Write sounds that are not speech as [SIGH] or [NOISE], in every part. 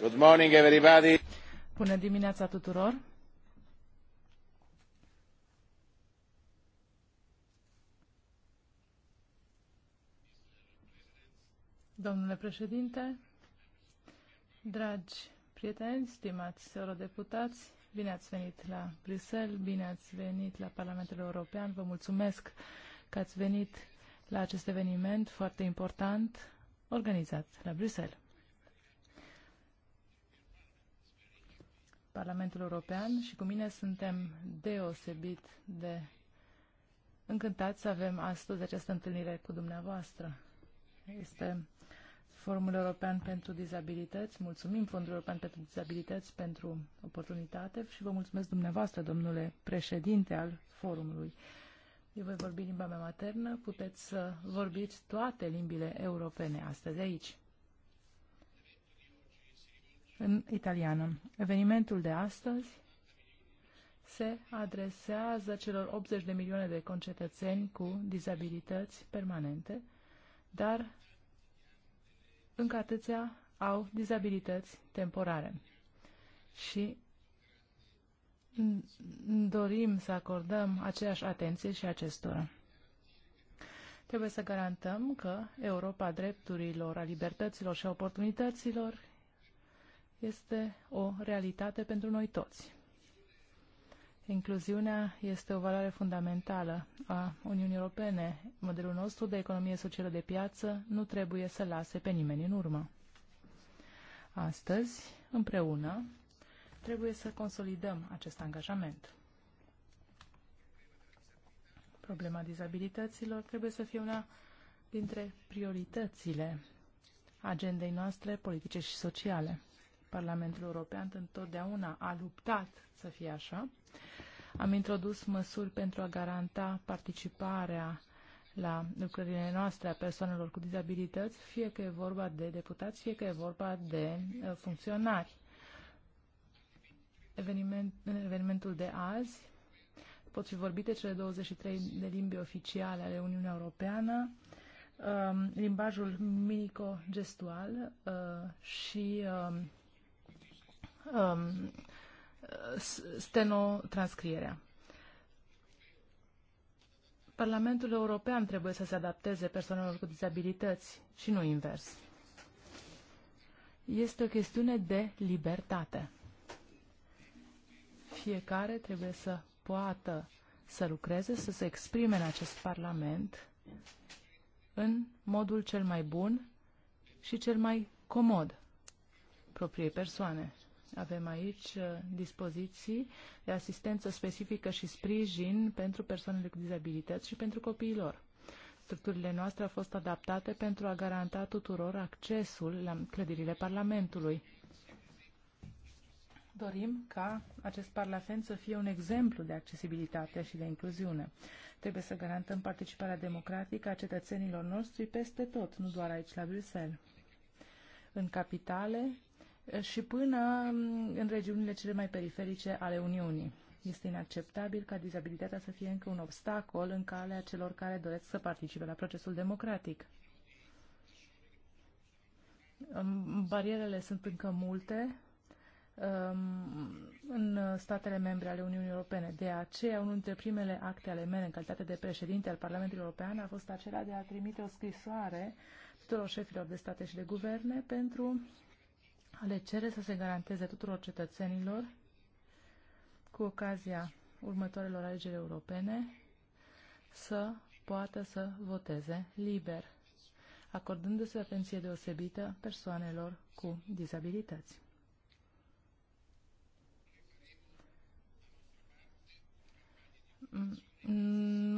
Good morning, everybody. Bună dimineața tuturor. Domnule președinte, dragi prieteni, stimați eurodeputați, bine ați venit la Bruxelles, bine ați venit la Parlamentul European. Vă mulțumesc că ați venit la acest eveniment foarte important organizat la Bruxelles. Parlamentul European și cu mine suntem deosebit de încântați să avem astăzi această întâlnire cu dumneavoastră. Este Forumul European pentru Dizabilități. Mulțumim Fondul European pentru Dizabilități pentru oportunitate și vă mulțumesc dumneavoastră, domnule președinte al forumului. Eu voi vorbi limba mea maternă, puteți să vorbiți toate limbile europene astăzi aici. În italiană. Evenimentul de astăzi se adresează celor 80 de milioane de concetățeni cu dizabilități permanente, dar încă atâția au dizabilități temporare. Și dorim să acordăm aceeași atenție și acestora. Trebuie să garantăm că Europa drepturilor, a libertăților și a oportunităților este o realitate pentru noi toți. Incluziunea este o valoare fundamentală a Uniunii Europene. Modelul nostru de economie socială de piață nu trebuie să lase pe nimeni în urmă. Astăzi, împreună, Trebuie să consolidăm acest angajament. Problema dizabilităților trebuie să fie una dintre prioritățile agendei noastre politice și sociale. Parlamentul European întotdeauna a luptat să fie așa. Am introdus măsuri pentru a garanta participarea la lucrările noastre a persoanelor cu dizabilități, fie că e vorba de deputați, fie că e vorba de uh, funcționari eveniment, în evenimentul de azi pot fi vorbite cele 23 de limbi oficiale ale Uniunii Europeană, um, limbajul minico-gestual uh, și um, um, stenotranscrierea. Parlamentul European trebuie să se adapteze persoanelor cu dizabilități și nu invers. Este o chestiune de libertate. Fiecare trebuie să poată să lucreze, să se exprime în acest Parlament în modul cel mai bun și cel mai comod propriei persoane. Avem aici uh, dispoziții de asistență specifică și sprijin pentru persoanele cu dizabilități și pentru copiilor. Structurile noastre au fost adaptate pentru a garanta tuturor accesul la clădirile Parlamentului. Dorim ca acest Parlament să fie un exemplu de accesibilitate și de incluziune. Trebuie să garantăm participarea democratică a cetățenilor noștri peste tot, nu doar aici la Bruxelles. În capitale și până în regiunile cele mai periferice ale Uniunii. Este inacceptabil ca dizabilitatea să fie încă un obstacol în calea celor care doresc să participe la procesul democratic. Barierele sunt încă multe Um, în statele membre ale Uniunii Europene. De aceea, unul dintre primele acte ale mele în calitate de președinte al Parlamentului European a fost acela de a trimite o scrisoare tuturor șefilor de state și de guverne pentru a le cere să se garanteze tuturor cetățenilor cu ocazia următoarelor alegeri europene să poată să voteze liber, acordându-se atenție deosebită persoanelor cu dizabilități.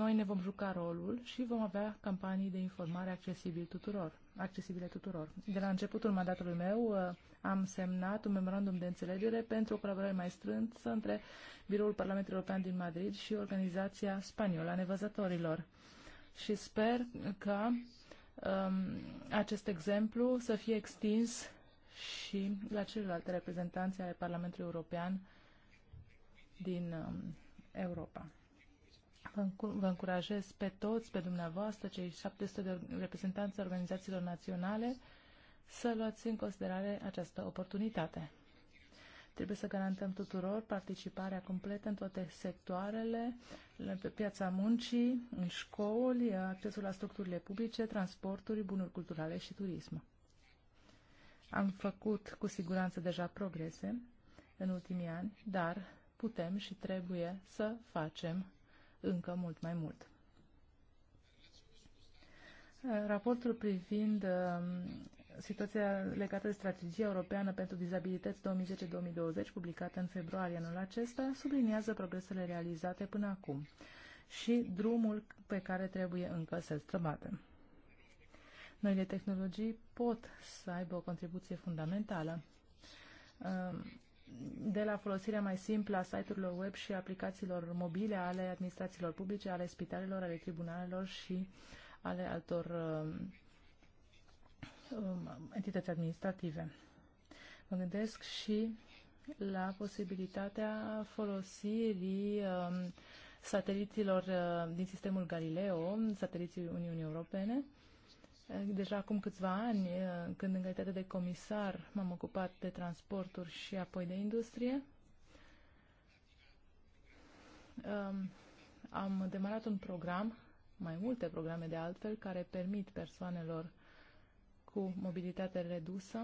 noi ne vom juca rolul și vom avea campanii de informare accesibile tuturor. Accesibile tuturor. De la începutul mandatului meu uh, am semnat un memorandum de înțelegere pentru o colaborare mai strânsă între Biroul Parlamentului European din Madrid și Organizația Spaniolă a Nevăzătorilor. Și sper că um, acest exemplu să fie extins și la celelalte reprezentanțe ale Parlamentului European din um, Europa. Vă încurajez pe toți, pe dumneavoastră, cei 700 de reprezentanți organizațiilor naționale, să luați în considerare această oportunitate. Trebuie să garantăm tuturor participarea completă în toate sectoarele, pe piața muncii, în școli, accesul la structurile publice, transporturi, bunuri culturale și turism. Am făcut cu siguranță deja progrese în ultimii ani, dar putem și trebuie să facem încă mult mai mult. Raportul privind um, situația legată de strategia europeană pentru dizabilități 2010-2020, publicată în februarie anul acesta, subliniază progresele realizate până acum și drumul pe care trebuie încă să-l străbatem. Noile tehnologii pot să aibă o contribuție fundamentală um, de la folosirea mai simplă a site-urilor web și aplicațiilor mobile ale administrațiilor publice, ale spitalelor, ale tribunalelor și ale altor uh, entități administrative. Mă gândesc și la posibilitatea folosirii uh, sateliților uh, din sistemul Galileo, sateliții Uniunii Europene, Deja acum câțiva ani, eh, când în calitate de comisar m-am ocupat de transporturi și apoi de industrie, ehm, am demarat un program, mai multe programe de altfel, care permit persoanelor cu mobilitate redusă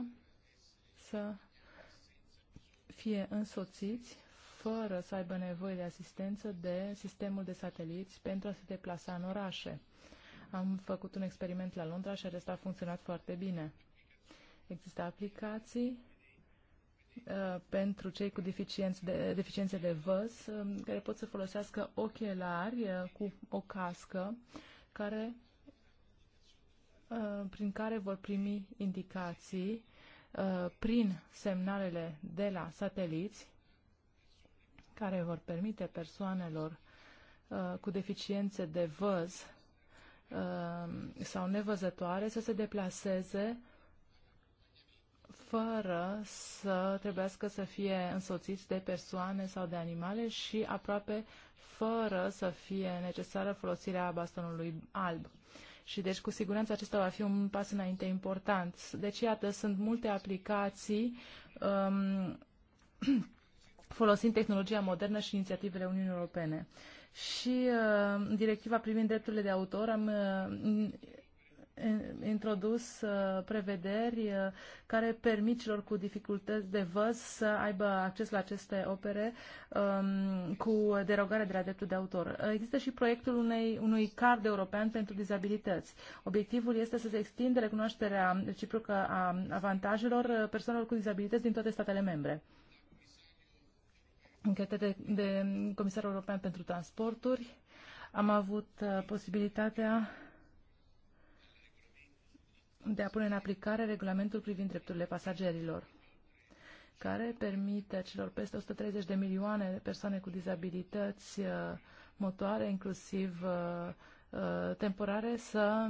să fie însoțiți fără să aibă nevoie de asistență de sistemul de sateliți pentru a se deplasa în orașe. Am făcut un experiment la Londra și acesta a funcționat foarte bine. Există aplicații uh, pentru cei cu deficiențe de, deficiențe de văz uh, care pot să folosească ochelari uh, cu o cască care, prin care vor primi indicații prin semnalele de la sateliți care vor permite persoanelor cu deficiențe de văz Uh, sau nevăzătoare să se deplaseze fără să trebuiască să fie însoțiți de persoane sau de animale și aproape fără să fie necesară folosirea bastonului alb. Și deci cu siguranță acesta va fi un pas înainte important. Deci iată, sunt multe aplicații um, [CLEARS THROAT] folosind tehnologia modernă și inițiativele Uniunii Europene și uh, directiva privind drepturile de autor am uh, introdus uh, prevederi uh, care permit celor cu dificultăți de văz să aibă acces la aceste opere um, cu derogare de la dreptul de autor. Uh, există și proiectul unei, unui card european pentru dizabilități. Obiectivul este să se extindă recunoașterea reciprocă a avantajelor uh, persoanelor cu dizabilități din toate statele membre încheiate de, de Comisarul European pentru Transporturi. Am avut uh, posibilitatea de a pune în aplicare regulamentul privind drepturile pasagerilor, care permite celor peste 130 de milioane de persoane cu dizabilități uh, motoare, inclusiv uh, Uh, temporare să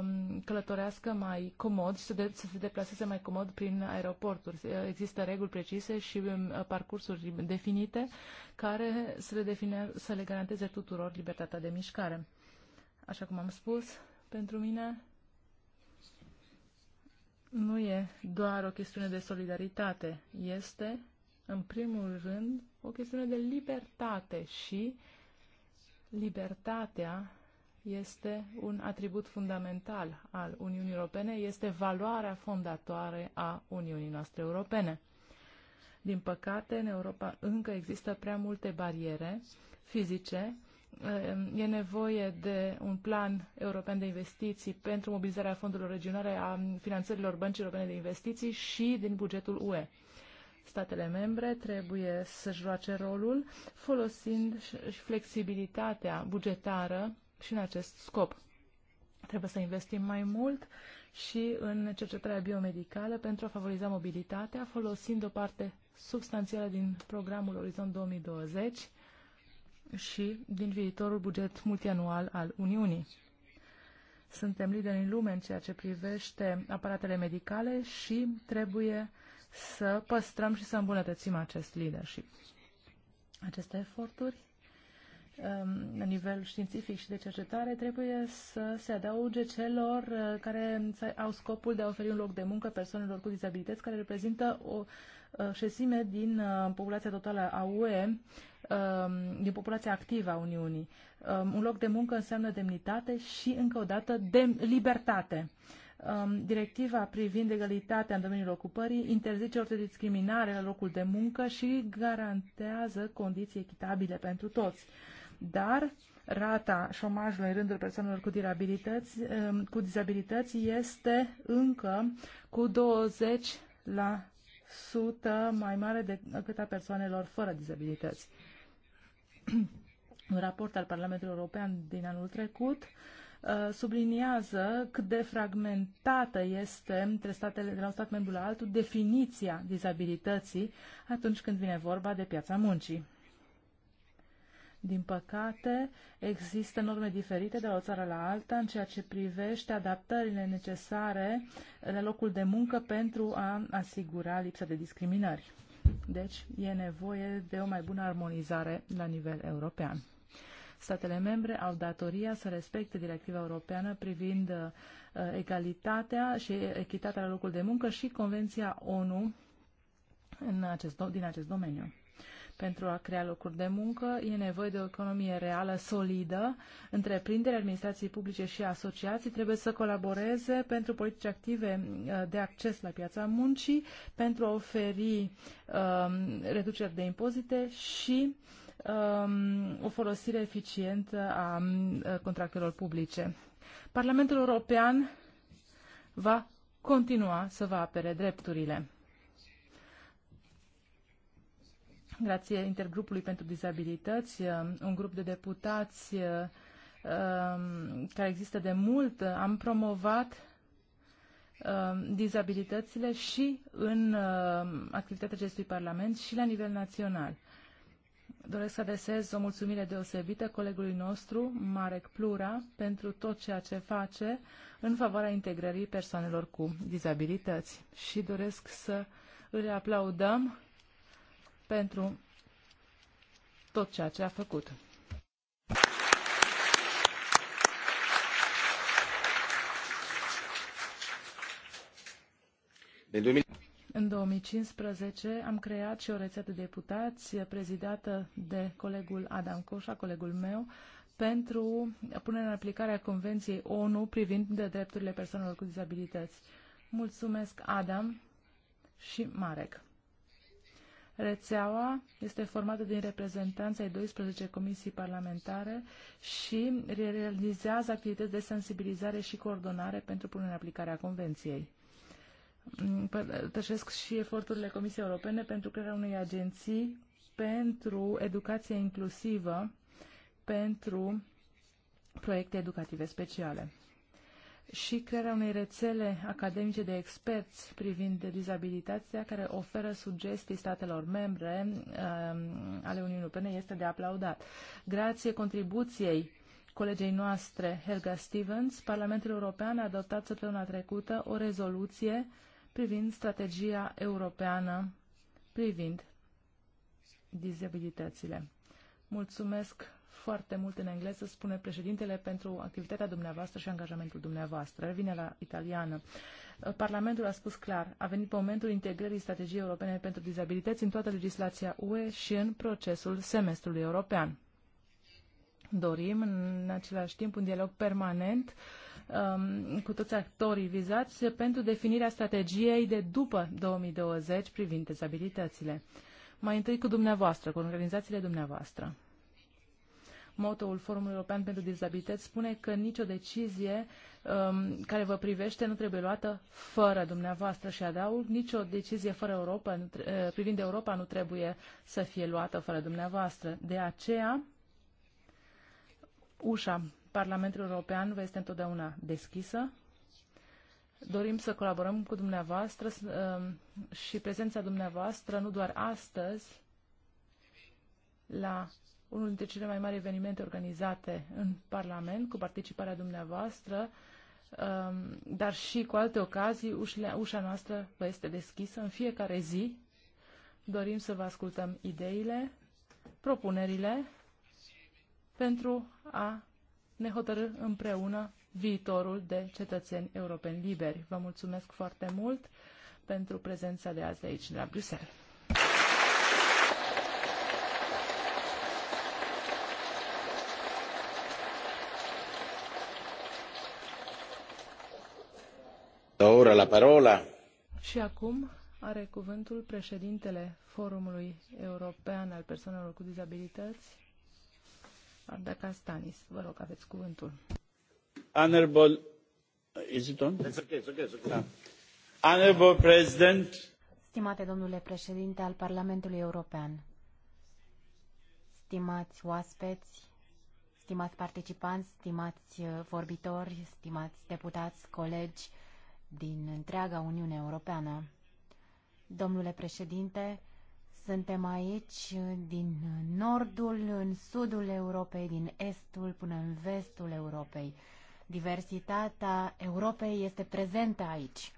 um, călătorească mai comod și să, se deplaseze mai comod prin aeroporturi. Uh, există reguli precise și um, parcursuri definite care să le, define, să le garanteze tuturor libertatea de mișcare. Așa cum am spus, pentru mine nu e doar o chestiune de solidaritate, este, în primul rând, o chestiune de libertate și libertatea este un atribut fundamental al Uniunii Europene, este valoarea fondatoare a Uniunii noastre europene. Din păcate, în Europa încă există prea multe bariere fizice. E nevoie de un plan european de investiții pentru mobilizarea fondurilor regionale, a finanțărilor băncii europene de investiții și din bugetul UE statele membre trebuie să joace rolul folosind și flexibilitatea bugetară și în acest scop. Trebuie să investim mai mult și în cercetarea biomedicală pentru a favoriza mobilitatea, folosind o parte substanțială din programul Orizont 2020 și din viitorul buget multianual al Uniunii. Suntem lideri în lume în ceea ce privește aparatele medicale și trebuie să păstrăm și să îmbunătățim acest leadership. Aceste eforturi Um, la nivel științific și de cercetare trebuie să se adauge celor uh, care au scopul de a oferi un loc de muncă persoanelor cu dizabilități, care reprezintă o uh, șesime din uh, populația totală a UE, um, din populația activă a Uniunii. Um, un loc de muncă înseamnă demnitate și, încă o dată, libertate directiva privind egalitatea în domeniul ocupării interzice orice discriminare la locul de muncă și garantează condiții echitabile pentru toți dar rata șomajului în rândul persoanelor cu, um, cu dizabilități este încă cu 20 la mai mare decât a persoanelor fără dizabilități. Un raport al Parlamentului European din anul trecut uh, subliniază cât de fragmentată este între statele, de la un stat membru la altul definiția dizabilității atunci când vine vorba de piața muncii. Din păcate, există norme diferite de la o țară la alta în ceea ce privește adaptările necesare la locul de muncă pentru a asigura lipsa de discriminări. Deci, e nevoie de o mai bună armonizare la nivel european. Statele membre au datoria să respecte directiva europeană privind uh, egalitatea și echitatea la locul de muncă și Convenția ONU în acest, din acest domeniu. Pentru a crea locuri de muncă e nevoie de o economie reală, solidă. Întreprinderi, administrații publice și asociații trebuie să colaboreze pentru politici active uh, de acces la piața muncii, pentru a oferi um, reduceri de impozite și um, o folosire eficientă a uh, contractelor publice. Parlamentul European va continua să vă apere drepturile. grație Intergrupului pentru Dizabilități, um, un grup de deputați um, care există de mult, am promovat um, dizabilitățile și în activitatea acestui Parlament și la nivel național. Doresc să adresez o mulțumire deosebită colegului nostru, Marek Plura, pentru tot ceea ce face în favoarea integrării persoanelor cu dizabilități. Și doresc să îl aplaudăm pentru tot ceea ce a făcut. În 2015 am creat și o rețetă de deputați prezidată de colegul Adam Coșa, colegul meu, pentru punerea în aplicare a Convenției ONU privind de drepturile persoanelor cu dizabilități. Mulțumesc, Adam și Marek. Rețeaua este formată din reprezentanța ai 12 comisii parlamentare și realizează activități de sensibilizare și coordonare pentru punerea în aplicare a Convenției. Tășesc și eforturile Comisiei Europene pentru crearea unei agenții pentru educație inclusivă pentru proiecte educative speciale și crearea unei rețele academice de experți privind dizabilitatea care oferă sugestii statelor membre uh, ale Uniunii Europene este de aplaudat. Grație contribuției colegei noastre, Helga Stevens, Parlamentul European a adoptat săptămâna trecută o rezoluție privind strategia europeană privind dizabilitățile. Mulțumesc foarte mult în engleză, spune președintele, pentru activitatea dumneavoastră și angajamentul dumneavoastră. Revine la italiană. Parlamentul a spus clar, a venit momentul integrării strategiei europene pentru dizabilități în toată legislația UE și în procesul semestrului european. Dorim, în același timp, un dialog permanent um, cu toți actorii vizați pentru definirea strategiei de după 2020 privind dizabilitățile mai întâi cu dumneavoastră, cu organizațiile dumneavoastră motoul Forumului European pentru Dizabilități spune că nicio decizie um, care vă privește nu trebuie luată fără dumneavoastră și adaug, nicio decizie fără Europa, nu, uh, privind Europa nu trebuie să fie luată fără dumneavoastră. De aceea, ușa Parlamentului European vă este întotdeauna deschisă. Dorim să colaborăm cu dumneavoastră um, și prezența dumneavoastră nu doar astăzi la unul dintre cele mai mari evenimente organizate în Parlament, cu participarea dumneavoastră, um, dar și cu alte ocazii, ușa noastră vă este deschisă în fiecare zi. Dorim să vă ascultăm ideile, propunerile pentru a ne hotărâ împreună viitorul de cetățeni europeni liberi. Vă mulțumesc foarte mult pentru prezența de azi aici la Bruxelles. ora la parola. Și acum are cuvântul președintele Forumului European al Persoanelor cu Dizabilități, Ardaca Stanis. Vă rog, aveți cuvântul. Honorable... Is it on? It's okay, it's okay, it's okay. Da. President... Stimate domnule președinte al Parlamentului European, stimați oaspeți, stimați participanți, stimați uh, vorbitori, stimați deputați, colegi, din întreaga Uniune Europeană. Domnule președinte, suntem aici din nordul în sudul Europei, din estul până în vestul Europei. Diversitatea Europei este prezentă aici.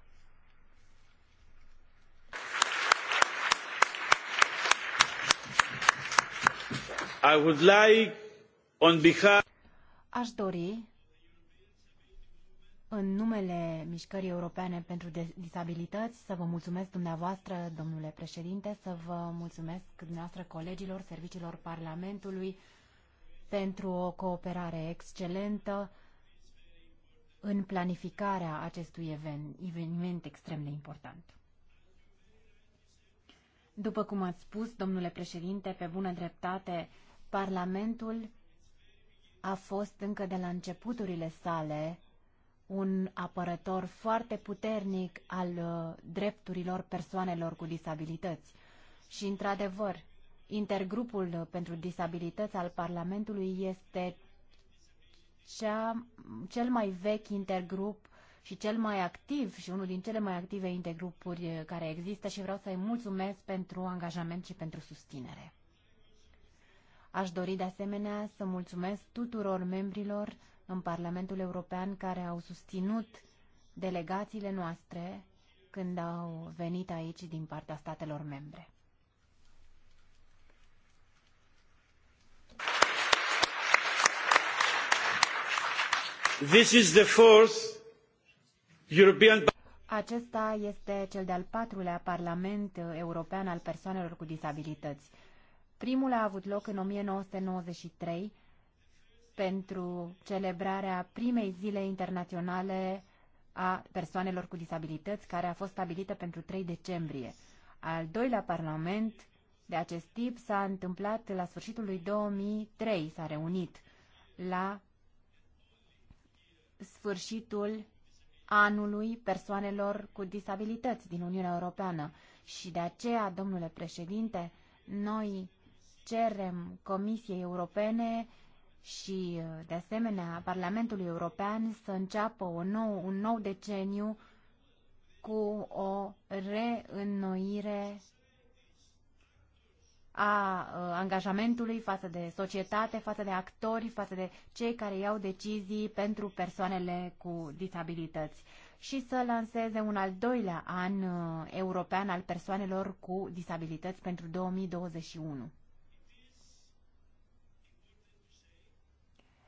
I would like on behalf Aș dori în numele Mișcării Europene pentru Disabilități, să vă mulțumesc dumneavoastră, domnule președinte, să vă mulțumesc dumneavoastră colegilor, serviciilor Parlamentului pentru o cooperare excelentă în planificarea acestui eveniment extrem de important. După cum ați spus, domnule președinte, pe bună dreptate, Parlamentul a fost încă de la începuturile sale un apărător foarte puternic al uh, drepturilor persoanelor cu disabilități. Și, într-adevăr, intergrupul uh, pentru disabilități al Parlamentului este cea, cel mai vechi intergrup și cel mai activ și unul din cele mai active intergrupuri uh, care există și vreau să-i mulțumesc pentru angajament și pentru susținere. Aș dori de asemenea să mulțumesc tuturor membrilor în Parlamentul European care au susținut delegațiile noastre când au venit aici din partea statelor membre. This is the fourth European... Acesta este cel de-al patrulea Parlament European al persoanelor cu disabilități. Primul a avut loc în 1993 pentru celebrarea primei zile internaționale a persoanelor cu disabilități, care a fost stabilită pentru 3 decembrie. Al doilea parlament de acest tip s-a întâmplat la sfârșitul lui 2003, s-a reunit la sfârșitul anului persoanelor cu disabilități din Uniunea Europeană. Și de aceea, domnule președinte, noi cerem Comisiei Europene și, uh, de asemenea, Parlamentului European să înceapă o nou, un nou deceniu cu o reînnoire a uh, angajamentului față de societate, față de actori, față de cei care iau decizii pentru persoanele cu disabilități și să lanseze un al doilea an uh, european al persoanelor cu disabilități pentru 2021.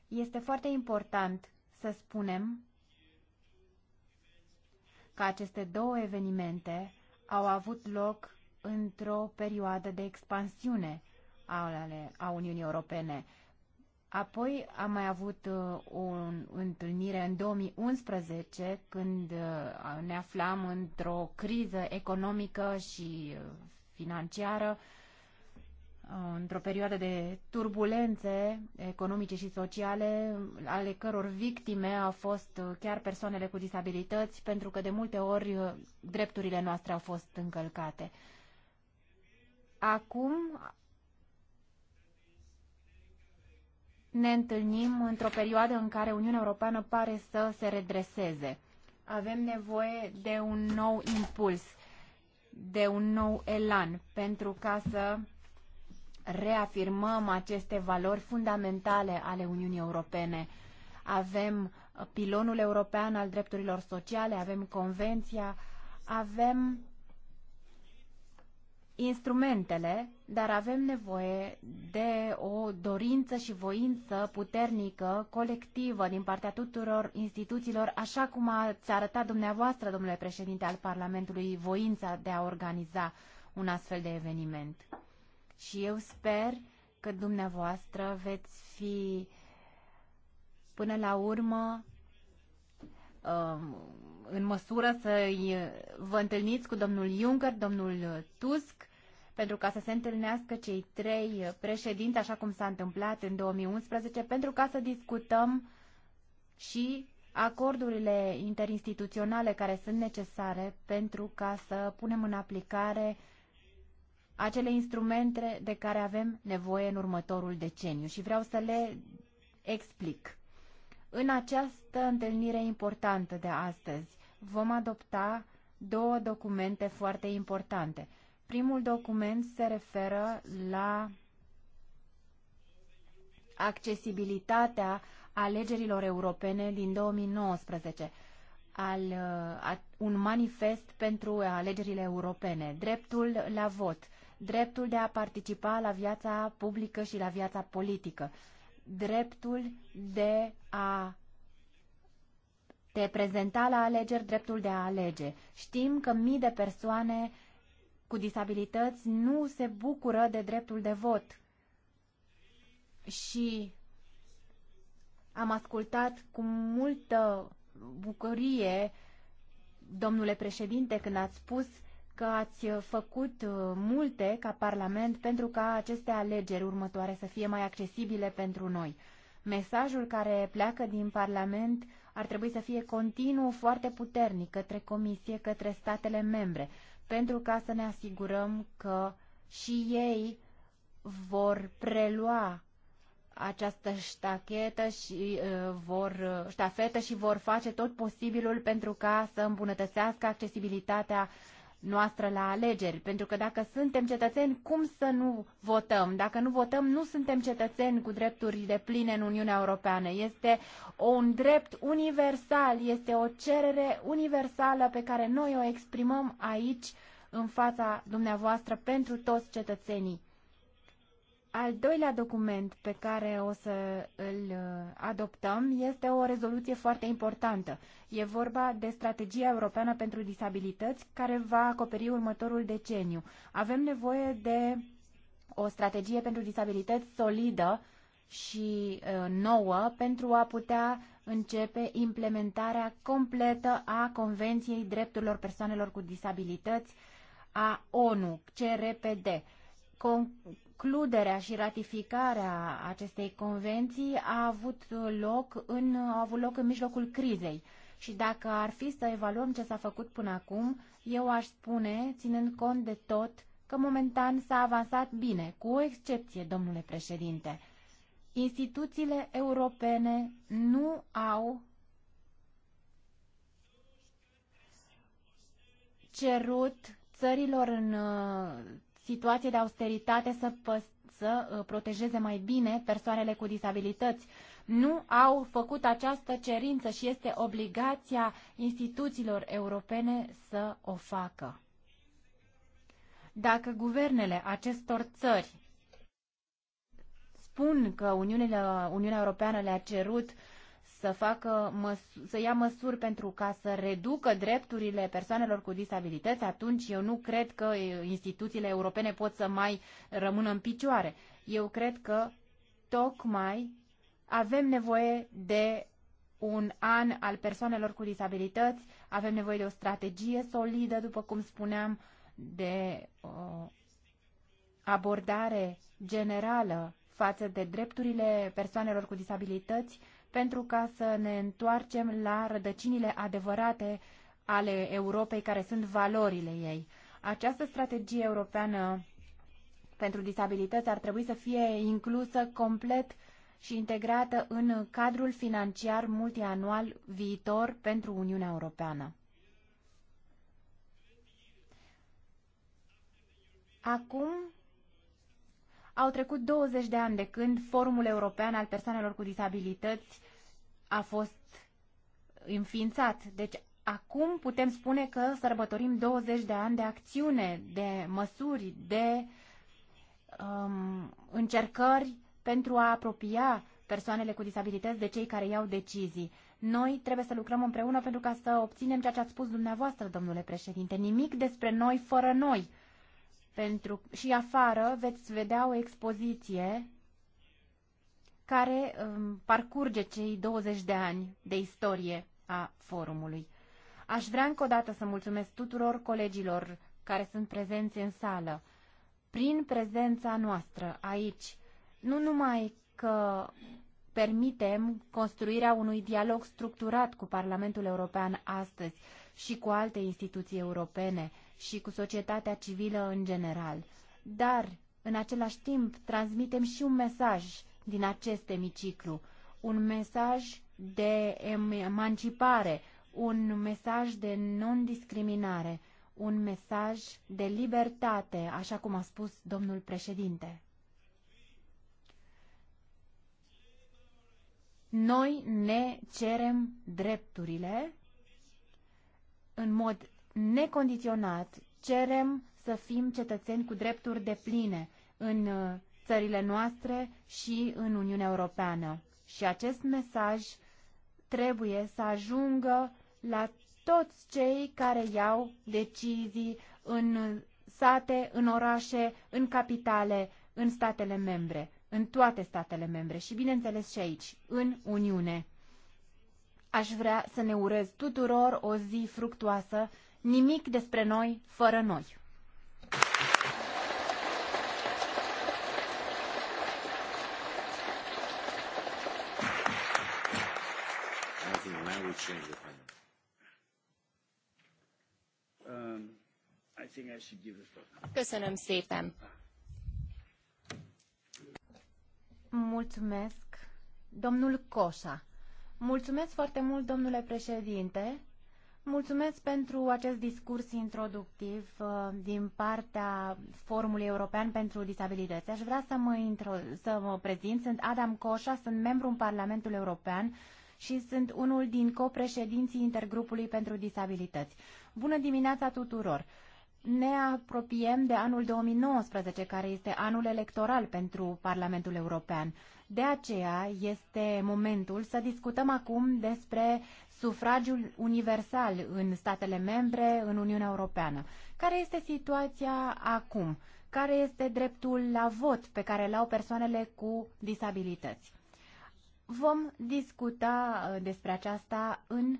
Este foarte important să spunem că aceste două evenimente au avut loc într-o perioadă de expansiune a Uniunii Europene. Apoi am mai avut o uh, întâlnire în 2011 când uh, ne aflam într-o criză economică și uh, financiară Uh, într-o perioadă de turbulențe economice și sociale, ale căror victime au fost uh, chiar persoanele cu disabilități, pentru că de multe ori uh, drepturile noastre au fost încălcate. Acum ne întâlnim într-o perioadă în care Uniunea Europeană pare să se redreseze. Avem nevoie de un nou impuls, de un nou elan, pentru ca să reafirmăm aceste valori fundamentale ale Uniunii Europene. Avem uh, pilonul european al drepturilor sociale, avem convenția, avem instrumentele, dar avem nevoie de o dorință și voință puternică, colectivă, din partea tuturor instituțiilor, așa cum ați arătat dumneavoastră, domnule președinte al Parlamentului, voința de a organiza un astfel de eveniment și eu sper că dumneavoastră veți fi până la urmă um, în măsură să vă întâlniți cu domnul Juncker, domnul Tusk, pentru ca să se întâlnească cei trei președinți, așa cum s-a întâmplat în 2011, pentru ca să discutăm și acordurile interinstituționale care sunt necesare pentru ca să punem în aplicare uh, acele instrumente de care avem nevoie în următorul deceniu și vreau să le explic. În această întâlnire importantă de astăzi vom adopta două documente foarte importante. Primul document se referă la accesibilitatea alegerilor europene din 2019 al, uh, a, un manifest pentru alegerile europene, dreptul la vot dreptul de a participa la viața publică și la viața politică, dreptul de a te prezenta la alegeri, dreptul de a alege. Știm că mii de persoane cu disabilități nu se bucură de dreptul de vot. Și am ascultat cu multă bucurie, domnule președinte, când ați spus că ați uh, făcut uh, multe ca Parlament pentru ca aceste alegeri următoare să fie mai accesibile pentru noi. Mesajul care pleacă din Parlament ar trebui să fie continuu foarte puternic către Comisie, către statele membre, pentru ca să ne asigurăm că și ei vor prelua această ștachetă și uh, vor uh, ștafetă și vor face tot posibilul pentru ca să îmbunătățească accesibilitatea uh, noastră la alegeri. Pentru că dacă suntem cetățeni, cum să nu votăm? Dacă nu votăm, nu suntem cetățeni cu drepturi de pline în Uniunea Europeană. Este un drept universal, este o cerere universală pe care noi o exprimăm aici în fața dumneavoastră pentru toți cetățenii al doilea document pe care o să îl uh, adoptăm este o rezoluție foarte importantă. E vorba de strategia europeană pentru disabilități care va acoperi următorul deceniu. Avem nevoie de o strategie pentru disabilități solidă și uh, nouă pentru a putea începe implementarea completă a Convenției Drepturilor Persoanelor cu Disabilități a ONU, CRPD. Con includerea și ratificarea acestei convenții a avut loc în, a avut loc în mijlocul crizei. Și dacă ar fi să evaluăm ce s-a făcut până acum, eu aș spune, ținând cont de tot, că momentan s-a avansat bine, cu o excepție, domnule președinte. Instituțiile europene nu au cerut țărilor în situație de austeritate să, să uh, protejeze mai bine persoanele cu disabilități. Nu au făcut această cerință și este obligația instituțiilor europene să o facă. Dacă guvernele acestor țări spun că Uniunea, Uniunea Europeană le-a cerut uh, să, facă să ia măsuri pentru ca să reducă drepturile persoanelor cu disabilități, atunci eu nu cred că instituțiile europene pot să mai rămână în picioare. Eu cred că tocmai avem nevoie de un an al persoanelor cu disabilități, avem nevoie de o strategie solidă, după cum spuneam, de o abordare generală față de drepturile persoanelor cu disabilități pentru ca să ne întoarcem la rădăcinile adevărate ale Europei, care sunt valorile ei. Această strategie europeană pentru disabilități ar trebui să fie inclusă complet și integrată în cadrul financiar multianual viitor pentru Uniunea Europeană. Acum au trecut 20 de ani de când Forumul European al Persoanelor cu Disabilități a fost înființat. Deci acum putem spune că sărbătorim 20 de ani de acțiune, de măsuri, de um, încercări pentru a apropia persoanele cu disabilități de cei care iau decizii. Noi trebuie să lucrăm împreună pentru ca să obținem ceea ce ați spus dumneavoastră, domnule președinte. Nimic despre noi fără noi. Pentru și afară veți vedea o expoziție care um, parcurge cei 20 de ani de istorie a forumului. Aș vrea încă o dată să mulțumesc tuturor colegilor care sunt prezenți în sală. Prin prezența noastră aici, nu numai că permitem construirea unui dialog structurat cu Parlamentul European astăzi și cu alte instituții europene și cu societatea civilă în general, dar, în același timp, transmitem și un mesaj din acest emiciclu. Un mesaj de emancipare, un mesaj de non-discriminare, un mesaj de libertate, așa cum a spus domnul președinte. Noi ne cerem drepturile în mod necondiționat, cerem să fim cetățeni cu drepturi de pline în uh, țările noastre și în Uniunea Europeană. Și acest mesaj trebuie să ajungă la toți cei care iau decizii în sate, în orașe, în capitale, în statele membre, în toate statele membre și, bineînțeles, și aici, în Uniune. Aș vrea să ne urez tuturor o zi fructuoasă, nimic despre noi fără noi. Um, I think I should give Köszönöm szépen. Mulțumesc. Domnul Coșa. Mulțumesc foarte mult, domnule președinte. Mulțumesc pentru acest discurs introductiv uh, din partea Forumului European pentru Disabilități. Aș vrea să mă, intro, să mă prezint. Sunt Adam Coșa, sunt membru în Parlamentul European și sunt unul din copreședinții Intergrupului pentru Disabilități. Bună dimineața tuturor! Ne apropiem de anul 2019, care este anul electoral pentru Parlamentul European. De aceea este momentul să discutăm acum despre sufragiul universal în statele membre, în Uniunea Europeană. Care este situația acum? Care este dreptul la vot pe care l-au persoanele cu disabilități? Vom discuta uh, despre aceasta în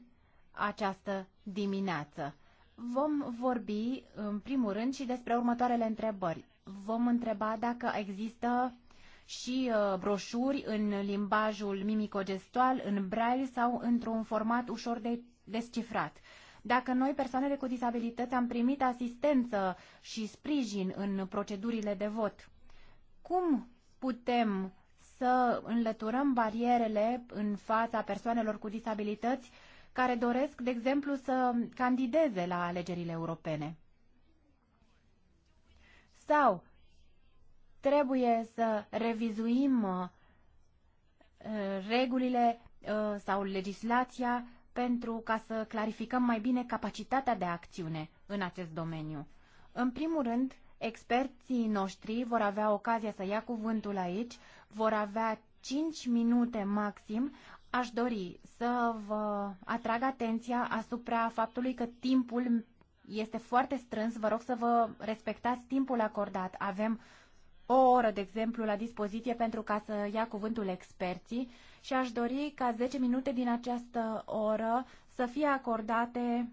această dimineață. Vom vorbi, în primul rând, și despre următoarele întrebări. Vom întreba dacă există și uh, broșuri în limbajul mimicogestual, în braille sau într-un format ușor de descifrat. Dacă noi, persoanele cu disabilități, am primit asistență și sprijin în procedurile de vot, cum putem să înlăturăm barierele în fața persoanelor cu disabilități care doresc, de exemplu, să candideze la alegerile europene. Sau trebuie să revizuim uh, regulile uh, sau legislația pentru ca să clarificăm mai bine capacitatea de acțiune în acest domeniu. În primul rând, Experții noștri vor avea ocazia să ia cuvântul aici, vor avea 5 minute maxim. Aș dori să vă atrag atenția asupra faptului că timpul este foarte strâns. Vă rog să vă respectați timpul acordat. Avem o oră, de exemplu, la dispoziție pentru ca să ia cuvântul experții și aș dori ca 10 minute din această oră să fie acordate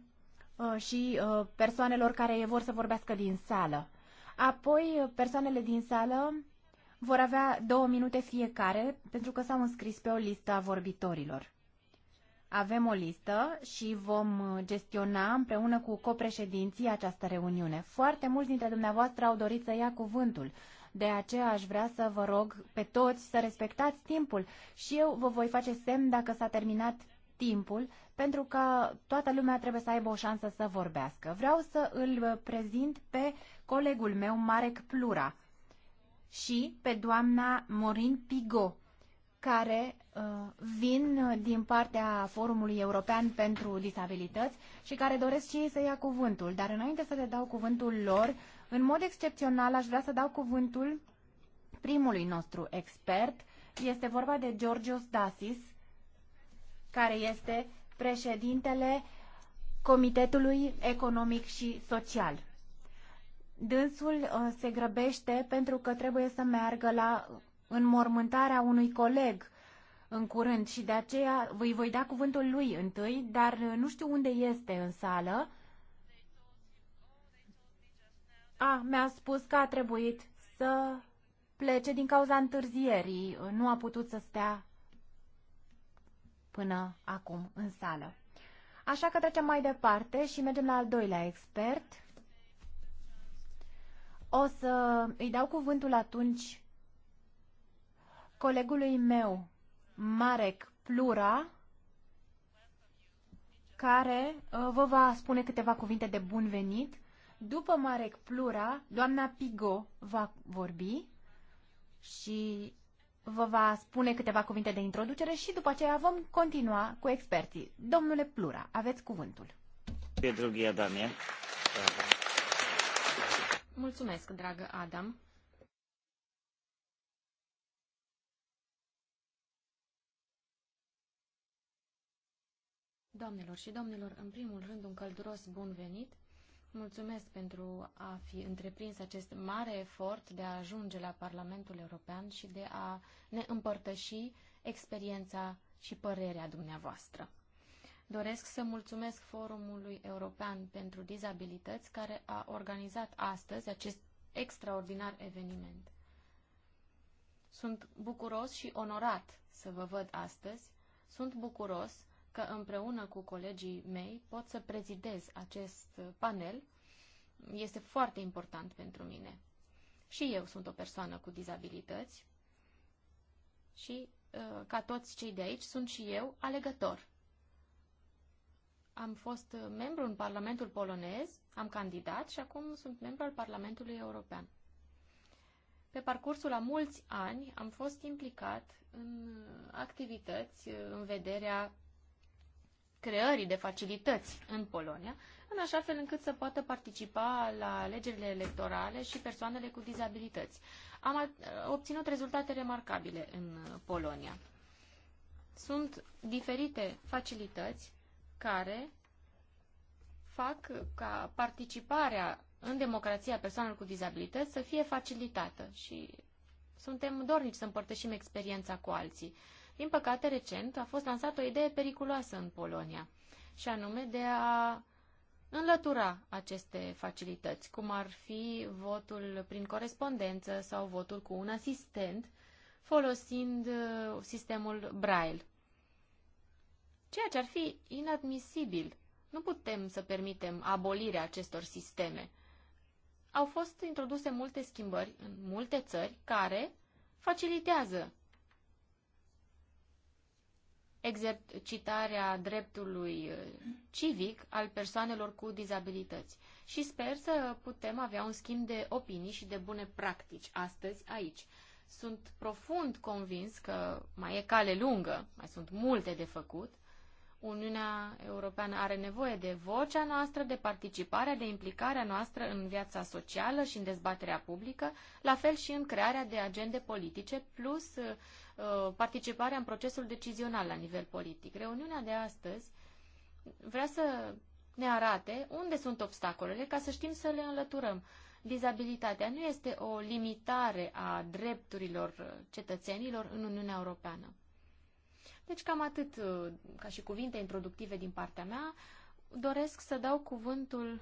uh, și uh, persoanelor care vor să vorbească din sală. Apoi, persoanele din sală vor avea două minute fiecare, pentru că s-au înscris pe o listă a vorbitorilor. Avem o listă și vom uh, gestiona împreună cu copreședinții această reuniune. Foarte mulți dintre dumneavoastră au dorit să ia cuvântul. De aceea aș vrea să vă rog pe toți să respectați timpul și eu vă voi face semn dacă s-a terminat timpul, pentru că toată lumea trebuie să aibă o șansă să vorbească. Vreau să îl uh, prezint pe colegul meu, Marek Plura, și pe doamna Morin Pigot, care uh, vin uh, din partea Forumului European pentru Disabilități și care doresc și ei să ia cuvântul. Dar înainte să le dau cuvântul lor, în mod excepțional aș vrea să dau cuvântul primului nostru expert. Este vorba de Georgios Dasis, care este președintele Comitetului Economic și Social. Dânsul uh, se grăbește pentru că trebuie să meargă la înmormântarea unui coleg în curând și de aceea îi voi da cuvântul lui întâi, dar uh, nu știu unde este în sală. A, mi-a spus că a trebuit să plece din cauza întârzierii. Uh, nu a putut să stea până acum în sală. Așa că trecem mai departe și mergem la al doilea expert. O să îi dau cuvântul atunci colegului meu, Marek Plura, care uh, vă va spune câteva cuvinte de bun venit. După Marek Plura, doamna Pigo va vorbi și vă va spune câteva cuvinte de introducere și după aceea vom continua cu experții. Domnule Plura, aveți cuvântul. Pe drugie, Daniel. Bravo. Mulțumesc, dragă Adam. Doamnelor și domnilor, în primul rând un călduros bun venit. Mulțumesc pentru a fi întreprins acest mare efort de a ajunge la Parlamentul European și de a ne împărtăși experiența și părerea dumneavoastră. Doresc să mulțumesc Forumului European pentru Dizabilități care a organizat astăzi acest extraordinar eveniment. Sunt bucuros și onorat să vă văd astăzi. Sunt bucuros că împreună cu colegii mei pot să prezidez acest panel. Este foarte important pentru mine. Și eu sunt o persoană cu dizabilități și, uh, ca toți cei de aici, sunt și eu alegător. Am fost membru în Parlamentul polonez, am candidat și acum sunt membru al Parlamentului European. Pe parcursul a mulți ani am fost implicat în activități în vederea creării de facilități în Polonia, în așa fel încât să poată participa la alegerile electorale și persoanele cu dizabilități. Am obținut rezultate remarcabile în Polonia. Sunt diferite facilități care fac ca participarea în democrația persoanelor cu dizabilități să fie facilitată și suntem dornici să împărtășim experiența cu alții. Din păcate, recent a fost lansată o idee periculoasă în Polonia, și anume de a înlătura aceste facilități, cum ar fi votul prin corespondență sau votul cu un asistent, folosind uh, sistemul Braille ceea ce ar fi inadmisibil. Nu putem să permitem abolirea acestor sisteme. Au fost introduse multe schimbări în multe țări care facilitează exercitarea dreptului uh, civic al persoanelor cu dizabilități. Și sper să putem avea un schimb de opinii și de bune practici astăzi aici. Sunt profund convins că mai e cale lungă, mai sunt multe de făcut, Uniunea Europeană are nevoie de vocea noastră, de participarea, de implicarea noastră în viața socială și în dezbaterea publică, la fel și în crearea de agende politice, plus uh, participarea în procesul decizional la nivel politic. Reuniunea de astăzi vrea să ne arate unde sunt obstacolele ca să știm să le înlăturăm. Dizabilitatea nu este o limitare a drepturilor cetățenilor în Uniunea Europeană. Deci cam atât uh, ca și cuvinte introductive din partea mea. Doresc să dau cuvântul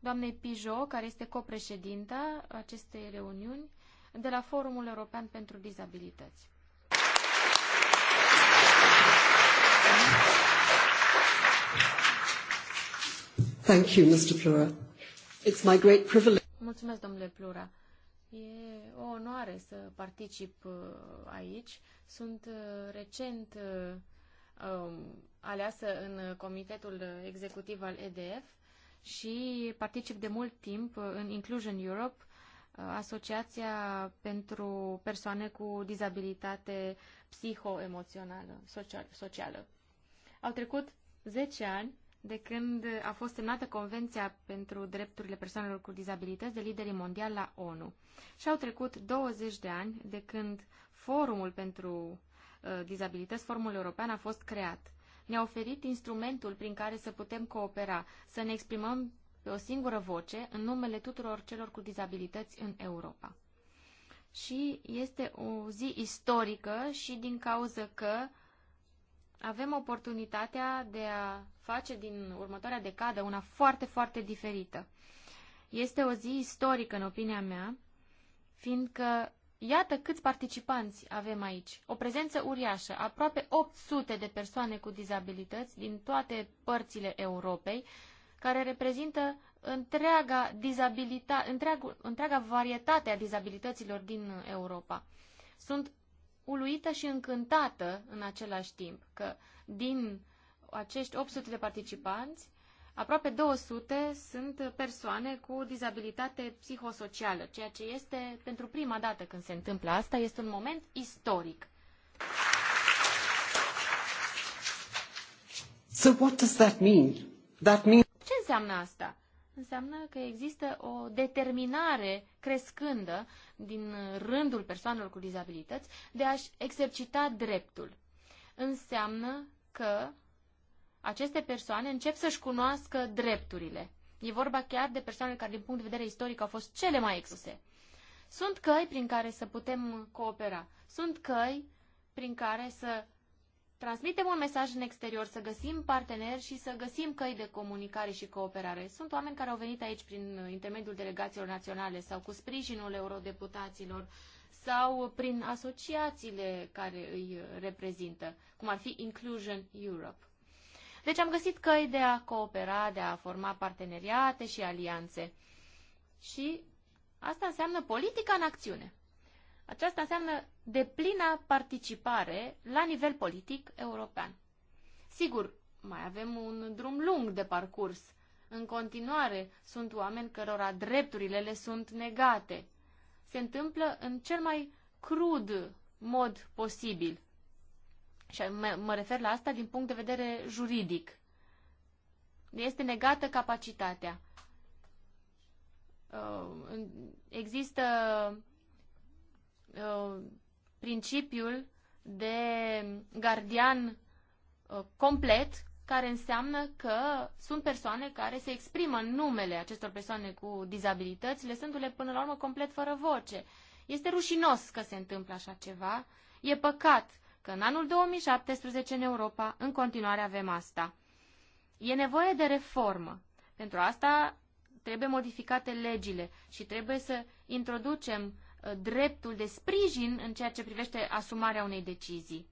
doamnei Pijo, care este copreședinta acestei reuniuni de la Forumul European pentru Dizabilități. Thank you, Mr. Plura. It's my great privilege. Mulțumesc, domnule Plura. E o onoare să particip uh, aici. Sunt uh, recent uh, um, aleasă în comitetul executiv al EDF și particip de mult timp în Inclusion Europe, asociația pentru persoane cu dizabilitate psihoemoțională, socială. Au trecut 10 ani de când a fost semnată Convenția pentru Drepturile Persoanelor cu Dizabilități de liderii mondiali la ONU. Și au trecut 20 de ani de când Forumul pentru uh, Dizabilități, Forumul European, a fost creat. Ne-a oferit instrumentul prin care să putem coopera, să ne exprimăm pe o singură voce în numele tuturor celor cu dizabilități în Europa. Și este o zi istorică și din cauză că avem oportunitatea de a face din următoarea decadă una foarte, foarte diferită. Este o zi istorică, în opinia mea, fiindcă Iată câți participanți avem aici. O prezență uriașă, aproape 800 de persoane cu dizabilități din toate părțile Europei, care reprezintă întreaga, dizabilita, întreaga întreaga varietate a dizabilităților din Europa. Sunt uluită și încântată în același timp că din acești 800 de participanți, aproape 200 sunt persoane cu dizabilitate psihosocială, ceea ce este pentru prima dată când se întâmplă asta, este un moment istoric. So what does that mean? That mean... Ce înseamnă asta? Înseamnă că există o determinare crescândă din rândul persoanelor cu dizabilități de a-și exercita dreptul. Înseamnă că aceste persoane încep să-și cunoască drepturile. E vorba chiar de persoane care, din punct de vedere istoric, au fost cele mai expuse. Sunt căi prin care să putem coopera. Sunt căi prin care să transmitem un mesaj în exterior, să găsim parteneri și să găsim căi de comunicare și cooperare. Sunt oameni care au venit aici prin intermediul delegațiilor naționale sau cu sprijinul eurodeputaților sau prin asociațiile care îi reprezintă, cum ar fi Inclusion Europe. Deci am găsit căi de a coopera, de a forma parteneriate și alianțe. Și asta înseamnă politica în acțiune. Aceasta înseamnă deplina participare la nivel politic european. Sigur, mai avem un drum lung de parcurs. În continuare, sunt oameni cărora drepturile le sunt negate. Se întâmplă în cel mai crud mod posibil și mă refer la asta din punct de vedere juridic. Este negată capacitatea. Uh, există uh, principiul de gardian uh, complet, care înseamnă că sunt persoane care se exprimă în numele acestor persoane cu dizabilități, lăsându-le până la urmă complet fără voce. Este rușinos că se întâmplă așa ceva. E păcat că în anul 2017 în Europa în continuare avem asta. E nevoie de reformă. Pentru asta trebuie modificate legile și trebuie să introducem uh, dreptul de sprijin în ceea ce privește asumarea unei decizii.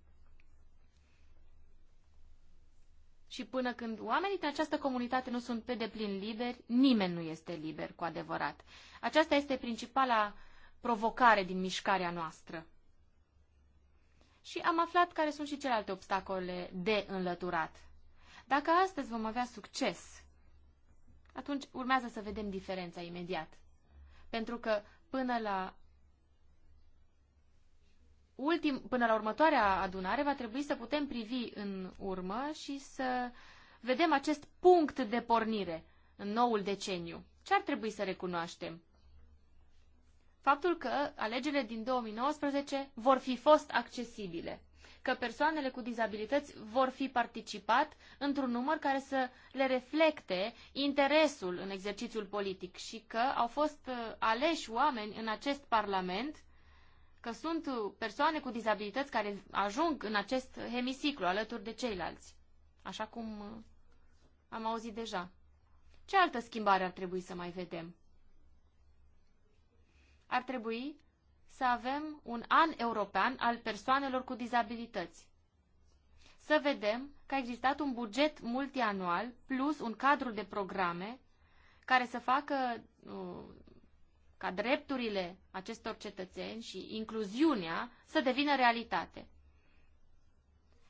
Și până când oamenii din această comunitate nu sunt pe deplin liberi, nimeni nu este liber cu adevărat. Aceasta este principala provocare din mișcarea noastră și am aflat care sunt și celelalte obstacole de înlăturat. Dacă astăzi vom avea succes, atunci urmează să vedem diferența imediat. Pentru că până la ultim, până la următoarea adunare va trebui să putem privi în urmă și să vedem acest punct de pornire în noul deceniu. Ce ar trebui să recunoaștem? faptul că alegerile din 2019 vor fi fost accesibile, că persoanele cu dizabilități vor fi participat într-un număr care să le reflecte interesul în exercițiul politic și că au fost uh, aleși oameni în acest Parlament că sunt uh, persoane cu dizabilități care ajung în acest hemiciclu alături de ceilalți, așa cum uh, am auzit deja. Ce altă schimbare ar trebui să mai vedem? ar trebui să avem un an european al persoanelor cu dizabilități. Să vedem că a existat un buget multianual plus un cadru de programe care să facă uh, ca drepturile acestor cetățeni și incluziunea să devină realitate.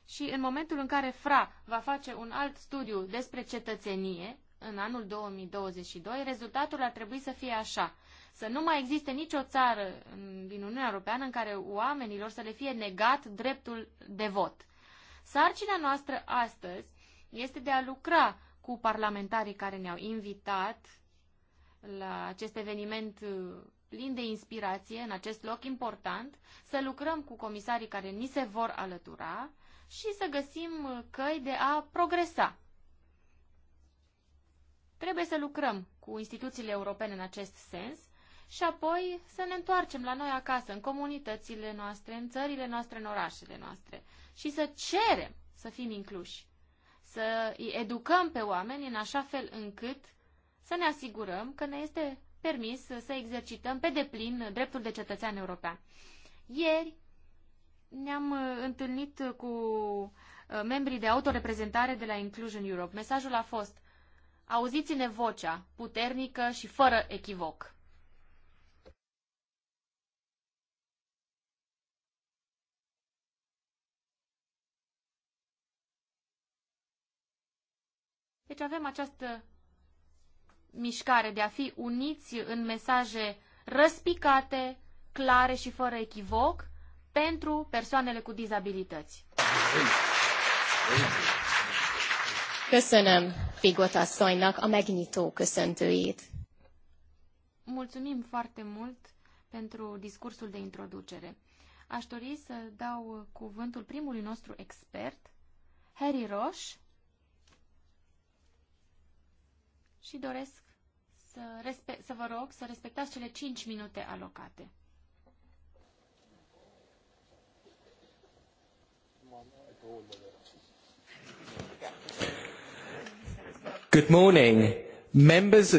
Și în momentul în care FRA va face un alt studiu despre cetățenie, în anul 2022, rezultatul ar trebui să fie așa. Să nu mai existe nicio țară din Uniunea Europeană în care oamenilor să le fie negat dreptul de vot. Sarcina noastră astăzi este de a lucra cu parlamentarii care ne-au invitat la acest eveniment uh, plin de inspirație în acest loc important, să lucrăm cu comisarii care ni se vor alătura și să găsim uh, căi de a progresa. Trebuie să lucrăm cu instituțiile europene în acest sens și apoi să ne întoarcem la noi acasă, în comunitățile noastre, în țările noastre, în orașele noastre și să cerem să fim incluși, să îi educăm pe oameni în așa fel încât să ne asigurăm că ne este permis să exercităm pe deplin dreptul de cetățean european. Ieri ne-am uh, întâlnit cu uh, membrii de autoreprezentare de la Inclusion Europe. Mesajul a fost Auziți-ne vocea, puternică și fără echivoc. Deci avem această mișcare de a fi uniți în mesaje răspicate, clare și fără echivoc pentru persoanele cu dizabilități. Köszönöm Bigot asszonynak a megnyitó köszöntőjét. Mulțumim foarte mult pentru discursul de introducere. Aș dori să dau cuvântul primului nostru expert, Harry Roche, și doresc să, respe- să vă rog să respectați cele 5 minute alocate. Good morning, members.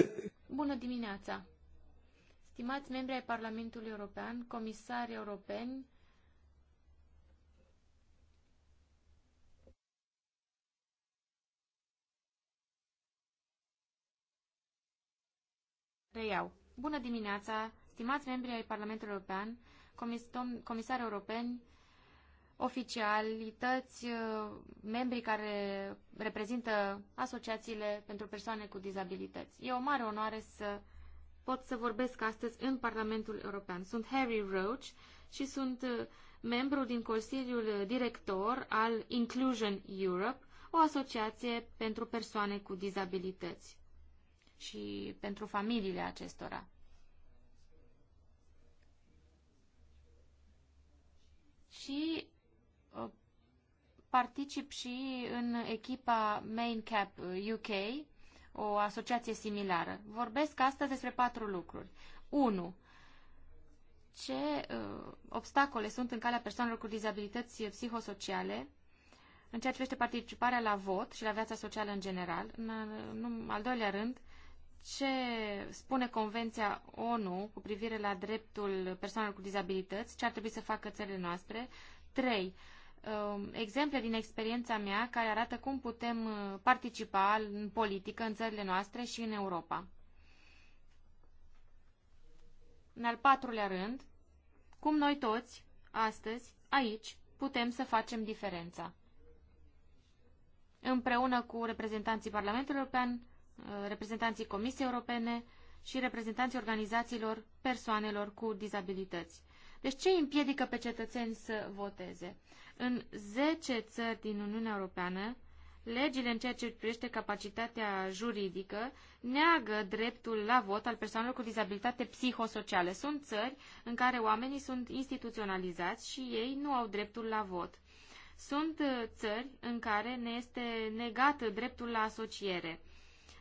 Bună dimineața. Stimați membri ai Parlamentului European, comisari europeni, reiau. Bună dimineața, stimați membri ai Parlamentului European, comisari europeni, oficialități, uh, membrii care reprezintă asociațiile pentru persoane cu dizabilități. E o mare onoare să pot să vorbesc astăzi în Parlamentul European. Sunt Harry Roach și sunt uh, membru din Consiliul Director al Inclusion Europe, o asociație pentru persoane cu dizabilități și pentru familiile acestora. Și uh, particip și în echipa Main Cap UK, o asociație similară. Vorbesc astăzi despre patru lucruri. 1 ce uh, obstacole sunt în calea persoanelor cu dizabilități psihosociale în ceea ce privește participarea la vot și la viața socială în general. În, în, în al doilea rând, ce spune Convenția ONU cu privire la dreptul persoanelor cu dizabilități, ce ar trebui să facă țările noastre. 3. Um, exemple din experiența mea care arată cum putem uh, participa în politică în țările noastre și în Europa. În al patrulea rând, cum noi toți, astăzi, aici, putem să facem diferența. Împreună cu reprezentanții Parlamentului European, Uh, reprezentanții Comisiei Europene și reprezentanții organizațiilor persoanelor cu dizabilități. Deci ce împiedică pe cetățeni să voteze? În 10 țări din Uniunea Europeană, legile în ceea ce privește capacitatea juridică neagă dreptul la vot al persoanelor cu dizabilitate psihosociale. Sunt țări în care oamenii sunt instituționalizați și ei nu au dreptul la vot. Sunt uh, țări în care ne este negat dreptul la asociere.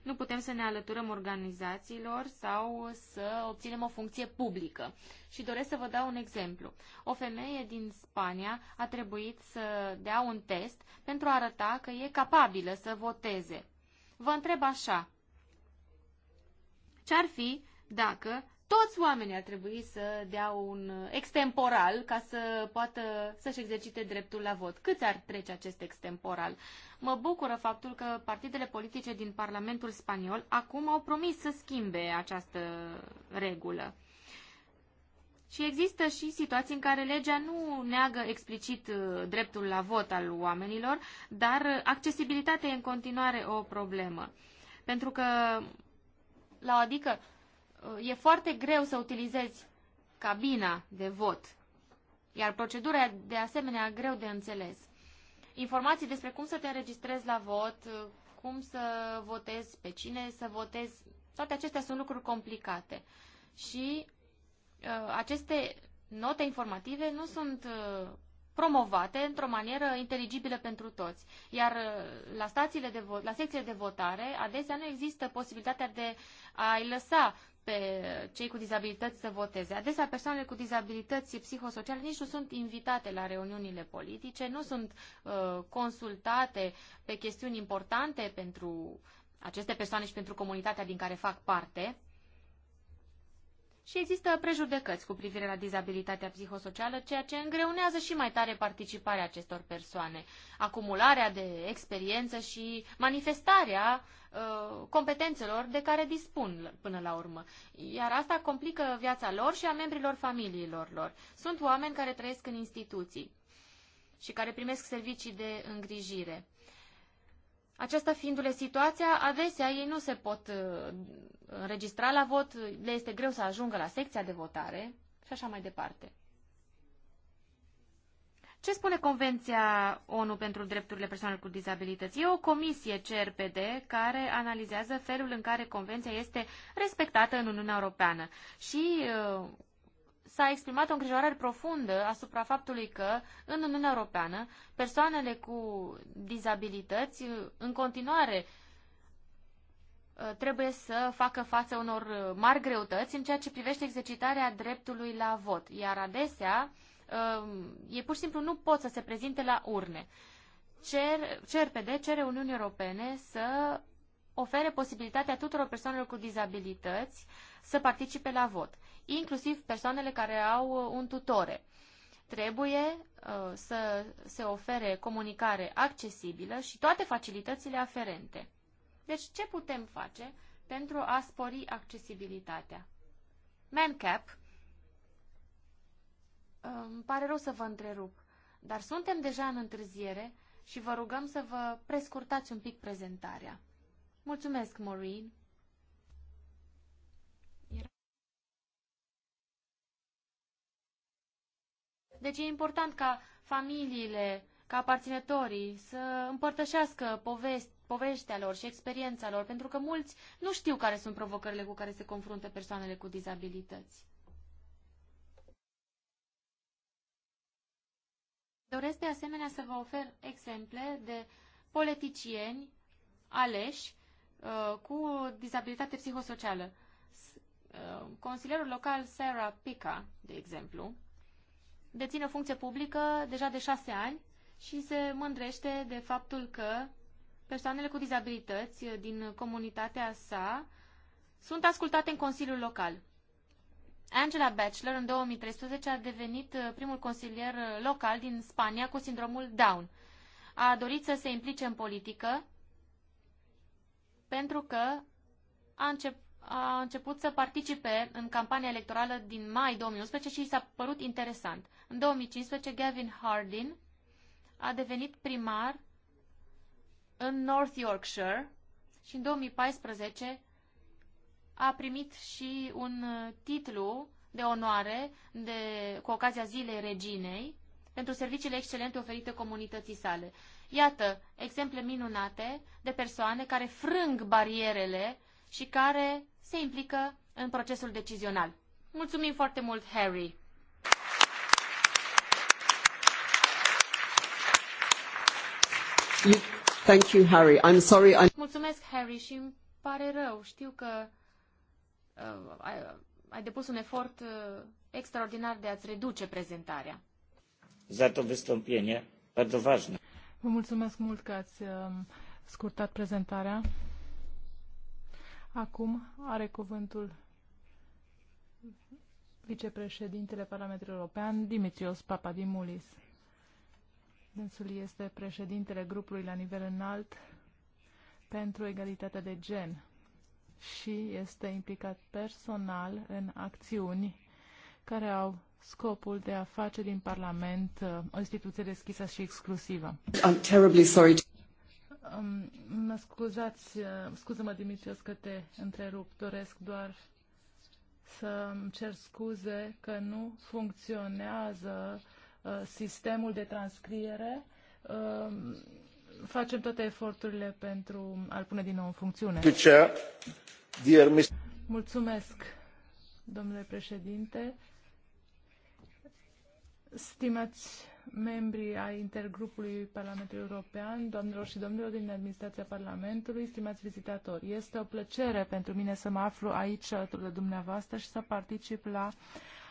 Nu putem să ne alăturăm organizațiilor sau să obținem o funcție publică. Și doresc să vă dau un exemplu. O femeie din Spania a trebuit să dea un test pentru a arăta că e capabilă să voteze. Vă întreb așa. Ce-ar fi dacă toți oamenii ar trebui să dea un extemporal ca să poată să-și exercite dreptul la vot. Câți ar trece acest extemporal? Mă bucură faptul că partidele politice din Parlamentul spaniol acum au promis să schimbe această regulă. Și există și situații în care legea nu neagă explicit uh, dreptul la vot al oamenilor, dar accesibilitatea e în continuare o problemă. Pentru că, la adică, e foarte greu să utilizezi cabina de vot, iar procedura e de asemenea greu de înțeles. Informații despre cum să te înregistrezi la vot, cum să votezi, pe cine să votezi, toate acestea sunt lucruri complicate. Și uh, aceste note informative nu sunt uh, promovate într-o manieră inteligibilă pentru toți. Iar uh, la, stațiile de vot, la secțiile de votare, adesea nu există posibilitatea de a-i lăsa pe cei cu dizabilități să voteze. Adesea persoanele cu dizabilități psihosociale nici nu sunt invitate la reuniunile politice, nu sunt uh, consultate pe chestiuni importante pentru aceste persoane și pentru comunitatea din care fac parte și există prejudecăți cu privire la dizabilitatea psihosocială, ceea ce îngreunează și mai tare participarea acestor persoane, acumularea de experiență și manifestarea uh, competențelor de care dispun până la urmă. Iar asta complică viața lor și a membrilor familiilor lor. Sunt oameni care trăiesc în instituții și care primesc servicii de îngrijire. Aceasta fiindu-le situația, adesea ei nu se pot uh, înregistra la vot, le este greu să ajungă la secția de votare și așa mai departe. Ce spune Convenția ONU pentru drepturile persoanelor cu dizabilități? E o comisie CRPD care analizează felul în care Convenția este respectată în Uniunea Europeană și uh, s-a exprimat o îngrijorare profundă asupra faptului că, în Uniunea Europeană, persoanele cu dizabilități, în continuare, ă, trebuie să facă față unor mari greutăți în ceea ce privește exercitarea dreptului la vot, iar adesea ă, ei pur și simplu nu pot să se prezinte la urne. Cer, CRPD cere Uniunii Europene să ofere posibilitatea tuturor persoanelor cu dizabilități să participe la vot, inclusiv persoanele care au uh, un tutore. Trebuie uh, să se ofere comunicare accesibilă și toate facilitățile aferente. Deci ce putem face pentru a spori accesibilitatea? ManCap, uh, îmi pare rău să vă întrerup, dar suntem deja în întârziere și vă rugăm să vă prescurtați un pic prezentarea. Mulțumesc, Maureen. Deci e important ca familiile, ca aparținătorii să împărtășească povesti, poveștea lor și experiența lor, pentru că mulți nu știu care sunt provocările cu care se confruntă persoanele cu dizabilități. Doresc de asemenea să vă ofer exemple de politicieni aleși Uh, cu dizabilitate psihosocială. Uh, consilierul local Sarah Pica, de exemplu, deține o funcție publică deja de șase ani și se mândrește de faptul că persoanele cu dizabilități din comunitatea sa sunt ascultate în Consiliul Local. Angela Bachelor, în 2013, a devenit uh, primul consilier local din Spania cu sindromul Down. A dorit să se implice în politică pentru că a, încep, a început să participe în campania electorală din mai 2011 și i s-a părut interesant. În 2015, Gavin Hardin a devenit primar în North Yorkshire și în 2014 a primit și un uh, titlu de onoare de, cu ocazia Zilei Reginei pentru serviciile excelente oferite comunității sale. Iată, exemple minunate de persoane care frâng barierele și care se implică în procesul decizional. Mulțumim foarte mult, Harry! Thank you, Harry. I'm sorry. I'm... Mulțumesc, Harry, și îmi pare rău. Știu că uh, ai, ai depus un efort uh, extraordinar de a-ți reduce prezentarea. Za to wystąpienie, bardzo ważne. Vă mulțumesc mult că ați um, scurtat prezentarea. Acum are cuvântul vicepreședintele Parlamentului European, Dimitrios Papadimulis. Dânsul este președintele grupului la nivel înalt pentru egalitatea de gen și este implicat personal în acțiuni care au scopul de a face din Parlament uh, o instituție deschisă și exclusivă. I'm terribly sorry. To... Um, mă scuzați, uh, scuză-mă, Dimitrios, că te întrerup. Doresc doar să cer scuze că nu funcționează uh, sistemul de transcriere. Um, facem toate eforturile pentru a-l pune din nou în funcțiune. Mulțumesc, domnule președinte. Stimați membri ai intergrupului Parlamentului European, doamnelor și domnilor din administrația Parlamentului, stimați vizitatori, este o plăcere pentru mine să mă aflu aici alături de dumneavoastră și să particip la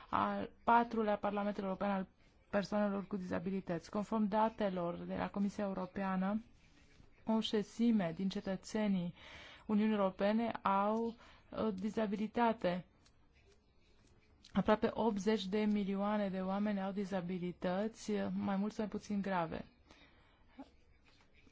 al patrulea Parlament European al persoanelor cu dizabilități. Conform datelor de la Comisia Europeană, o șesime din cetățenii Uniunii Europene au o uh, dizabilitate Aproape 80 de milioane de oameni au dizabilități, mai mult sau mai puțin grave.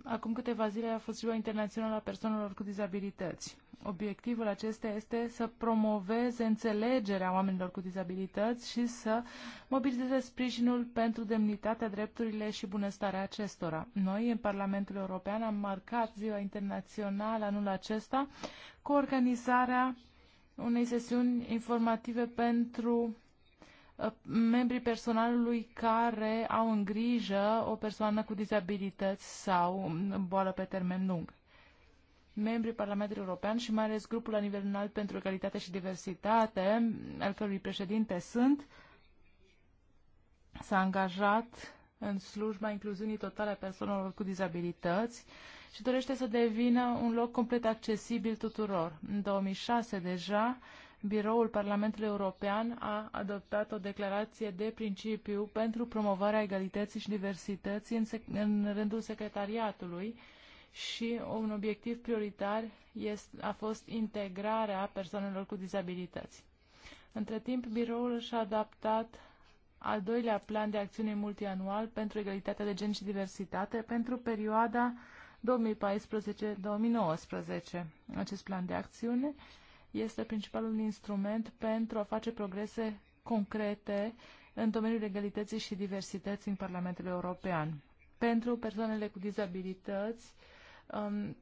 Acum câteva zile a fost ziua internațională a persoanelor cu dizabilități. Obiectivul acesta este să promoveze înțelegerea oamenilor cu dizabilități și să mobilizeze sprijinul pentru demnitatea, drepturile și bunăstarea acestora. Noi, în Parlamentul European, am marcat ziua internațională anul acesta cu organizarea unei sesiuni informative pentru uh, membrii personalului care au în grijă o persoană cu dizabilități sau um, boală pe termen lung. Membrii Parlamentului European și mai ales grupul la nivel înalt pentru egalitate și diversitate, al cărui președinte sunt, s-a angajat în slujba incluziunii totale a persoanelor cu dizabilități și dorește să devină un loc complet accesibil tuturor. În 2006 deja, Biroul Parlamentului European a adoptat o declarație de principiu pentru promovarea egalității și diversității în, în rândul secretariatului și un obiectiv prioritar este, a fost integrarea persoanelor cu dizabilități. Între timp, biroul și-a adaptat al doilea plan de acțiune multianual pentru egalitatea de gen și diversitate pentru perioada 2014-2019. Acest plan de acțiune este principalul instrument pentru a face progrese concrete în domeniul egalității și diversității în Parlamentul European. Pentru persoanele cu dizabilități um,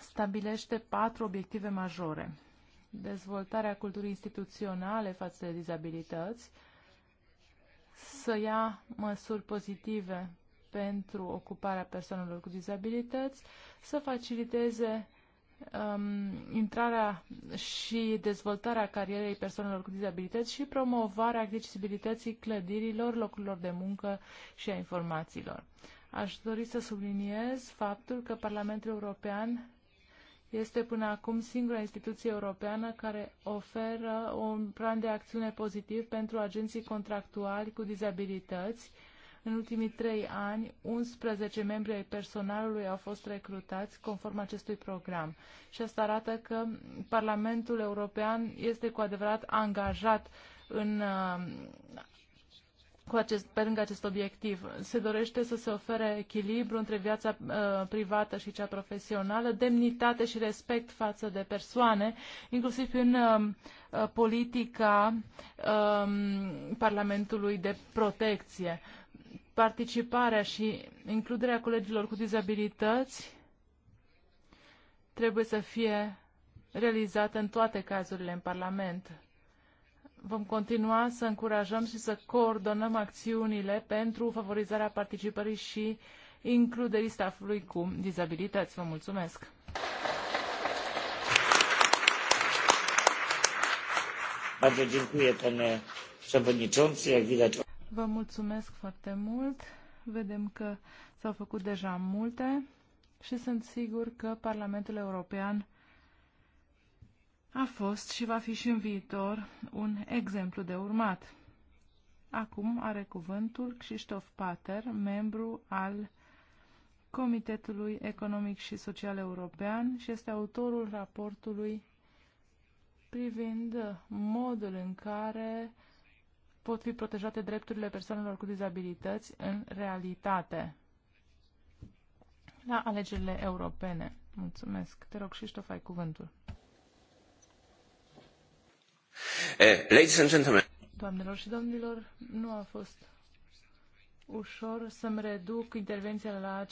stabilește patru obiective majore. Dezvoltarea culturii instituționale față de dizabilități, să ia măsuri pozitive pentru ocuparea persoanelor cu dizabilități, să faciliteze um, intrarea și dezvoltarea carierei persoanelor cu dizabilități și promovarea accesibilității clădirilor, locurilor de muncă și a informațiilor. Aș dori să subliniez faptul că Parlamentul European este până acum singura instituție europeană care oferă un plan de acțiune pozitiv pentru agenții contractuali cu dizabilități. În ultimii trei ani, 11 membri ai personalului au fost recrutați conform acestui program. Și asta arată că Parlamentul European este cu adevărat angajat în uh, cu acest, pe lângă acest obiectiv. Se dorește să se ofere echilibru între viața uh, privată și cea profesională, demnitate și respect față de persoane, inclusiv în uh, uh politica uh, Parlamentului de protecție. Participarea și includerea colegilor cu dizabilități trebuie să fie realizată în toate cazurile în Parlament Vom continua să încurajăm și să coordonăm acțiunile pentru favorizarea participării și includerii staffului cu dizabilități. Vă mulțumesc! Vă mulțumesc foarte mult. Vedem că s-au făcut deja multe și sunt sigur că Parlamentul European a fost și va fi și în viitor un exemplu de urmat. Acum are cuvântul Cristof Pater, membru al Comitetului Economic și Social European și este autorul raportului privind modul în care pot fi protejate drepturile persoanelor cu dizabilități în realitate la alegerile europene. Mulțumesc. Te rog, Cristof, ai cuvântul. Eh, ladies and gentlemen. Doamnelor și domnilor, nu a fost ușor să-mi reduc intervenția la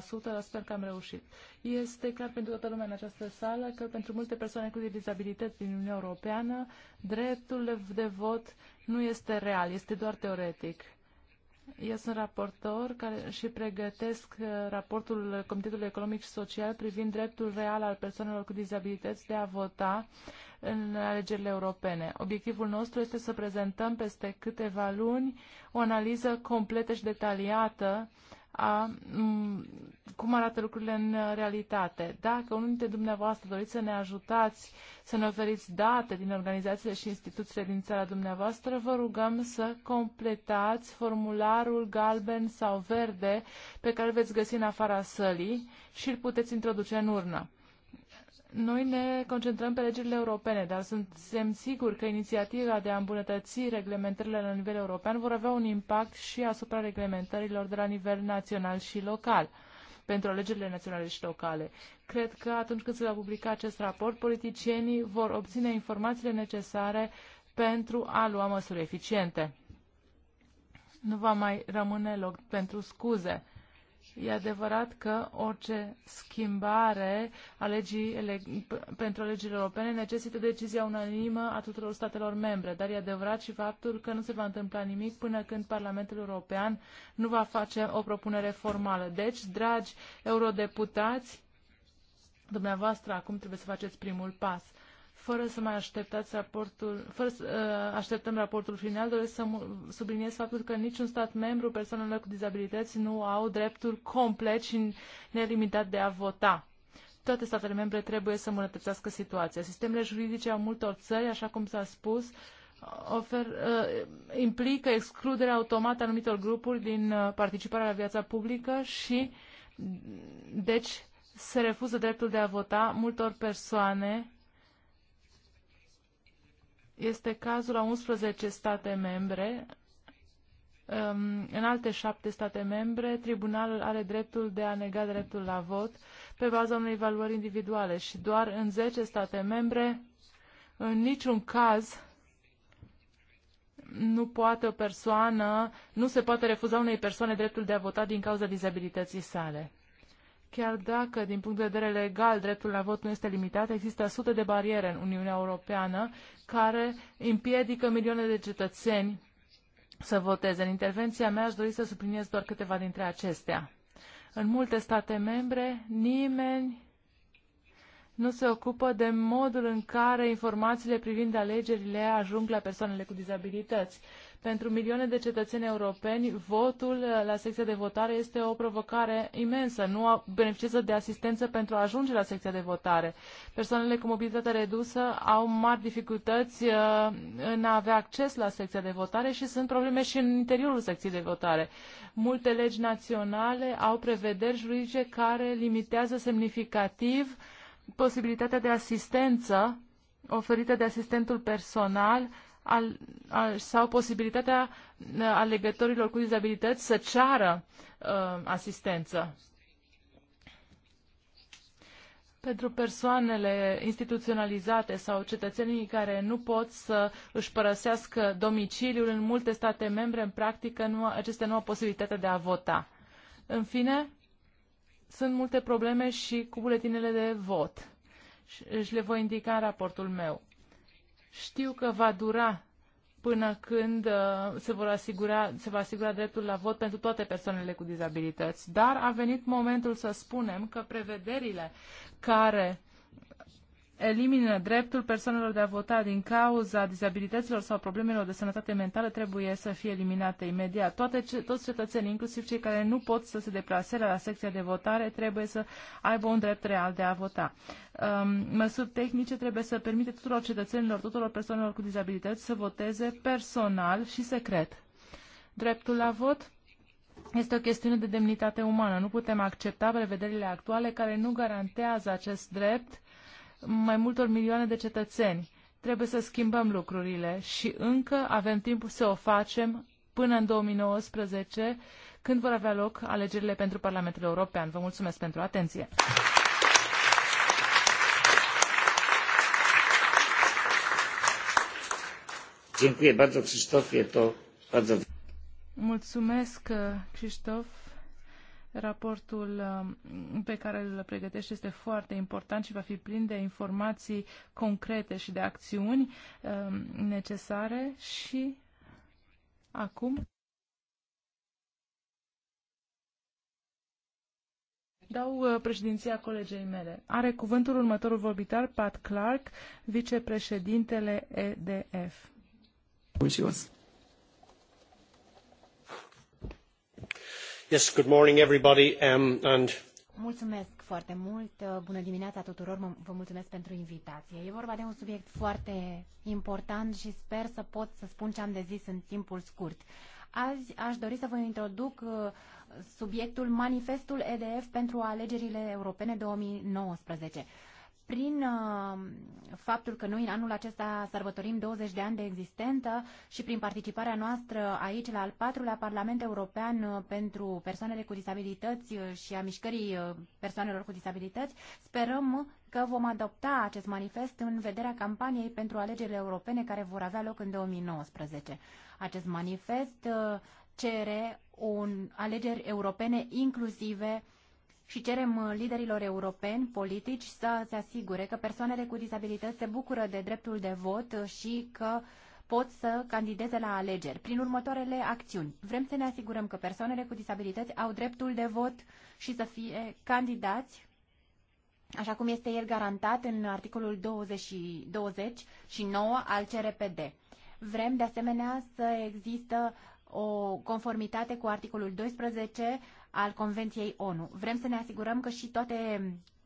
50%, dar sper că am reușit. Este clar pentru toată lumea în această sală că pentru multe persoane cu dizabilități din Uniunea Europeană, dreptul de vot nu este real, este doar teoretic. Eu sunt raportor care și pregătesc uh, raportul Comitetului Economic și Social privind dreptul real al persoanelor cu dizabilități de a vota în alegerile europene. Obiectivul nostru este să prezentăm peste câteva luni o analiză completă și detaliată a cum arată lucrurile în realitate. Dacă unul dintre dumneavoastră doriți să ne ajutați, să ne oferiți date din organizațiile și instituțiile din țara dumneavoastră, vă rugăm să completați formularul galben sau verde pe care îl veți găsi în afara sălii și îl puteți introduce în urnă. Noi ne concentrăm pe legile europene, dar suntem siguri că inițiativa de a îmbunătăți reglementările la nivel european vor avea un impact și asupra reglementărilor de la nivel național și local pentru alegerile naționale și locale. Cred că atunci când se va publica acest raport, politicienii vor obține informațiile necesare pentru a lua măsuri eficiente. Nu va mai rămâne loc pentru scuze E adevărat că orice schimbare a legii ele, pentru legile europene necesită decizia unanimă a tuturor statelor membre, dar e adevărat și faptul că nu se va întâmpla nimic până când Parlamentul European nu va face o propunere formală. Deci, dragi eurodeputați, dumneavoastră acum trebuie să faceți primul pas fără să mai așteptați raportul, fără să uh, așteptăm raportul final, doresc să subliniez faptul că niciun stat membru persoanele cu dizabilități nu au dreptul complet și nelimitat de a vota. Toate statele membre trebuie să îmbunătățească situația. Sistemele juridice a multor țări, așa cum s-a spus, ofer, uh, implică excluderea automată a anumitor grupuri din uh, participarea la viața publică și, deci, se refuză dreptul de a vota multor persoane este cazul la 11 state membre. Um, în alte șapte state membre, tribunalul are dreptul de a nega dreptul la vot pe baza unei evaluări individuale și doar în 10 state membre, în niciun caz, nu poate o persoană, nu se poate refuza unei persoane dreptul de a vota din cauza dizabilității sale. Chiar dacă, din punct de vedere legal, dreptul la vot nu este limitat, există sute de bariere în Uniunea Europeană care împiedică milioane de cetățeni să voteze. În intervenția mea aș dori să subliniez doar câteva dintre acestea. În multe state membre, nimeni nu se ocupă de modul în care informațiile privind alegerile ajung la persoanele cu dizabilități. Pentru milioane de cetățeni europeni, votul uh, la secția de votare este o provocare imensă. Nu beneficiază de asistență pentru a ajunge la secția de votare. Persoanele cu mobilitate redusă au mari dificultăți uh, în a avea acces la secția de votare și sunt probleme și în interiorul secției de votare. Multe legi naționale au prevederi juridice care limitează semnificativ posibilitatea de asistență oferită de asistentul personal al, al, sau posibilitatea uh, alegătorilor cu dizabilități să ceară uh, asistență. Pentru persoanele instituționalizate sau cetățenii care nu pot să își părăsească domiciliul, în multe state membre, în practică, nu, acestea nu au posibilitatea de a vota. În fine, sunt multe probleme și cu buletinele de vot. Și le voi indica în raportul meu. Știu că va dura până când uh, se, vor asigura, se va asigura dreptul la vot pentru toate persoanele cu dizabilități. Dar a venit momentul să spunem că prevederile care elimină dreptul persoanelor de a vota din cauza dizabilităților sau problemelor de sănătate mentală trebuie să fie eliminate imediat. Toate, toți cetățenii, inclusiv cei care nu pot să se deplaseze la secția de votare, trebuie să aibă un drept real de a vota. Um, măsuri tehnice trebuie să permite tuturor cetățenilor, tuturor persoanelor cu dizabilități să voteze personal și secret. Dreptul la vot este o chestiune de demnitate umană. Nu putem accepta prevederile actuale care nu garantează acest drept mai multor milioane de cetățeni. Trebuie să schimbăm lucrurile și încă avem timp să o facem până în 2019, când vor avea loc alegerile pentru Parlamentul European. Vă mulțumesc pentru atenție! Mulțumesc, Cristof. Raportul um, pe care îl pregătește este foarte important și va fi plin de informații concrete și de acțiuni um, necesare și acum dau uh, președinția colegei mele. Are cuvântul următorul vorbitor, Pat Clark, vicepreședintele EDF. Mulțumesc good morning everybody um, and Mulțumesc foarte mult. Uh, bună dimineața tuturor. Vă mulțumesc pentru invitație. E vorba de un subiect foarte important și sper să pot să spun ce am de zis în timpul scurt. Azi aș dori să vă introduc uh, subiectul Manifestul EDF pentru alegerile europene 2019 prin uh, faptul că noi în anul acesta sărbătorim 20 de ani de existență și prin participarea noastră aici la al patrulea Parlament European uh, pentru persoanele cu disabilități uh, și a mișcării persoanelor cu disabilități, sperăm că vom adopta acest manifest în vederea campaniei pentru alegerile europene care vor avea loc în 2019. Acest manifest cere un alegeri europene inclusive și cerem uh, liderilor europeni politici să se asigure că persoanele cu dizabilități se bucură de dreptul de vot uh, și că pot să candideze la alegeri prin următoarele acțiuni. Vrem să ne asigurăm că persoanele cu dizabilități au dreptul de vot și să fie candidați așa cum este el garantat în articolul 20, 20 și 9 al CRPD. Vrem de asemenea să există o conformitate cu articolul 12 al Convenției ONU. Vrem să ne asigurăm că și toate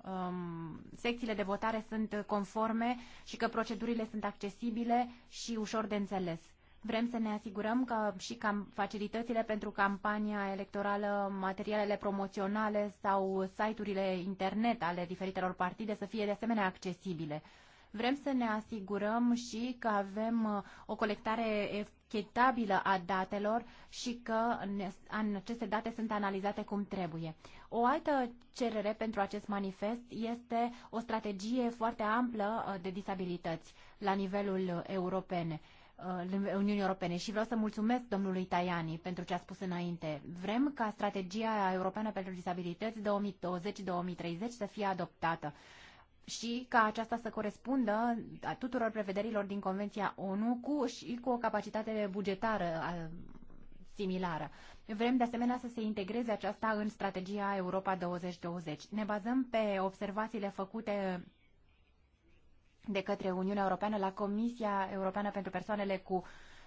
um, secțiile de votare sunt conforme și că procedurile sunt accesibile și ușor de înțeles. Vrem să ne asigurăm că și cam facilitățile pentru campania electorală, materialele promoționale sau site-urile internet ale diferitelor partide să fie de asemenea accesibile. Vrem să ne asigurăm și că avem uh, o colectare chetabilă a datelor și că aceste date sunt analizate cum trebuie. O altă cerere pentru acest manifest este o strategie foarte amplă uh, de disabilități la nivelul europene. Uh, Uniunii Europene și vreau să mulțumesc domnului Tajani pentru ce a spus înainte. Vrem ca strategia europeană pentru disabilități 2020-2030 să fie adoptată și ca aceasta să corespundă a tuturor prevederilor din Convenția ONU cu, și cu o capacitate bugetară a, similară. Vrem de asemenea să se integreze aceasta în strategia Europa 2020. Ne bazăm pe observațiile făcute de către Uniunea Europeană la Comisia Europeană pentru Persoanele cu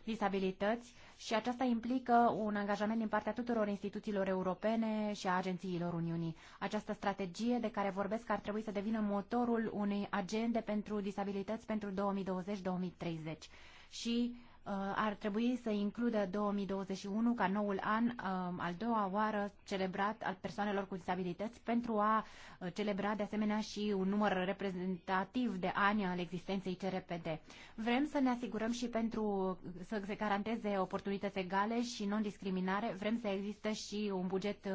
disabilități și aceasta implică un angajament din partea tuturor instituțiilor europene și a agențiilor Uniunii. Această strategie de care vorbesc ar trebui să devină motorul unei agende pentru disabilități pentru 2020-2030 și Uh, ar trebui să includă 2021 ca noul an, um, al doua oară celebrat al persoanelor cu disabilități, pentru a uh, celebra de asemenea și un număr reprezentativ de ani al existenței CRPD. Vrem să ne asigurăm și pentru uh, să se garanteze oportunități egale și non-discriminare, vrem să existe și un buget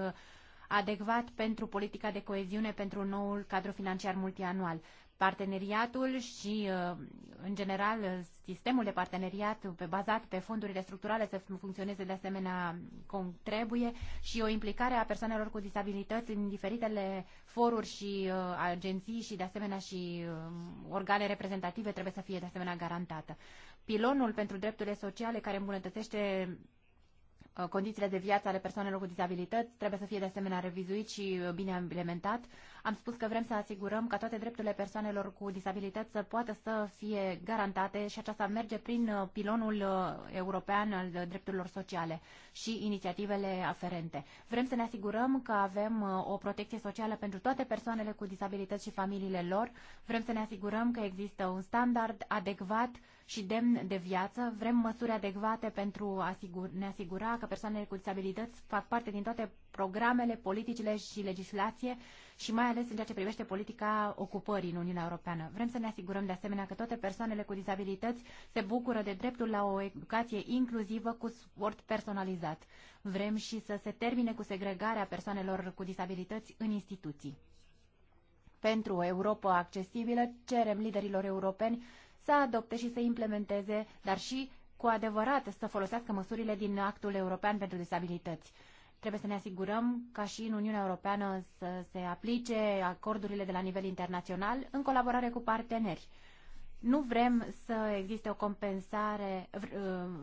adecvat pentru politica de coeziune pentru noul cadru financiar multianual. Parteneriatul și, uh, în general, sistemul de parteneriat pe, bazat pe fondurile structurale să funcționeze de asemenea cum trebuie și o implicare a persoanelor cu disabilități în diferitele foruri și uh, agenții și, de asemenea, și uh, organe reprezentative trebuie să fie, de asemenea, garantată pilonul pentru drepturile sociale care îmbunătățește Uh, condițiile de viață ale persoanelor cu dizabilități trebuie să fie de asemenea revizuit și uh, bine implementat. Am spus că vrem să asigurăm ca toate drepturile persoanelor cu dizabilități să poată să fie garantate și aceasta merge prin uh, pilonul european al drepturilor sociale și inițiativele aferente. Vrem să ne asigurăm că avem o protecție socială pentru toate persoanele cu dizabilități și familiile lor. Vrem să ne asigurăm că există un standard adecvat și demn de viață. Vrem măsuri adecvate pentru a ne asigura că persoanele cu disabilități fac parte din toate programele, politicile și legislație și mai ales în ceea ce privește politica ocupării în Uniunea Europeană. Vrem să ne asigurăm de asemenea că toate persoanele cu dizabilități se bucură de dreptul la o educație inclusivă cu sport personalizat. Vrem și să se termine cu segregarea persoanelor cu disabilități în instituții. Pentru o Europa accesibilă cerem liderilor europeni să adopte și să implementeze, dar și cu adevărat să folosească măsurile din actul european pentru disabilități. Trebuie să ne asigurăm ca și în Uniunea Europeană să se aplice acordurile de la nivel internațional în colaborare cu parteneri. Nu vrem să existe o compensare, uh,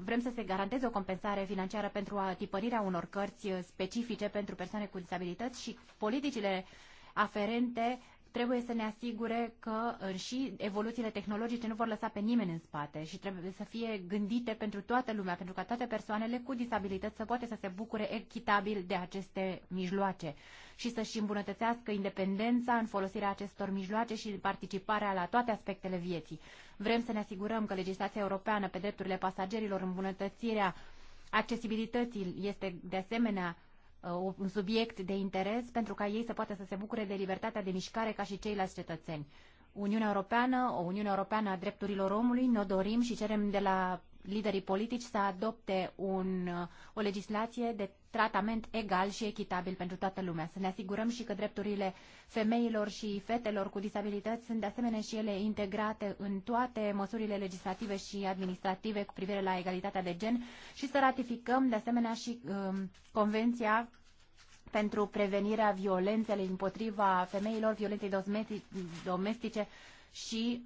vrem să se garanteze o compensare financiară pentru a tipărirea unor cărți specifice pentru persoane cu disabilități și politicile aferente trebuie să ne asigure că uh, și evoluțiile tehnologice nu vor lăsa pe nimeni în spate și trebuie să fie gândite pentru toată lumea, pentru ca toate persoanele cu disabilități să poate să se bucure echitabil de aceste mijloace și să-și îmbunătățească independența în folosirea acestor mijloace și participarea la toate aspectele vieții. Vrem să ne asigurăm că legislația europeană pe drepturile pasagerilor, îmbunătățirea accesibilității este de asemenea Uh, un subiect de interes pentru ca ei să poată să se bucure de libertatea de mișcare ca și ceilalți cetățeni. Uniunea Europeană, o Uniune Europeană a drepturilor omului, ne dorim și cerem de la liderii politici să adopte un, uh, o legislație de tratament egal și echitabil pentru toată lumea. Să ne asigurăm și că drepturile femeilor și fetelor cu disabilități sunt de asemenea și ele integrate în toate măsurile legislative și administrative cu privire la egalitatea de gen și să ratificăm de asemenea și um, Convenția pentru prevenirea violențelor împotriva femeilor, violenței domestice și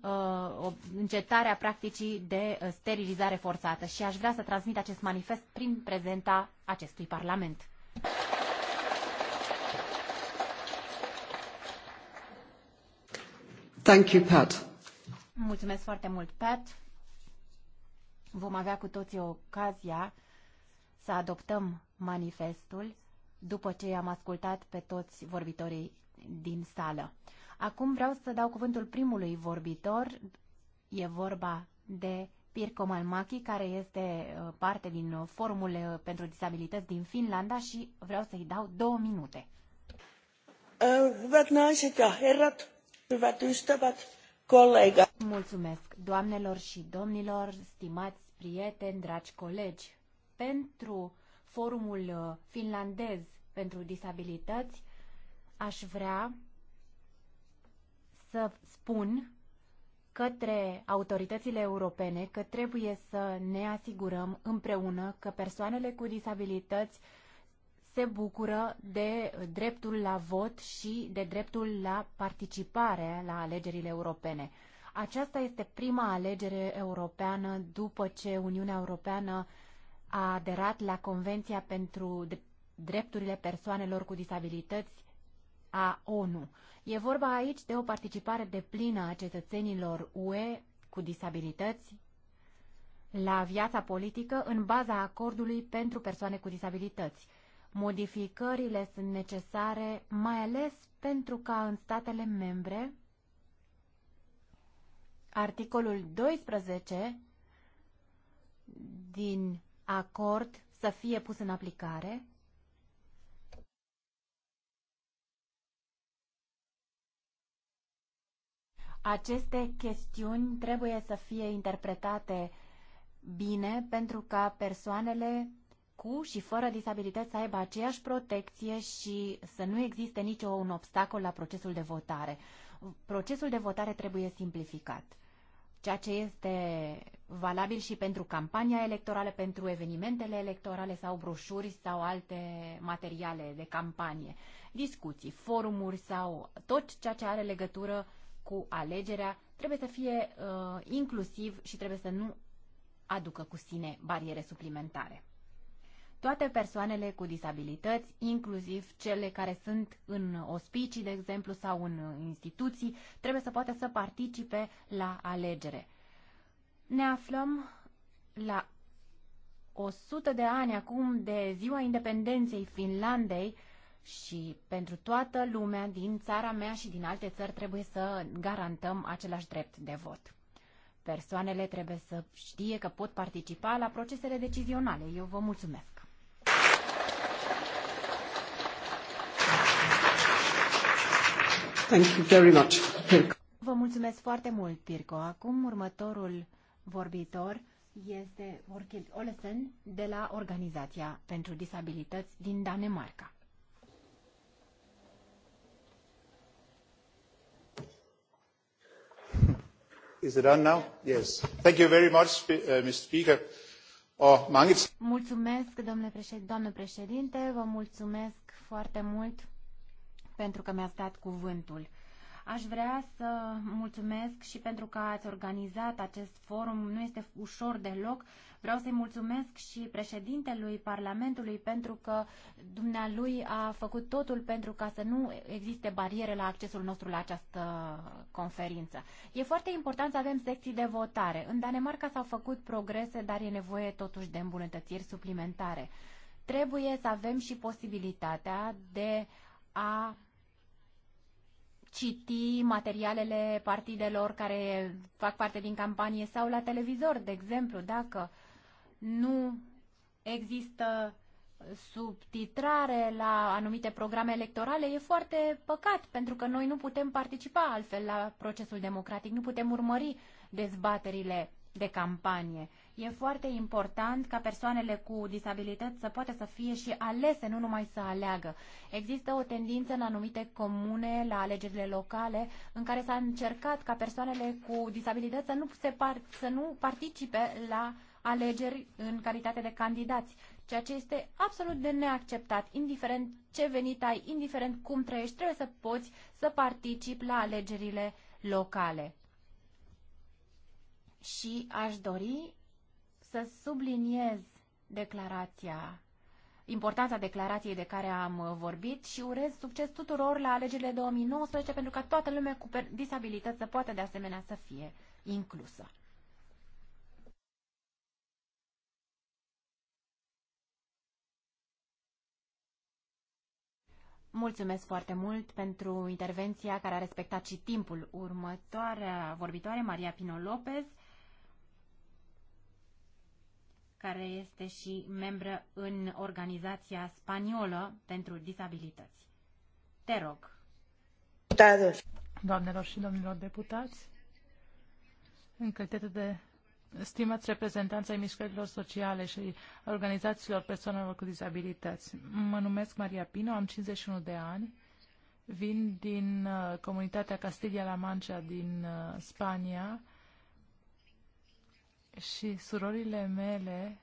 uh, încetarea practicii de uh, sterilizare forțată. Și aș vrea să transmit acest manifest prin prezenta acestui Parlament. Thank you, Pat. Mulțumesc foarte mult, Pat. Vom avea cu toții ocazia să adoptăm manifestul după ce am ascultat pe toți vorbitorii din sală. Acum vreau să dau cuvântul primului vorbitor. E vorba de Pirko Malmaki, care este uh, parte din uh, Forumul uh, pentru Disabilități din Finlanda și vreau să-i dau două minute. Hyvät naiset ja herrat, hyvät ystävät, Mulțumesc, doamnelor și domnilor, stimați prieteni, dragi colegi. Pentru Forumul Finlandez pentru Disabilități aș vrea să spun către autoritățile europene că trebuie să ne asigurăm împreună că persoanele cu disabilități se bucură de dreptul la vot și de dreptul la participare la alegerile europene. Aceasta este prima alegere europeană după ce Uniunea Europeană a aderat la Convenția pentru drepturile persoanelor cu disabilități a ONU. E vorba aici de o participare deplină a cetățenilor UE cu disabilități la viața politică în baza acordului pentru persoane cu disabilități. Modificările sunt necesare mai ales pentru ca în statele membre articolul 12 din acord să fie pus în aplicare Aceste chestiuni trebuie să fie interpretate bine pentru ca persoanele cu și fără disabilități să aibă aceeași protecție și să nu existe niciun obstacol la procesul de votare. Procesul de votare trebuie simplificat, ceea ce este valabil și pentru campania electorală, pentru evenimentele electorale sau broșuri sau alte materiale de campanie, discuții, forumuri sau tot ceea ce are legătură cu alegerea trebuie să fie uh, inclusiv și trebuie să nu aducă cu sine bariere suplimentare. Toate persoanele cu disabilități, inclusiv cele care sunt în ospicii, de exemplu, sau în instituții, trebuie să poată să participe la alegere. Ne aflăm la 100 de ani acum de ziua independenței Finlandei, și pentru toată lumea din țara mea și din alte țări trebuie să garantăm același drept de vot. Persoanele trebuie să știe că pot participa la procesele decizionale. Eu vă mulțumesc! Thank you very much, Vă mulțumesc foarte mult, Pirco. Acum următorul vorbitor este Orchid Olesen de la Organizația pentru Disabilități din Danemarca. Oh, mulțumesc, domnule doamnă președinte, vă mulțumesc foarte mult pentru că mi-ați dat cuvântul. Aș vrea să mulțumesc și pentru că ați organizat acest forum. Nu este ușor deloc. Vreau să-i mulțumesc și președintelui Parlamentului pentru că dumnealui a făcut totul pentru ca să nu existe bariere la accesul nostru la această conferință. E foarte important să avem secții de votare. În Danemarca s-au făcut progrese, dar e nevoie totuși de îmbunătățiri suplimentare. Trebuie să avem și posibilitatea de a citi materialele partidelor care fac parte din campanie sau la televizor, de exemplu, dacă nu există subtitrare la anumite programe electorale, e foarte păcat, pentru că noi nu putem participa altfel la procesul democratic, nu putem urmări dezbaterile de campanie. E foarte important ca persoanele cu disabilități să poată să fie și alese, nu numai să aleagă. Există o tendință în anumite comune, la alegerile locale, în care s-a încercat ca persoanele cu disabilități să nu, se par- să nu participe la alegeri în calitate de candidați, ceea ce este absolut de neacceptat. Indiferent ce venit ai, indiferent cum trăiești, trebuie să poți să participi la alegerile locale. Și aș dori să subliniez declarația, importanța declarației de care am vorbit și urez succes tuturor la alegerile 2019 pentru ca toată lumea cu disabilități să poată de asemenea să fie inclusă. Mulțumesc foarte mult pentru intervenția care a respectat și timpul. Următoarea vorbitoare, Maria Pino Lopez, care este și membră în organizația spaniolă pentru disabilități. Te rog. Doamnelor și domnilor deputați, în calitate de stimați reprezentanți ai mișcărilor sociale și organizațiilor persoanelor cu dizabilități, mă numesc Maria Pino, am 51 de ani, vin din uh, comunitatea Castilla-La Mancha din uh, Spania, și surorile mele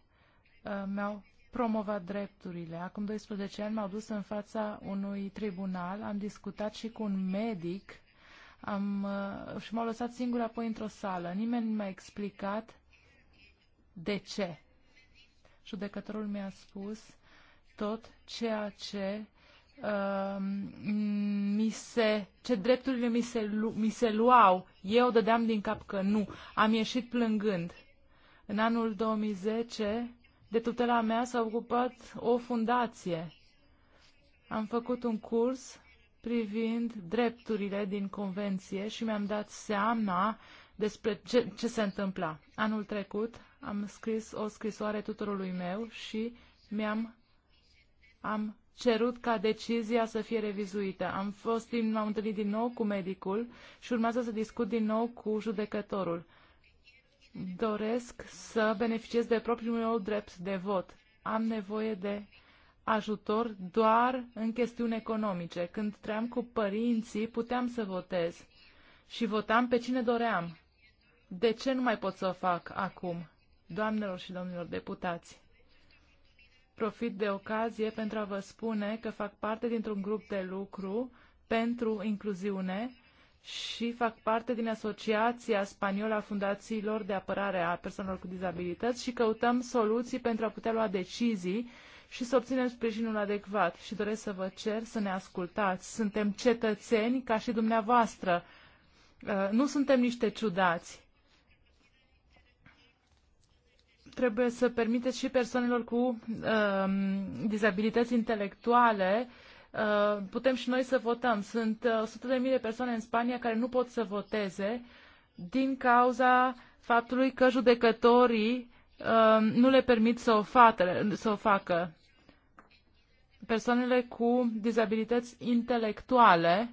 uh, mi-au promovat drepturile. Acum 12 ani m-au dus în fața unui tribunal, am discutat și cu un medic am, uh, și m-au lăsat singur apoi într-o sală. Nimeni nu mi-a explicat de ce. Judecătorul mi-a spus tot ceea ce uh, mi se, ce drepturile mi se, mi se luau, eu dădeam din cap că nu. Am ieșit plângând. În anul 2010, de tutela mea s-a ocupat o fundație. Am făcut un curs privind drepturile din convenție și mi-am dat seama despre ce, ce se întâmpla. Anul trecut am scris o scrisoare tuturorului meu și mi-am am cerut ca decizia să fie revizuită. Am fost, m-am întâlnit din nou cu medicul și urmează să discut din nou cu judecătorul doresc să beneficiez de propriul meu drept de vot. Am nevoie de ajutor doar în chestiuni economice. Când trăiam cu părinții, puteam să votez și votam pe cine doream. De ce nu mai pot să o fac acum, doamnelor și domnilor deputați? Profit de ocazie pentru a vă spune că fac parte dintr-un grup de lucru pentru incluziune și fac parte din Asociația Spaniolă a Fundațiilor de Apărare a Persoanelor cu Dizabilități și căutăm soluții pentru a putea lua decizii și să obținem sprijinul adecvat. Și doresc să vă cer să ne ascultați. Suntem cetățeni ca și dumneavoastră. Uh, nu suntem niște ciudați. Trebuie să permiteți și persoanelor cu uh, dizabilități intelectuale uh, Uh, putem și noi să votăm. Sunt 100.000 uh, de persoane în Spania care nu pot să voteze din cauza faptului că judecătorii uh, nu le permit să o, fată, să o facă. Persoanele cu dizabilități intelectuale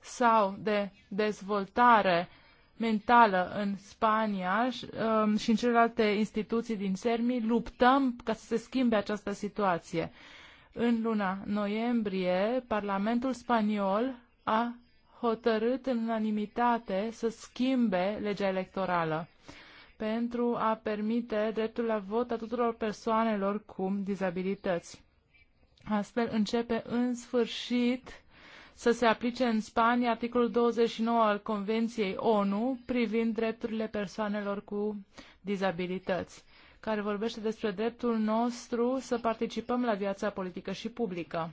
sau de dezvoltare mentală în Spania și, um, și în celelalte instituții din SERMI, luptăm ca să se schimbe această situație. În luna noiembrie, Parlamentul spaniol a hotărât în unanimitate să schimbe legea electorală pentru a permite dreptul la vot a tuturor persoanelor cu dizabilități. Astfel începe în sfârșit să se aplice în Spania articolul 29 al Convenției ONU privind drepturile persoanelor cu dizabilități care vorbește despre dreptul nostru să participăm la viața politică și publică.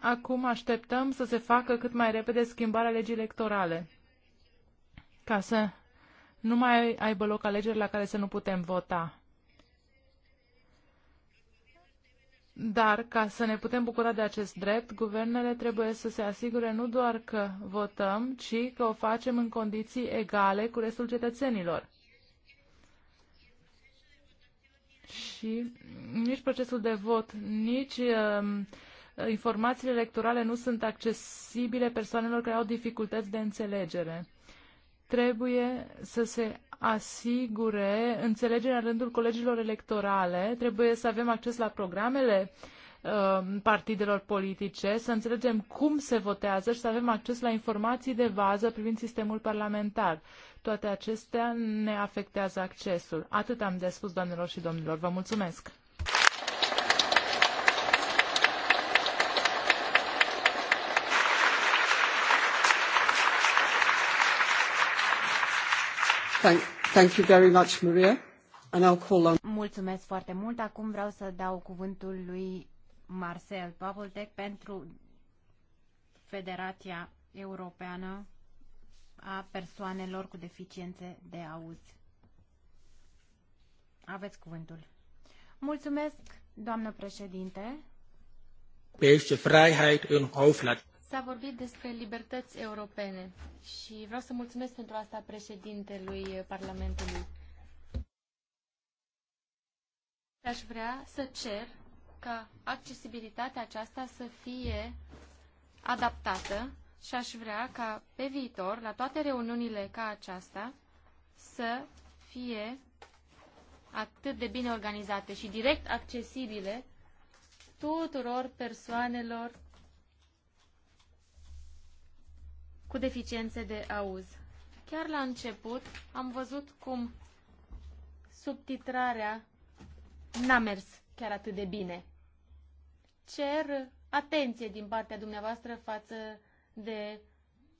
Acum așteptăm să se facă cât mai repede schimbarea legii electorale, ca să nu mai aibă loc alegeri la care să nu putem vota. Dar ca să ne putem bucura de acest drept, guvernele trebuie să se asigure nu doar că votăm, ci că o facem în condiții egale cu restul cetățenilor. Și nici procesul de vot, nici uh, informațiile electorale nu sunt accesibile persoanelor care au dificultăți de înțelegere. Trebuie să se asigure înțelegerea în rândul colegilor electorale, trebuie să avem acces la programele uh, partidelor politice, să înțelegem cum se votează și să avem acces la informații de bază privind sistemul parlamentar. Toate acestea ne afectează accesul. Atât am de spus, doamnelor și domnilor. Vă mulțumesc! Mulțumesc foarte mult. Acum vreau să dau cuvântul lui Marcel Pavoltec pentru Federația Europeană a persoanelor cu deficiențe de auz. Aveți cuvântul. Mulțumesc, doamnă președinte. Europeische Freiheit în Hauflat. S-a vorbit despre libertăți europene și vreau să mulțumesc pentru asta președintelui Parlamentului. Aș vrea să cer ca accesibilitatea aceasta să fie adaptată și aș vrea ca pe viitor, la toate reuniunile ca aceasta, să fie atât de bine organizate și direct accesibile tuturor persoanelor cu deficiențe de auz. Chiar la început am văzut cum subtitrarea n-a mers chiar atât de bine. Cer atenție din partea dumneavoastră față de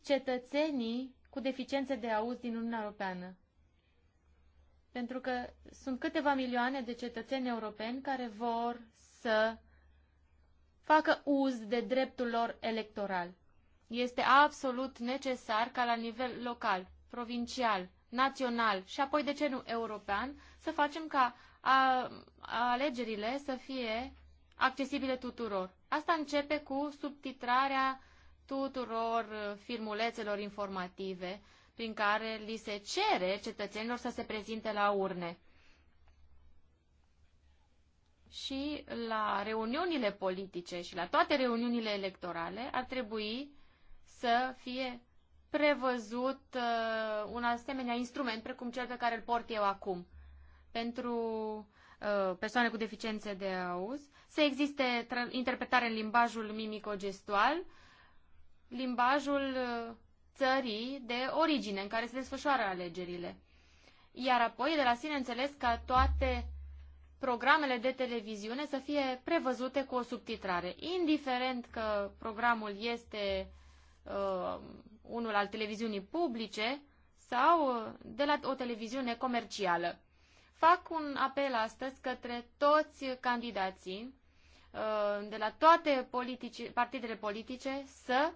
cetățenii cu deficiențe de auz din Uniunea Europeană. Pentru că sunt câteva milioane de cetățeni europeni care vor să facă uz de dreptul lor electoral. Este absolut necesar ca la nivel local, provincial, național și apoi, de ce nu, european, să facem ca a, a alegerile să fie accesibile tuturor. Asta începe cu subtitrarea tuturor filmulețelor informative prin care li se cere cetățenilor să se prezinte la urne. Și la reuniunile politice și la toate reuniunile electorale ar trebui să fie prevăzut uh, un asemenea instrument precum cel pe care îl port eu acum pentru uh, persoane cu deficiențe de auz, să existe interpretare în limbajul mimico-gestual, limbajul uh, țării de origine în care se desfășoară alegerile. Iar apoi, de la sine înțeles ca toate programele de televiziune să fie prevăzute cu o subtitrare, indiferent că programul este uh, uh, unul al televiziunii publice sau uh, de la o televiziune comercială. Fac un apel astăzi către toți candidații uh, de la toate politici, partidele politice să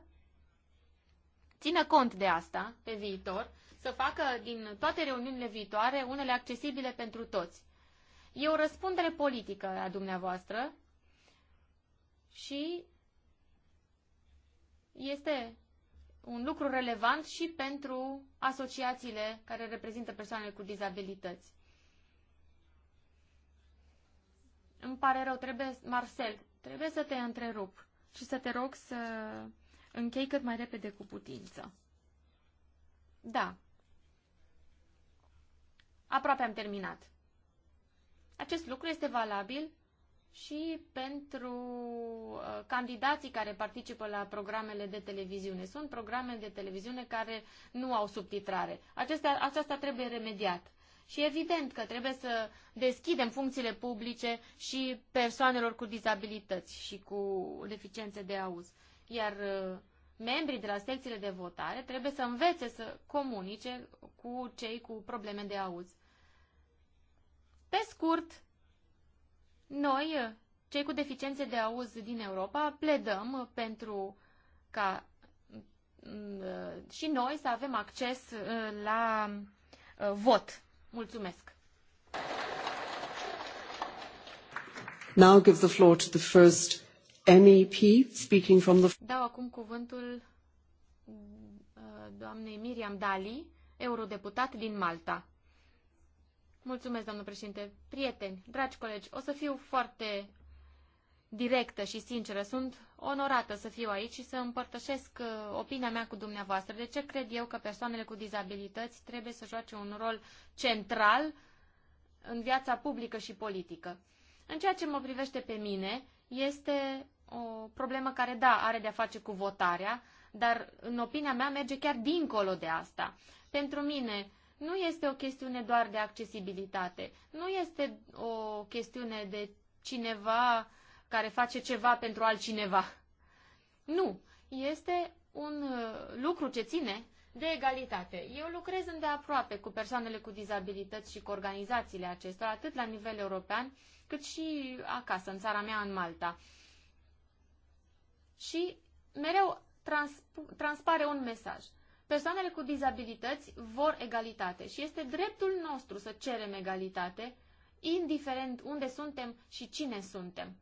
țină cont de asta pe viitor, să facă din toate reuniunile viitoare unele accesibile pentru toți. E o răspundere politică a dumneavoastră și este un lucru relevant și pentru asociațiile care reprezintă persoanele cu dizabilități. Îmi pare rău, trebuie, Marcel, trebuie să te întrerup și să te rog să închei cât mai repede cu putință. Da. Aproape am terminat. Acest lucru este valabil și pentru uh, candidații care participă la programele de televiziune. Sunt programe de televiziune care nu au subtitrare. Acestea, aceasta trebuie remediat. Și evident că trebuie să deschidem funcțiile publice și persoanelor cu dizabilități și cu deficiențe de auz. Iar uh, membrii de la secțiile de votare trebuie să învețe să comunice cu cei cu probleme de auz. Pe scurt, noi, cei cu deficiențe de auz din Europa, pledăm pentru ca mm, uh, și noi să avem acces uh, la uh, vot. Mulțumesc! Now give the floor to the first MEP speaking from the... Dau acum cuvântul doamnei Miriam Dali, eurodeputat din Malta. Mulțumesc, domnul președinte. Prieteni, dragi colegi, o să fiu foarte directă și sinceră. Sunt onorată să fiu aici și să împărtășesc uh, opinia mea cu dumneavoastră. De ce cred eu că persoanele cu dizabilități trebuie să joace un rol central în viața publică și politică? În ceea ce mă privește pe mine, este o problemă care, da, are de-a face cu votarea, dar, în opinia mea, merge chiar dincolo de asta. Pentru mine, nu este o chestiune doar de accesibilitate, nu este o chestiune de cineva care face ceva pentru altcineva. Nu, este un uh, lucru ce ține de egalitate. Eu lucrez îndeaproape cu persoanele cu dizabilități și cu organizațiile acestora, atât la nivel european, cât și acasă, în țara mea, în Malta. Și mereu transpare un mesaj. Persoanele cu dizabilități vor egalitate și este dreptul nostru să cerem egalitate, indiferent unde suntem și cine suntem.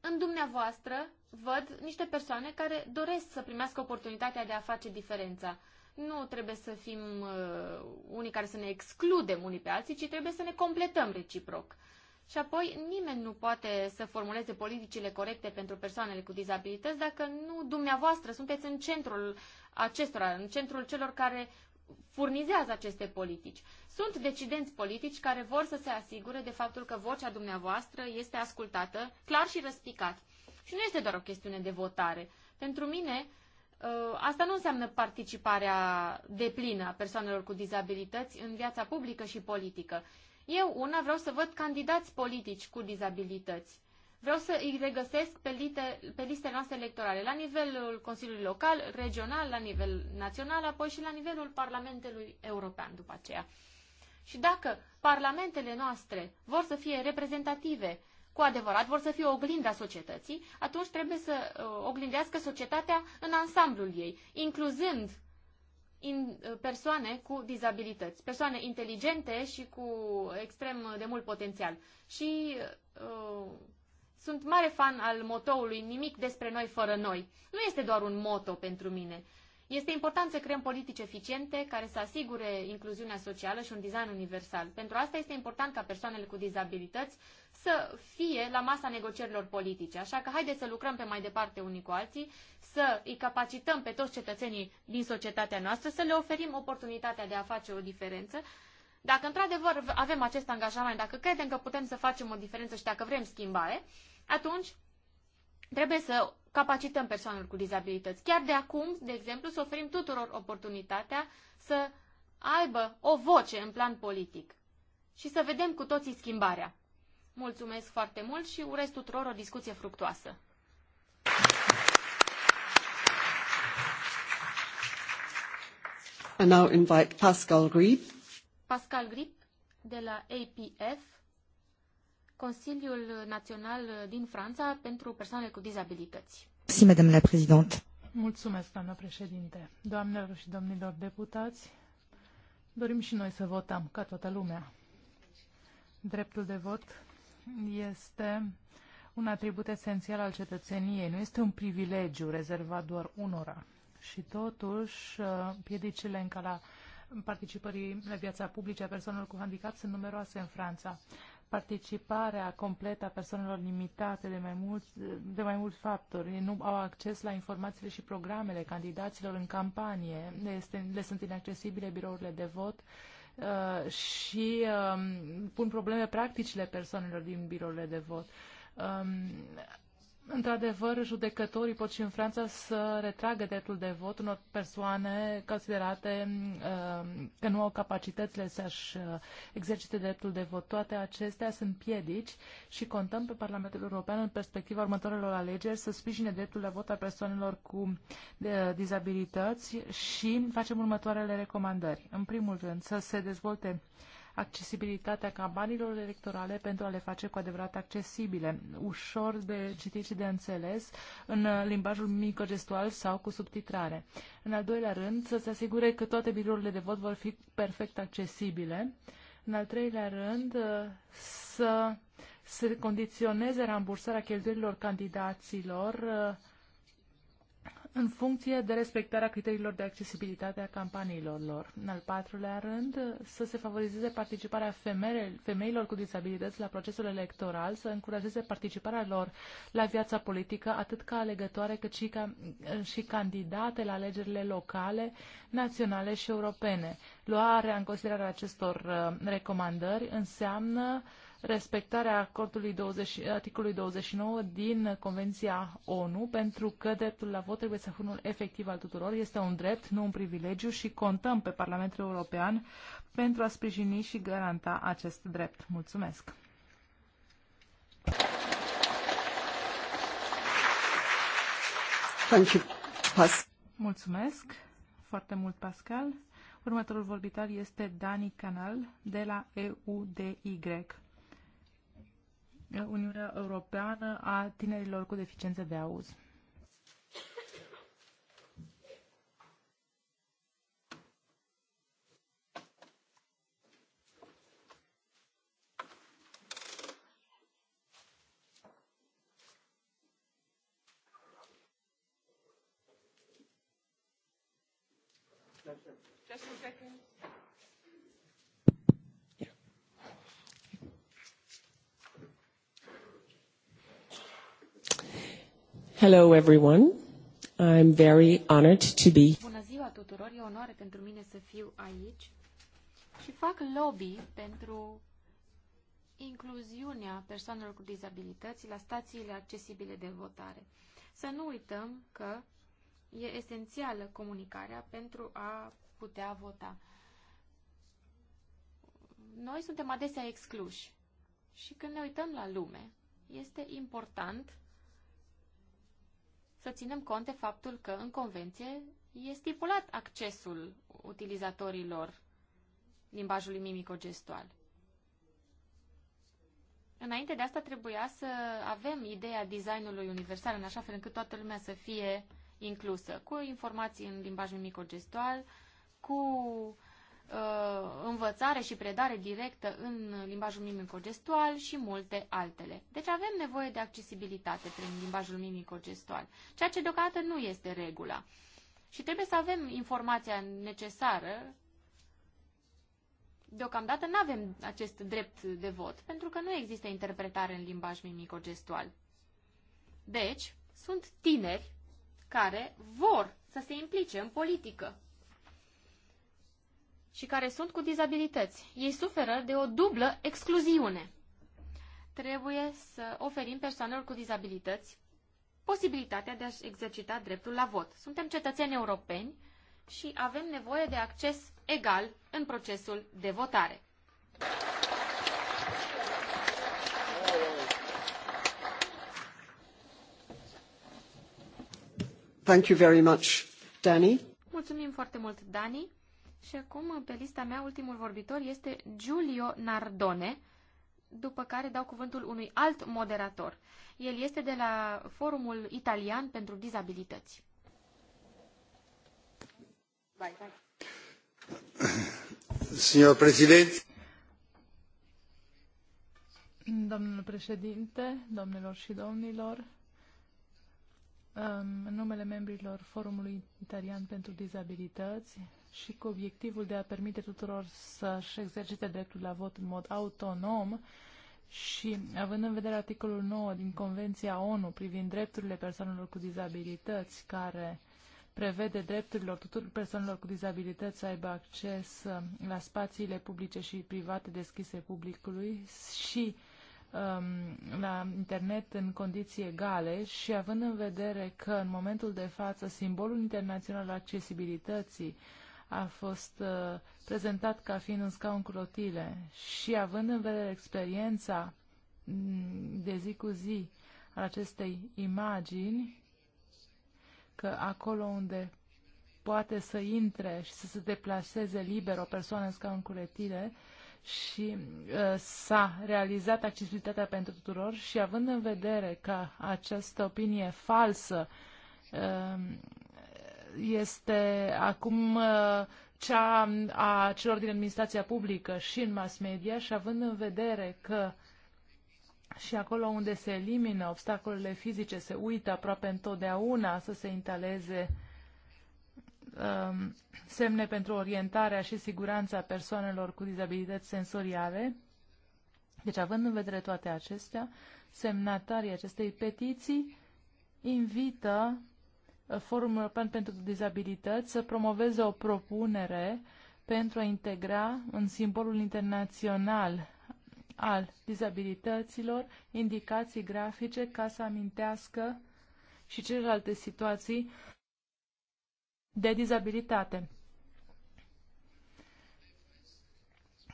În dumneavoastră văd niște persoane care doresc să primească oportunitatea de a face diferența. Nu trebuie să fim uh, unii care să ne excludem unii pe alții, ci trebuie să ne completăm reciproc. Și apoi, nimeni nu poate să formuleze politicile corecte pentru persoanele cu dizabilități dacă nu dumneavoastră sunteți în centrul acestora, în centrul celor care furnizează aceste politici. Sunt decidenți politici care vor să se asigure de faptul că vocea dumneavoastră este ascultată clar și răspicat. Și nu este doar o chestiune de votare. Pentru mine, ă, asta nu înseamnă participarea deplină a persoanelor cu dizabilități în viața publică și politică. Eu, una, vreau să văd candidați politici cu dizabilități vreau să îi regăsesc pe, lite, pe listele noastre electorale, la nivelul Consiliului Local, regional, la nivel național, apoi și la nivelul Parlamentului European după aceea. Și dacă parlamentele noastre vor să fie reprezentative cu adevărat, vor să fie oglinda societății, atunci trebuie să uh, oglindească societatea în ansamblul ei, incluzând in, uh, persoane cu dizabilități, persoane inteligente și cu extrem de mult potențial. Și uh, sunt mare fan al motoului nimic despre noi fără noi. Nu este doar un moto pentru mine. Este important să creăm politici eficiente care să asigure incluziunea socială și un design universal. Pentru asta este important ca persoanele cu dizabilități să fie la masa negocierilor politice. Așa că haideți să lucrăm pe mai departe unii cu alții, să îi capacităm pe toți cetățenii din societatea noastră, să le oferim oportunitatea de a face o diferență dacă într-adevăr avem acest angajament, dacă credem că putem să facem o diferență și dacă vrem schimbare, atunci trebuie să capacităm persoanele cu dizabilități. Chiar de acum, de exemplu, să oferim tuturor oportunitatea să aibă o voce în plan politic și să vedem cu toții schimbarea. Mulțumesc foarte mult și urez tuturor o discuție fructuoasă. I now invite Pascal Grieb. Pascal Grip de la APF, Consiliul Național din Franța pentru persoanele cu dizabilități. Merci, Madame la Présidente. Mulțumesc, doamnă președinte. Doamnelor și domnilor deputați, dorim și noi să votăm, ca toată lumea. Dreptul de vot este un atribut esențial al cetățeniei, nu este un privilegiu rezervat doar unora. Și totuși, piedicile în calea participării la viața publică a persoanelor cu handicap sunt numeroase în Franța. Participarea completă a persoanelor limitate de mai mulți, de mai mulți factori nu au acces la informațiile și programele candidaților în campanie, le, este, le sunt inaccesibile birourile de vot, Uh, și uh, pun probleme practicile persoanelor din birourile de vot. Uh, Într-adevăr, judecătorii pot și în Franța să retragă dreptul de vot unor persoane considerate uh, că nu au capacitățile să-și uh, exercite dreptul de vot. Toate acestea sunt piedici și contăm pe Parlamentul European în perspectiva următoarelor alegeri să sprijine dreptul de vot a persoanelor cu de, dizabilități și facem următoarele recomandări. În primul rând, să se dezvolte uh, accesibilitatea campaniilor electorale pentru a le face cu adevărat accesibile, ușor de citit și de înțeles, în limbajul microgestual sau cu subtitrare. În al doilea rând, să se asigure că toate birourile de vot vor fi perfect accesibile. În al treilea rând, să se condiționeze rambursarea cheltuielilor candidaților uh, în funcție de respectarea criteriilor de accesibilitate a campaniilor lor. În al patrulea rând, să se favorizeze participarea femeilor cu dizabilități la procesul electoral, să încurajeze participarea lor la viața politică, atât ca alegătoare, cât și, ca, și candidate la alegerile locale, naționale și europene. Luarea în considerare acestor uh, recomandări înseamnă uh, respectarea acordului 20, articolului 29 din Convenția ONU, pentru că dreptul la vot trebuie să fie unul efectiv al tuturor. Este un drept, nu un privilegiu și contăm pe Parlamentul European pentru a sprijini și garanta acest drept. Mulțumesc! Thank you. Pas. Mulțumesc foarte mult, Pascal. Următorul vorbitor este Dani Canal de la EUDY. Uniunea Europeană a tinerilor cu deficiențe de auz. Just a second. Hello everyone. I'm very honored to be. Bună ziua tuturor, e onoare pentru mine să fiu aici și fac lobby pentru incluziunea persoanelor cu dizabilități la stațiile accesibile de votare. Să nu uităm că e esențială comunicarea pentru a putea vota. Noi suntem adesea excluși și când ne uităm la lume, este important să ținem cont de faptul că în convenție e stipulat accesul utilizatorilor limbajului mimico-gestual. Înainte de asta trebuia să avem ideea designului universal în așa fel încât toată lumea să fie inclusă, cu informații în limbaj mimico-gestual, cu uh, învățare și predare directă în limbajul mimico-gestual și multe altele. Deci avem nevoie de accesibilitate prin limbajul mimico-gestual, ceea ce deocamdată nu este regula. Și trebuie să avem informația necesară. Deocamdată nu avem acest drept de vot, pentru că nu există interpretare în limbaj mimico-gestual. Deci, sunt tineri care vor să se implice în politică și care sunt cu dizabilități. Ei suferă de o dublă excluziune. Trebuie să oferim persoanelor cu dizabilități posibilitatea de a-și exercita dreptul la vot. Suntem cetățeni europeni și avem nevoie de acces egal în procesul de votare. Thank you very much, Danny. Mulțumim foarte mult, Dani. Și acum, pe lista mea, ultimul vorbitor este Giulio Nardone, după care dau cuvântul unui alt moderator. El este de la Forumul Italian pentru Dizabilități. Vai, vai. Signor Presidente. Domnul președinte, domnilor și domnilor, în numele membrilor Forumului Italian pentru Dizabilități, și cu obiectivul de a permite tuturor să-și exercite dreptul la vot în mod autonom și având în vedere articolul 9 din Convenția ONU privind drepturile persoanelor cu dizabilități, care prevede drepturilor tuturor persoanelor cu dizabilități să aibă acces uh, la spațiile publice și private deschise publicului și um, la internet în condiții egale și având în vedere că în momentul de față simbolul internațional al accesibilității uh, a fost uh, prezentat ca fiind un scaun cu rotile și având în vedere experiența mm, de zi cu zi al acestei imagini, că acolo unde poate să intre și să se deplaseze liber o persoană în scaun cu rotile și uh, s-a realizat accesibilitatea pentru tuturor și având în vedere că această opinie falsă uh, este acum uh, cea a celor din administrația publică și în mass media și având în vedere că și acolo unde se elimină obstacolele fizice, se uită aproape întotdeauna să se intaleze um, semne pentru orientarea și siguranța persoanelor cu dizabilități sensoriale. Deci, având în vedere toate acestea, semnatarii acestei petiții invită Forumul European pentru Dizabilități să promoveze o propunere pentru a integra în simbolul internațional al dizabilităților indicații grafice ca să amintească și celelalte situații de dizabilitate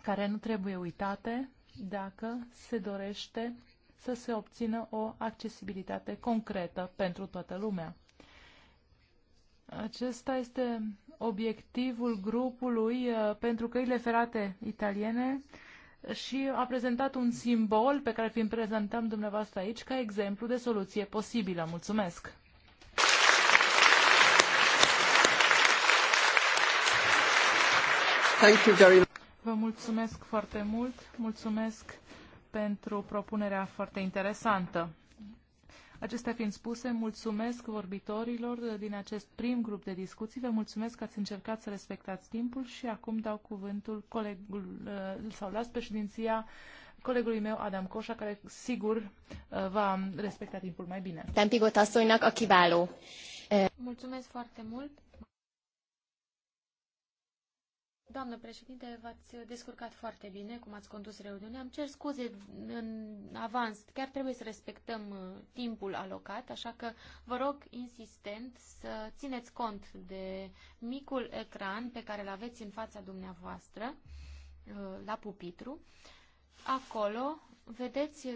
care nu trebuie uitate dacă se dorește să se obțină o accesibilitate concretă pentru toată lumea. Acesta este obiectivul grupului uh, pentru căile ferate italiene și a prezentat un simbol pe care îl prezentăm dumneavoastră aici ca exemplu de soluție posibilă. Mulțumesc! Thank you very much. Vă mulțumesc foarte mult, mulțumesc pentru propunerea foarte interesantă. Acestea fiind spuse, mulțumesc vorbitorilor din acest prim grup de discuții, vă mulțumesc că ați încercat să respectați timpul și acum dau cuvântul colegul uh, sau las președinția colegului meu, Adam Coșa, care sigur uh, va respecta timpul mai bine. Mulțumesc foarte mult. Doamnă președinte, v-ați descurcat foarte bine cum ați condus reuniunea. Îmi cer scuze în avans. Chiar trebuie să respectăm uh, timpul alocat, așa că vă rog insistent să țineți cont de micul ecran pe care îl aveți în fața dumneavoastră, uh, la pupitru. Acolo vedeți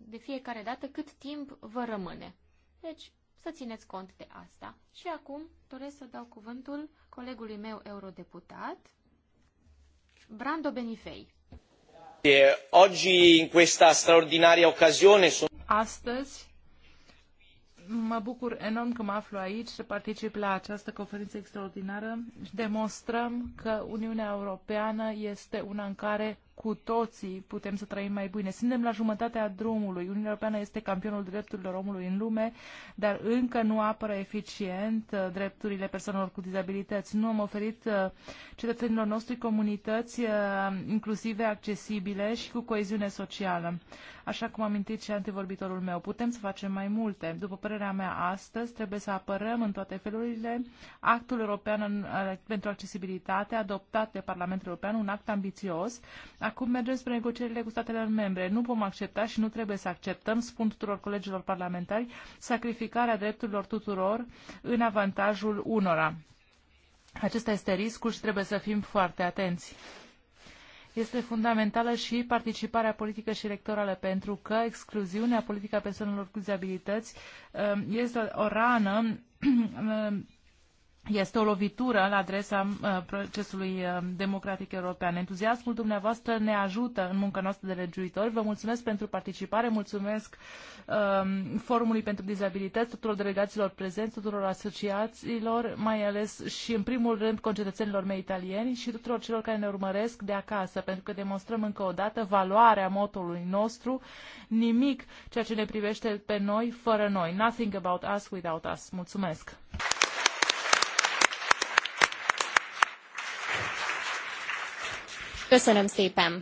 de fiecare dată cât timp vă rămâne. Deci, să țineți cont de asta. Și acum doresc să dau cuvântul colegului meu eurodeputat, Brando Benifei. Oggi, in questa straordinaria occasione, Astăzi, mă bucur enorm că mă aflu aici să particip la această conferință extraordinară. și Demonstrăm că Uniunea Europeană este una în care cu toții putem să trăim mai bine. Suntem la jumătatea drumului. Uniunea Europeană este campionul drepturilor omului în lume, dar încă nu apără eficient uh, drepturile persoanelor cu dizabilități. Nu am oferit uh, cetățenilor noștri comunități uh, inclusive, accesibile și cu coeziune socială. Așa cum am amintit și antevorbitorul meu, putem să facem mai multe. După părerea mea, astăzi trebuie să apărăm în toate felurile actul european pentru accesibilitate adoptat de Parlamentul European, un act ambițios, Acum mergem spre negocierile cu statele membre. Nu vom accepta și nu trebuie să acceptăm, spun tuturor colegilor parlamentari, sacrificarea drepturilor tuturor în avantajul unora. Acesta este riscul și trebuie să fim foarte atenți. Este fundamentală și participarea politică și electorală, pentru că excluziunea politică a persoanelor cu dizabilități um, este o rană um, este o lovitură la adresa uh, procesului uh, democratic european. Entuziasmul dumneavoastră ne ajută în munca noastră de legiuitori. Vă mulțumesc pentru participare, mulțumesc um, Forumului pentru Dizabilități, tuturor delegaților prezenți, tuturor asociațiilor, mai ales și în primul rând concetățenilor mei italieni și tuturor celor care ne urmăresc de acasă, pentru că demonstrăm încă o dată valoarea motului nostru, nimic ceea ce ne privește pe noi fără noi. Nothing about us without us. Mulțumesc! Köszönöm szépen.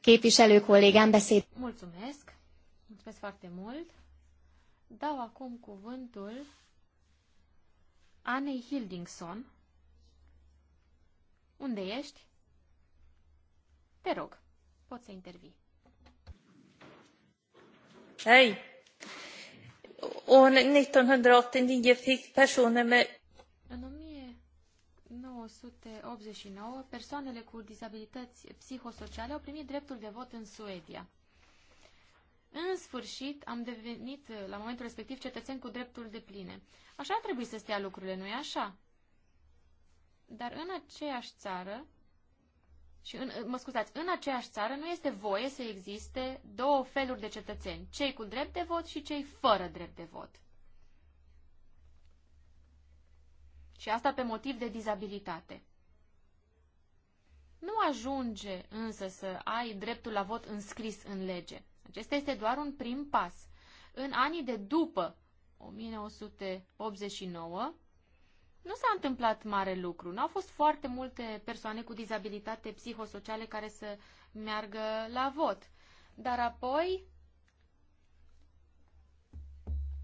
Képviselő kollégám beszéd. Mulțumesc. Mulțumesc foarte mult. Dau acum cuvântul Anei Hildingson. Unde ești? Te rog, poți să intervii. Hei. År 1989 fick personer med 1989, persoanele cu dizabilități psihosociale au primit dreptul de vot în Suedia. În sfârșit, am devenit, la momentul respectiv, cetățeni cu dreptul de pline. Așa ar trebui să stea lucrurile, nu-i așa? Dar în aceeași țară, și în, mă scuzați, în aceeași țară nu este voie să existe două feluri de cetățeni, cei cu drept de vot și cei fără drept de vot. Și asta pe motiv de dizabilitate. Nu ajunge însă să ai dreptul la vot înscris în lege. Acesta este doar un prim pas. În anii de după 1989 nu s-a întâmplat mare lucru. Nu au fost foarte multe persoane cu dizabilitate psihosociale care să meargă la vot. Dar apoi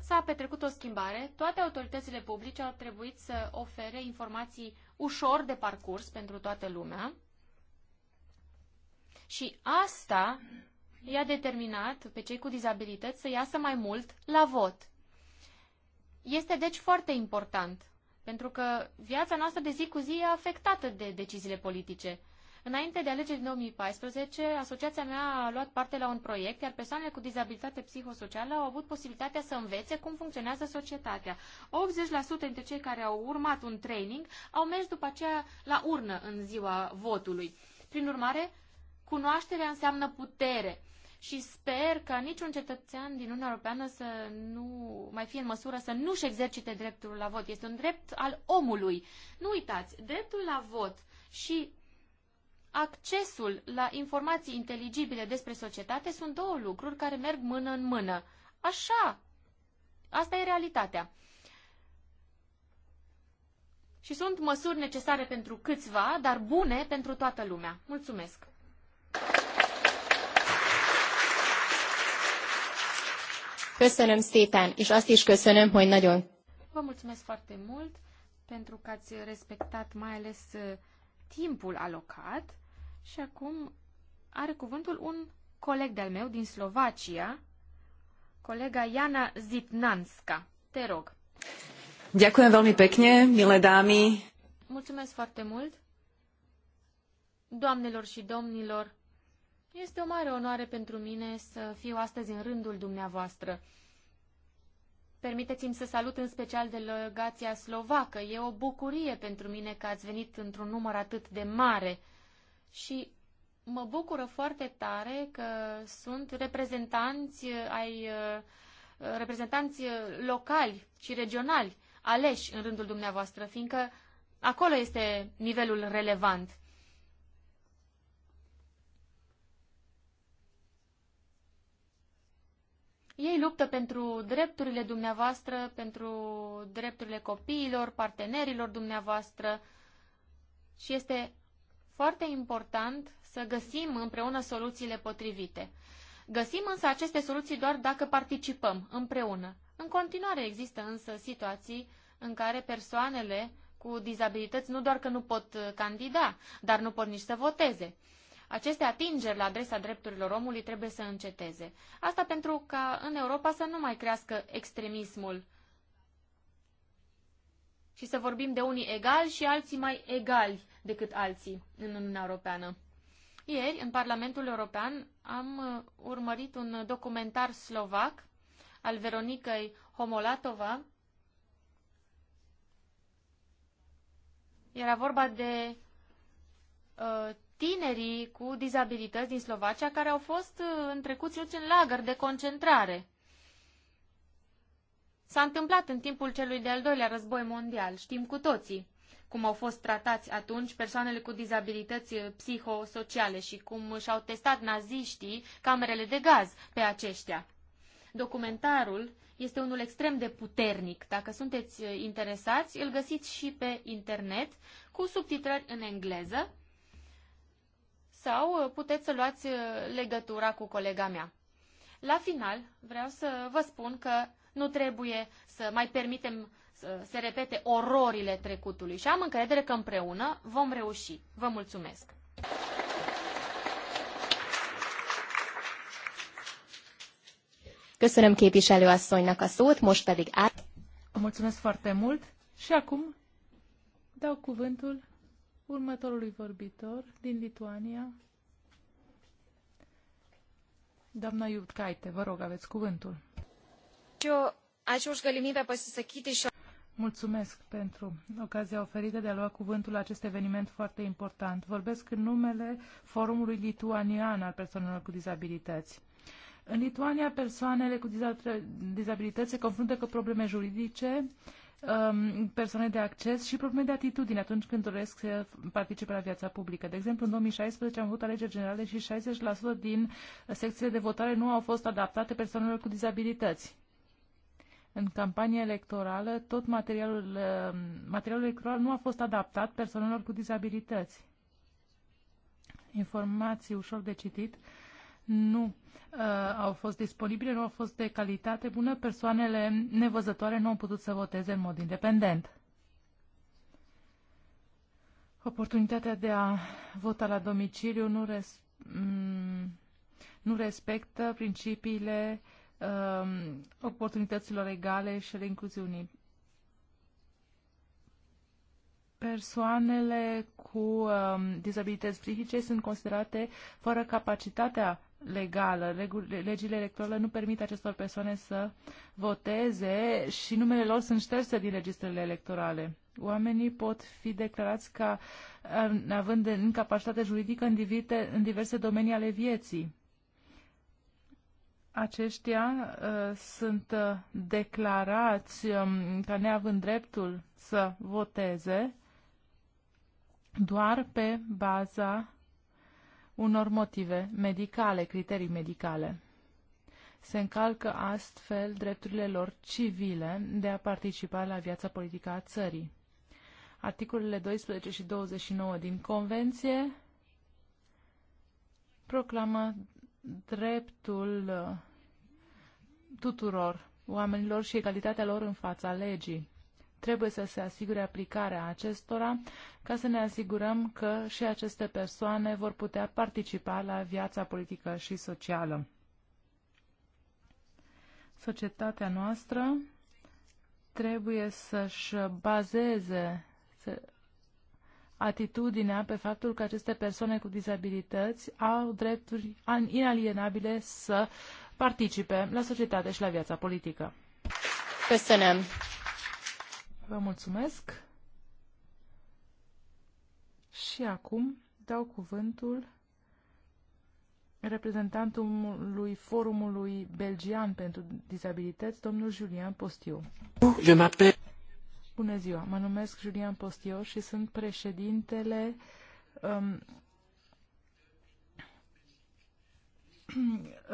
s-a petrecut o schimbare, toate autoritățile publice au trebuit să ofere informații ușor de parcurs pentru toată lumea și asta i-a determinat pe cei cu dizabilități să iasă mai mult la vot. Este deci foarte important, pentru că viața noastră de zi cu zi e afectată de deciziile politice. Înainte de alegeri din 2014, asociația mea a luat parte la un proiect, iar persoanele cu dizabilitate psihosocială au avut posibilitatea să învețe cum funcționează societatea. 80% dintre cei care au urmat un training au mers după aceea la urnă în ziua votului. Prin urmare, cunoașterea înseamnă putere și sper ca niciun cetățean din Uniunea Europeană să nu mai fie în măsură să nu-și exercite dreptul la vot. Este un drept al omului. Nu uitați, dreptul la vot și accesul la informații inteligibile despre societate sunt două lucruri care merg mână în mână. Așa. Asta e realitatea. Și sunt măsuri necesare pentru câțiva, dar bune pentru toată lumea. Mulțumesc! Köszönöm szépen, és azt is köszönöm, hogy nagyon... Vă mulțumesc foarte mult pentru că ați respectat mai ales eh, timpul alocat. Și acum are cuvântul un coleg de-al meu din Slovacia, colega Jana Zitnanska. Te rog. Ďakujem veľmi pekne, milé dámy. Mulțumesc foarte mult. Doamnelor și domnilor, este o mare onoare pentru mine să fiu astăzi în rândul dumneavoastră. Permiteți-mi să salut în special delegația slovacă. E o bucurie pentru mine că ați venit într-un număr atât de mare – și mă bucură foarte tare că sunt reprezentanți uh, ai uh, uh, reprezentanți locali și regionali aleși în rândul dumneavoastră, fiindcă acolo este nivelul relevant. Ei luptă pentru drepturile dumneavoastră, pentru drepturile copiilor, partenerilor dumneavoastră și este foarte important să găsim împreună soluțiile potrivite. Găsim însă aceste soluții doar dacă participăm împreună. În continuare există însă situații în care persoanele cu dizabilități nu doar că nu pot candida, dar nu pot nici să voteze. Aceste atingeri la adresa drepturilor omului trebuie să înceteze. Asta pentru ca în Europa să nu mai crească extremismul și să vorbim de unii egali și alții mai egali decât alții în Uniunea Europeană. Ieri, în Parlamentul European, am uh, urmărit un documentar slovac al Veronicăi Homolatova. Era vorba de uh, tinerii cu dizabilități din Slovacia care au fost uh, întrecuți în lagăr de concentrare. S-a întâmplat în timpul celui de-al doilea război mondial, știm cu toții cum au fost tratați atunci persoanele cu dizabilități psihosociale și cum și-au testat naziștii camerele de gaz pe aceștia. Documentarul este unul extrem de puternic. Dacă sunteți interesați, îl găsiți și pe internet cu subtitrări în engleză sau puteți să luați legătura cu colega mea. La final, vreau să vă spun că nu trebuie să mai permitem să se repete ororile trecutului și am încredere că împreună vom reuși. Vă mulțumesc! Köszönöm képviselőasszonynak a szót, most pedig át. Mulțumesc foarte mult și acum dau cuvântul următorului vorbitor din Lituania. Doamna Iubcaite, vă rog, aveți cuvântul. Ačiū, už galimybę pasisakyti šio. Mulțumesc pentru ocazia oferită de a lua cuvântul la acest eveniment foarte important. Vorbesc în numele Forumului Lituanian al Persoanelor cu Dizabilități. În Lituania, persoanele cu dizabilități se confruntă cu probleme juridice, um, persoane de acces și probleme de atitudine atunci când doresc să participe la viața publică. De exemplu, în 2016 am avut alegeri generale și 60% din secțiile de votare nu au fost adaptate persoanelor cu dizabilități în campania electorală, tot materialul, uh, materialul electoral nu a fost adaptat persoanelor cu dizabilități. Informații ușor de citit nu uh, au fost disponibile, nu au fost de calitate bună, persoanele nevăzătoare nu au putut să voteze în mod independent. Oportunitatea de a vota la domiciliu nu, res, mm, nu respectă principiile uh, uh, oportunităților egale și ale incluziunii. Persoanele cu uh, dizabilități psihice sunt considerate fără capacitatea legală. Legile electorale nu permit acestor persoane să voteze și numele lor sunt șterse din registrele electorale. Oamenii pot fi declarați ca um, având incapacitate juridică în, divite, în diverse domenii ale vieții aceștia uh, sunt uh, declarați um, ca neavând dreptul să voteze doar pe baza unor motive medicale, criterii medicale. Se încalcă astfel drepturile lor civile de a participa la viața politică a țării. Articolele 12 și 29 din Convenție proclamă dreptul uh, tuturor oamenilor și egalitatea lor în fața legii. Trebuie să se asigure aplicarea acestora ca să ne asigurăm că și aceste persoane vor putea participa la viața politică și socială. Societatea noastră trebuie să-și bazeze atitudinea pe faptul că aceste persoane cu dizabilități au drepturi inalienabile să participe la societate și la viața politică. Köszönöm. Vă mulțumesc. Și acum dau cuvântul reprezentantului Forumului Belgian pentru Dizabilități, domnul Julian Postiu. Bună ziua, mă numesc Julian Postio și sunt președintele um,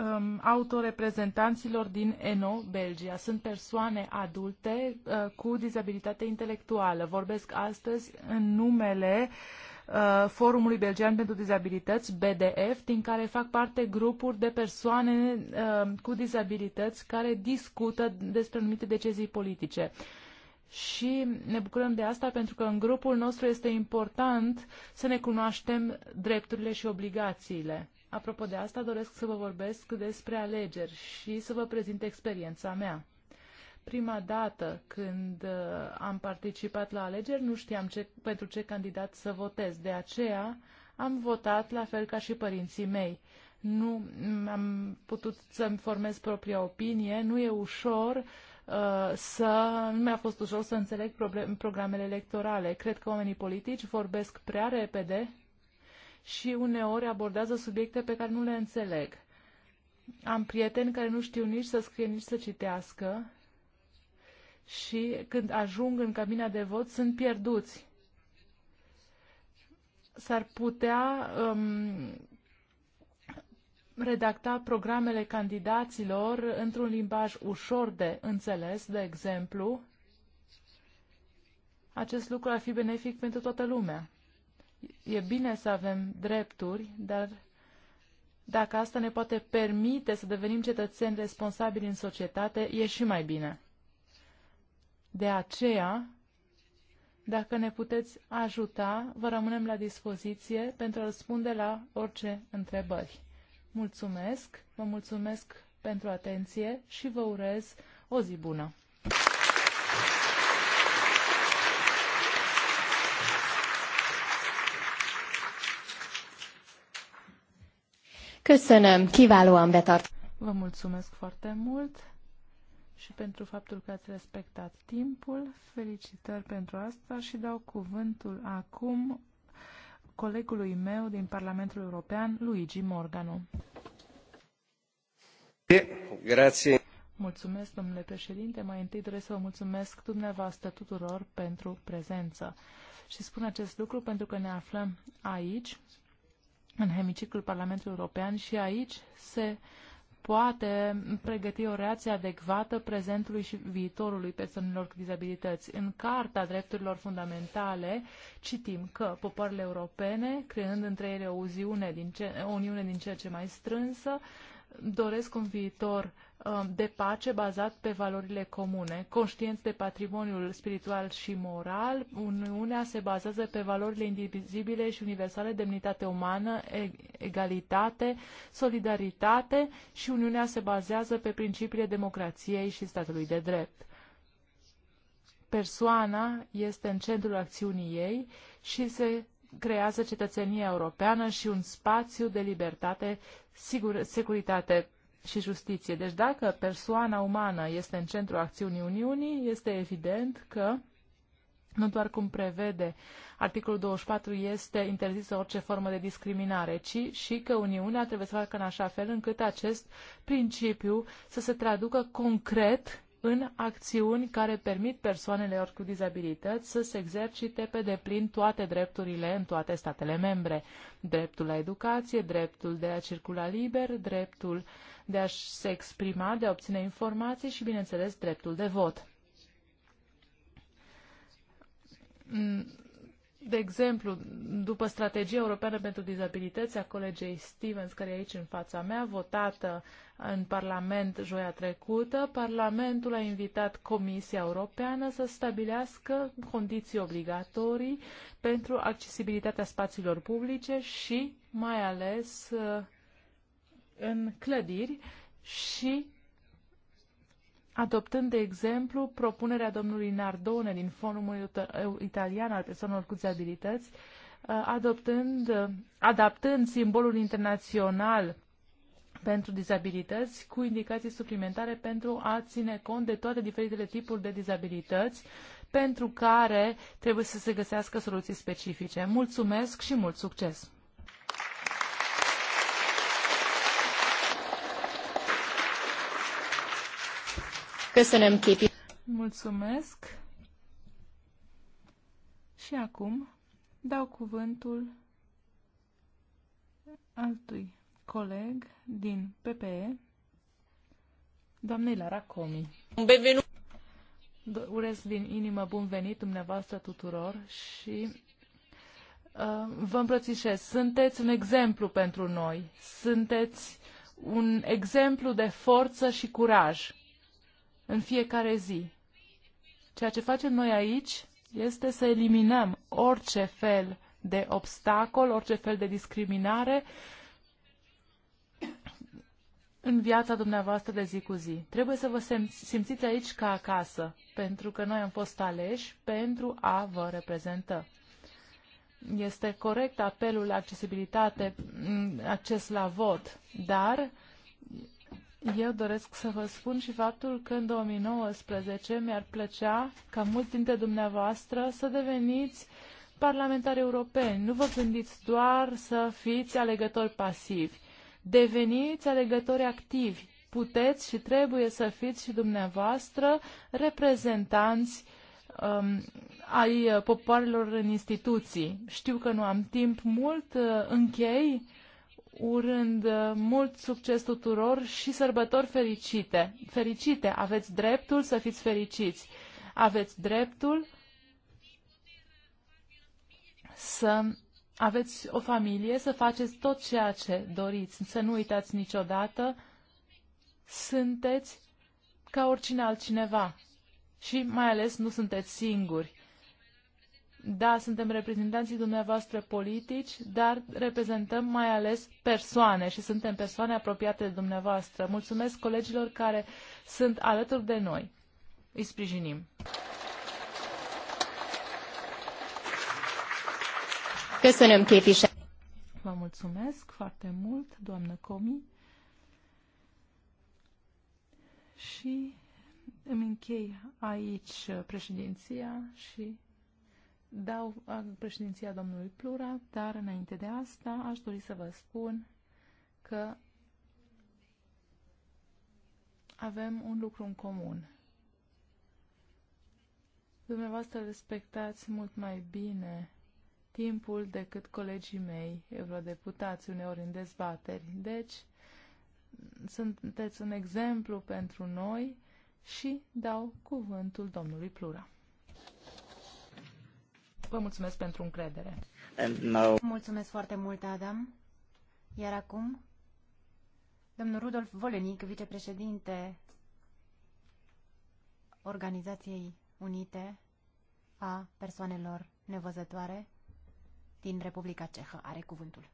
um, autoreprezentanților din ENO, Belgia. Sunt persoane adulte uh, cu dizabilitate intelectuală. Vorbesc astăzi în numele uh, Forumului Belgian pentru Dizabilități, BDF, din care fac parte grupuri de persoane uh, cu dizabilități care discută despre anumite decizii politice. Uh, și ne bucurăm de asta pentru că în grupul nostru este important să ne cunoaștem drepturile și obligațiile. Apropo de asta, doresc să vă vorbesc despre alegeri și să vă prezint experiența mea. Prima dată când uh, am participat la alegeri, nu știam ce, pentru ce candidat să votez. De aceea am votat la fel ca și părinții mei. Nu am putut să-mi formez propria opinie, nu e ușor Uh, să nu mi-a fost ușor să înțeleg programele electorale. Cred că oamenii politici vorbesc prea repede și uneori abordează subiecte pe care nu le înțeleg. Am prieteni care nu știu nici să scrie, nici să citească și când ajung în cabina de vot sunt pierduți. S-ar putea um, redacta programele candidaților într-un limbaj ușor de înțeles, de exemplu, acest lucru ar fi benefic pentru toată lumea. E bine să avem drepturi, dar dacă asta ne poate permite să devenim cetățeni responsabili în societate, e și mai bine. De aceea, dacă ne puteți ajuta, vă rămânem la dispoziție pentru a răspunde la orice întrebări mulțumesc, vă mulțumesc pentru atenție și vă urez o zi bună! Köszönöm, kiválóan betart. Vă mulțumesc foarte mult și pentru faptul că ați respectat timpul. Felicitări pentru asta și dau cuvântul acum colegului meu din Parlamentul European, Luigi Morganu. Grazie. Mulțumesc, domnule președinte. Mai întâi doresc să vă mulțumesc dumneavoastră tuturor pentru prezență. Și spun acest lucru pentru că ne aflăm aici, în hemiciclul Parlamentului European, și aici se uh, poate pregăti o reacție adecvată prezentului și viitorului persoanelor cu dizabilități. În Carta Drepturilor Fundamentale citim că popoarele europene, creând între ele o, uziune din ce, o uniune din ceea ce mai strânsă, doresc un viitor um, de pace bazat pe valorile comune. Conștienți de patrimoniul spiritual și moral, Uniunea se bazează pe valorile indivizibile și universale, demnitate umană, egalitate, solidaritate și Uniunea se bazează pe principiile democrației și statului de drept. Persoana este în centrul acțiunii ei și se creează cetățenia europeană și un spațiu de libertate, sigur, securitate și justiție. Deci dacă persoana umană este în centrul acțiunii Uniunii, este evident că nu doar cum prevede articolul 24 este interzisă orice formă de discriminare, ci și că Uniunea trebuie să facă în așa fel încât acest principiu să se traducă concret în acțiuni care permit persoanelor cu dizabilități să se exercite pe deplin toate drepturile în toate statele membre. Dreptul la educație, dreptul de a circula liber, dreptul de a se exprima, de a obține informații și, bineînțeles, dreptul de vot de exemplu, după strategia europeană pentru dizabilități a colegei Stevens, care e aici în fața mea, votată în Parlament joia trecută, Parlamentul a invitat Comisia Europeană să stabilească condiții obligatorii pentru accesibilitatea spațiilor publice și mai ales în clădiri și adoptând, de exemplu, propunerea domnului Nardone din Forumul Italian al Persoanelor cu Dizabilități, uh, adoptând, uh, adaptând simbolul internațional pentru dizabilități cu indicații suplimentare pentru a ține cont de toate diferitele tipuri de dizabilități pentru care trebuie să se găsească soluții specifice. Mulțumesc și mult succes! Mulțumesc. Și acum dau cuvântul altui coleg din PPE, doamnei Lara Comi. Benvenut! Urez din inimă bun venit dumneavoastră tuturor și uh, vă îmbrățișez. Sunteți un exemplu pentru noi. Sunteți un exemplu de forță și curaj în fiecare zi. Ceea ce facem noi aici este să eliminăm orice fel de obstacol, orice fel de discriminare în viața dumneavoastră de zi cu zi. Trebuie să vă simțiți aici ca acasă, pentru că noi am fost aleși pentru a vă reprezenta. Este corect apelul la accesibilitate, mm, acces la vot, dar eu doresc să vă spun și faptul că în 2019 mi-ar plăcea ca mulți dintre dumneavoastră să deveniți parlamentari europeni. Nu vă gândiți doar să fiți alegători pasivi. Deveniți alegători activi. Puteți și trebuie să fiți și dumneavoastră reprezentanți um, ai uh, popoarelor în instituții. Știu că nu am timp mult, uh, închei urând uh, mult succes tuturor și sărbători fericite. Fericite, aveți dreptul să fiți fericiți. Aveți dreptul să aveți o familie, să faceți tot ceea ce doriți, să nu uitați niciodată, sunteți ca oricine altcineva și mai ales nu sunteți singuri. Da, suntem reprezentanții dumneavoastră politici, dar reprezentăm mai ales persoane și suntem persoane apropiate de dumneavoastră. Mulțumesc colegilor care sunt alături de noi. Îi sprijinim. Vă mulțumesc foarte mult, doamnă Comi. Și îmi închei aici președinția și dau președinția domnului Plura, dar înainte de asta aș dori să vă spun că avem un lucru în comun. Dumneavoastră respectați mult mai bine timpul decât colegii mei, eurodeputați, uneori în dezbateri. Deci, sunteți un exemplu pentru noi și dau cuvântul domnului Plura. Vă mulțumesc pentru încredere. Now... Mulțumesc foarte mult, Adam. Iar acum, domnul Rudolf Volenic, vicepreședinte Organizației Unite a Persoanelor Nevăzătoare din Republica Cehă, are cuvântul.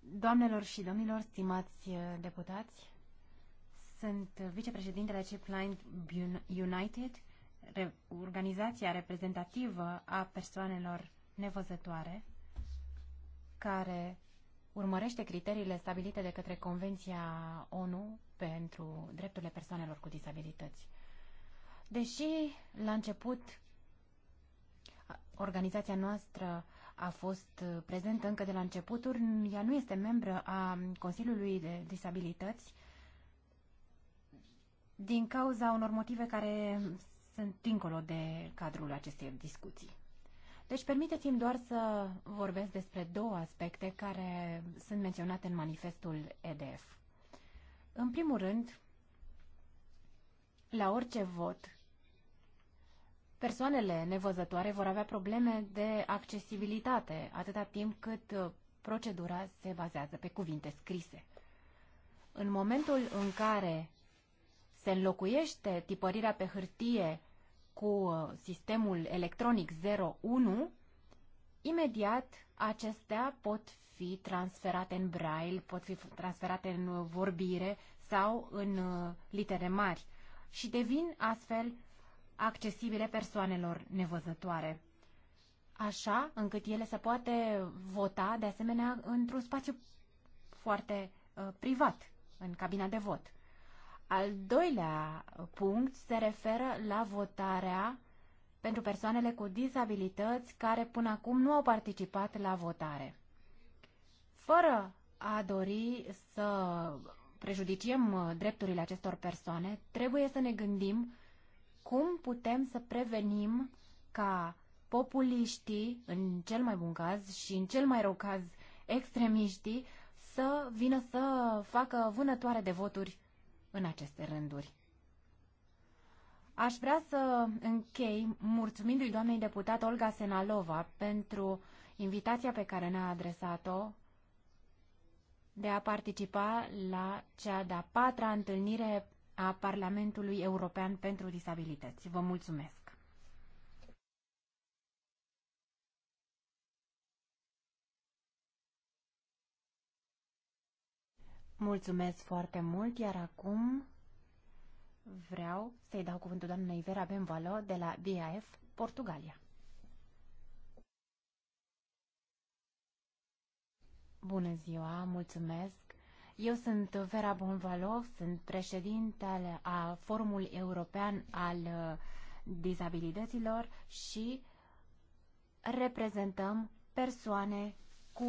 Doamnelor și domnilor, stimați deputați, sunt vicepreședintele Chipline United, organizația reprezentativă a persoanelor nevăzătoare, care urmărește criteriile stabilite de către Convenția ONU pentru drepturile persoanelor cu disabilități. Deși la început organizația noastră a fost prezentă încă de la începuturi, ea nu este membră a Consiliului de Disabilități, din cauza unor motive care sunt dincolo de cadrul acestei discuții. Deci permiteți-mi doar să vorbesc despre două aspecte care sunt menționate în manifestul EDF. În primul rând, la orice vot, persoanele nevăzătoare vor avea probleme de accesibilitate atâta timp cât procedura se bazează pe cuvinte scrise. În momentul în care se înlocuiește tipărirea pe hârtie cu uh, sistemul electronic 01, imediat acestea pot fi transferate în braille, pot fi transferate în vorbire sau în uh, litere mari și devin astfel accesibile persoanelor nevăzătoare. Așa încât ele se poate vota, de asemenea, într-un spațiu foarte uh, privat, în cabina de vot. Al doilea punct se referă la votarea pentru persoanele cu dizabilități care până acum nu au participat la votare. Fără a dori să prejudiciem drepturile acestor persoane, trebuie să ne gândim cum putem să prevenim ca populiștii, în cel mai bun caz și în cel mai rău caz extremiștii, să vină să facă vânătoare de voturi în aceste rânduri. Aș vrea să închei mulțumindu-i doamnei deputat Olga Senalova pentru invitația pe care ne-a adresat-o de a participa la cea de-a patra întâlnire a Parlamentului European pentru Disabilități. Vă mulțumesc! Mulțumesc foarte mult, iar acum vreau să-i dau cuvântul doamnei Vera Benvalo de la BAF, Portugalia. Bună ziua, mulțumesc! Eu sunt Vera Bonvalov, sunt președintele a Forumului European al uh, Dizabilităților și reprezentăm persoane cu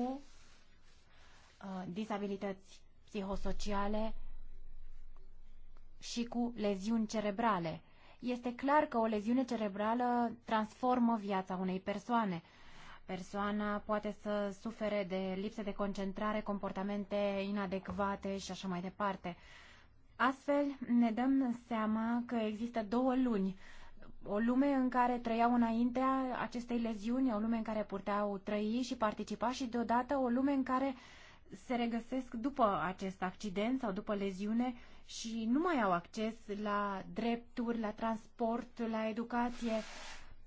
uh, dizabilități psihosociale și cu leziuni cerebrale. Este clar că o leziune cerebrală transformă viața unei persoane. Persoana poate să sufere de lipsă de concentrare, comportamente inadecvate și așa mai departe. Astfel, ne dăm seama că există două luni. O lume în care trăiau înaintea acestei leziuni, o lume în care purteau trăi și participa și deodată o lume în care uh, se regăsesc după acest accident sau după leziune și nu mai au acces la drepturi, la transport, la educație.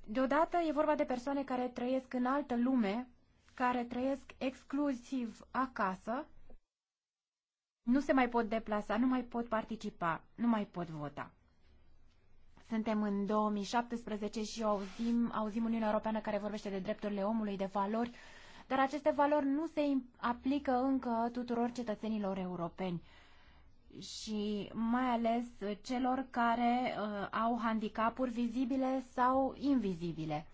Deodată e vorba de persoane care trăiesc în altă lume, care trăiesc exclusiv acasă, nu se mai pot deplasa, nu mai pot participa, nu mai pot vota. Suntem în 2017 și auzim, auzim Uniunea Europeană care vorbește de drepturile omului, de valori dar aceste valori nu se aplică încă tuturor cetățenilor europeni și mai ales celor care uh, au handicapuri vizibile sau invizibile.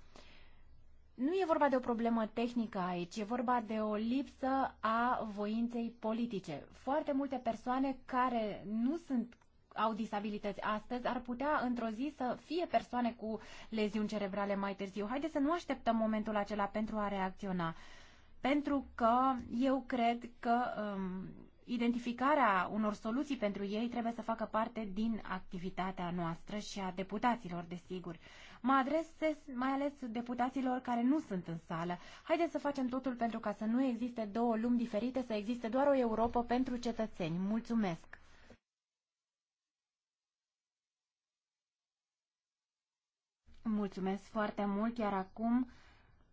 Nu e vorba de o problemă tehnică aici, e vorba de o lipsă a voinței politice. Foarte multe persoane care nu sunt au disabilități astăzi ar putea într-o zi să fie persoane cu leziuni cerebrale mai târziu. Haideți să nu așteptăm momentul acela pentru a reacționa. Uh, pentru că eu cred că um, identificarea unor soluții pentru ei trebuie să facă parte din activitatea noastră și a deputaților, desigur. Mă adresez mai ales deputaților care nu sunt în sală. Haideți să facem totul pentru ca să nu existe două lumi diferite, să existe doar o Europa pentru cetățeni. Mulțumesc! Mulțumesc foarte mult, iar acum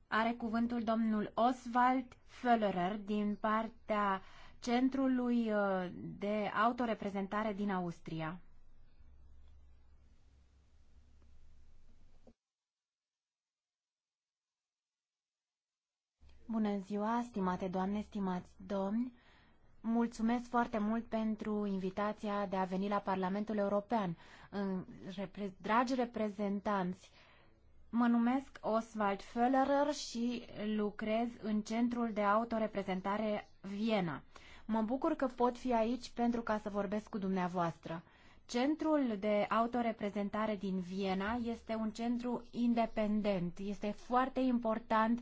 are cuvântul domnul Oswald Föllerer din partea Centrului uh, de Autoreprezentare din Austria. Bună ziua, stimate doamne, stimați domni! Mulțumesc foarte mult pentru invitația de a veni la Parlamentul European. Dragi reprezentanți, Mă numesc Oswald Föllerer și lucrez în Centrul de Autoreprezentare Viena. Mă bucur că pot fi aici pentru ca să vorbesc cu dumneavoastră. Centrul de autoreprezentare din Viena este un centru independent. Este foarte important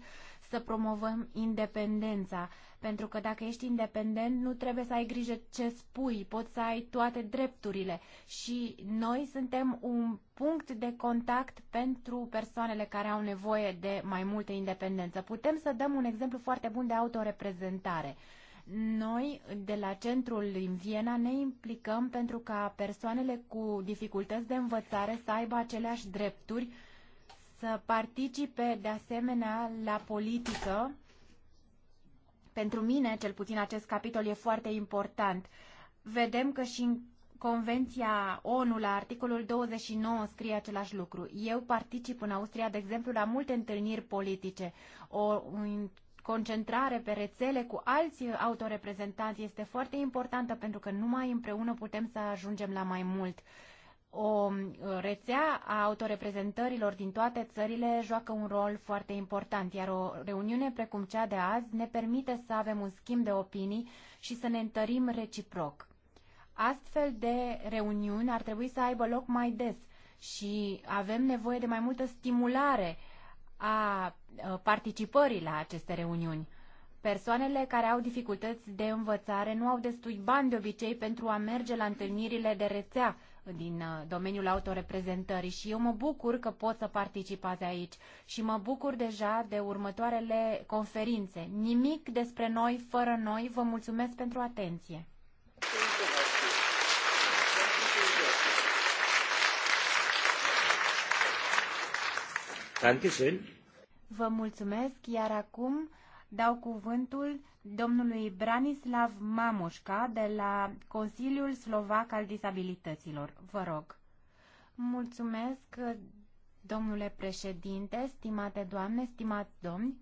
să promovăm independența, pentru că dacă ești independent, nu trebuie să ai grijă ce spui, poți să ai toate drepturile și noi suntem un punct de contact pentru persoanele care au nevoie de mai multă independență. Putem să dăm un exemplu foarte bun de autoreprezentare. Noi, de la centrul din Viena, ne implicăm pentru ca persoanele cu dificultăți de învățare să aibă aceleași drepturi să participe de asemenea la politică. Pentru mine, cel puțin, acest capitol e foarte important. Vedem că și în Convenția ONU la articolul 29 scrie același lucru. Eu particip în Austria, de exemplu, la multe întâlniri politice. O concentrare pe rețele cu alți autoreprezentanți este foarte importantă pentru că numai împreună putem să ajungem la mai mult o um, rețea a autoreprezentărilor din toate țările joacă un rol foarte important, iar o reuniune precum cea de azi ne permite să avem un schimb de opinii și să ne întărim reciproc. Astfel de reuniuni ar trebui să aibă loc mai des și avem nevoie de mai multă stimulare a participării la aceste reuniuni. Persoanele care au dificultăți de învățare nu au destui bani de obicei pentru a merge la întâlnirile de rețea din uh, domeniul autoreprezentării și eu mă bucur că pot să participați aici și mă bucur deja de următoarele conferințe. Nimic despre noi, fără noi. Vă mulțumesc pentru atenție. Vă mulțumesc, iar acum Dau cuvântul domnului Branislav Mamușca de la Consiliul Slovac al Disabilităților. Vă rog. Mulțumesc, domnule președinte, stimate doamne, stimați domni.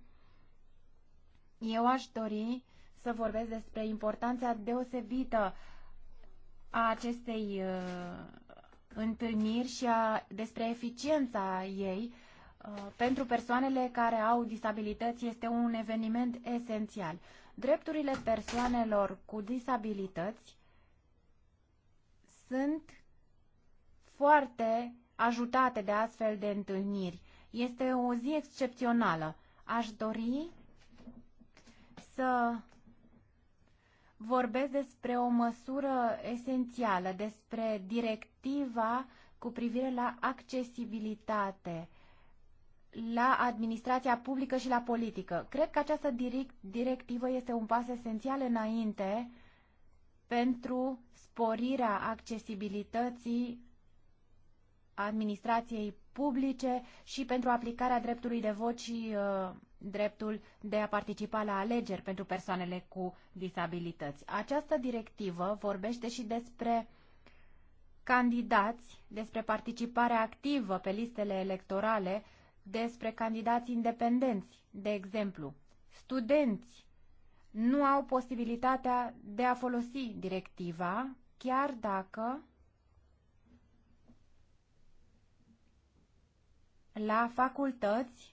Eu aș dori să vorbesc despre importanța deosebită a acestei uh, întâlniri și a, despre eficiența ei Uh, pentru persoanele care au disabilități este un eveniment esențial. Drepturile persoanelor cu disabilități sunt foarte ajutate de astfel de întâlniri. Este o zi excepțională. Aș dori să vorbesc despre o măsură esențială, despre directiva cu privire la accesibilitate la administrația publică și la politică. Cred că această directivă este un pas esențial înainte pentru sporirea accesibilității administrației publice și pentru aplicarea dreptului de vot și uh, dreptul de a participa la alegeri pentru persoanele cu disabilități. Această directivă vorbește și despre candidați, despre participarea activă pe listele electorale despre candidați independenți, de exemplu. Studenți nu au posibilitatea de a folosi directiva, chiar dacă la facultăți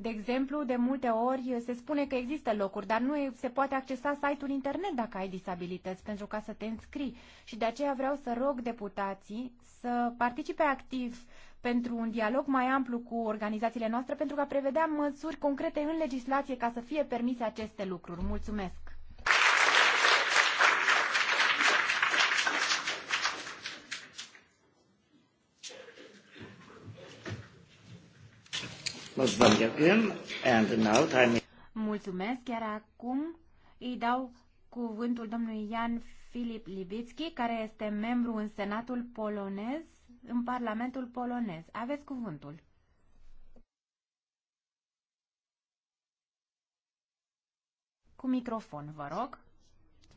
De exemplu, de multe ori se spune că există locuri, dar nu se poate accesa site-ul internet dacă ai disabilități pentru ca să te înscrii. Și de aceea vreau să rog deputații să participe activ pentru un dialog mai amplu cu organizațiile noastre pentru a prevedea măsuri concrete în legislație ca să fie permise aceste lucruri. Mulțumesc! Mulțumesc, iar acum îi dau cuvântul domnului Ian Filip Libitski, care este membru în Senatul polonez, în Parlamentul polonez. Aveți cuvântul. Cu microfon, vă rog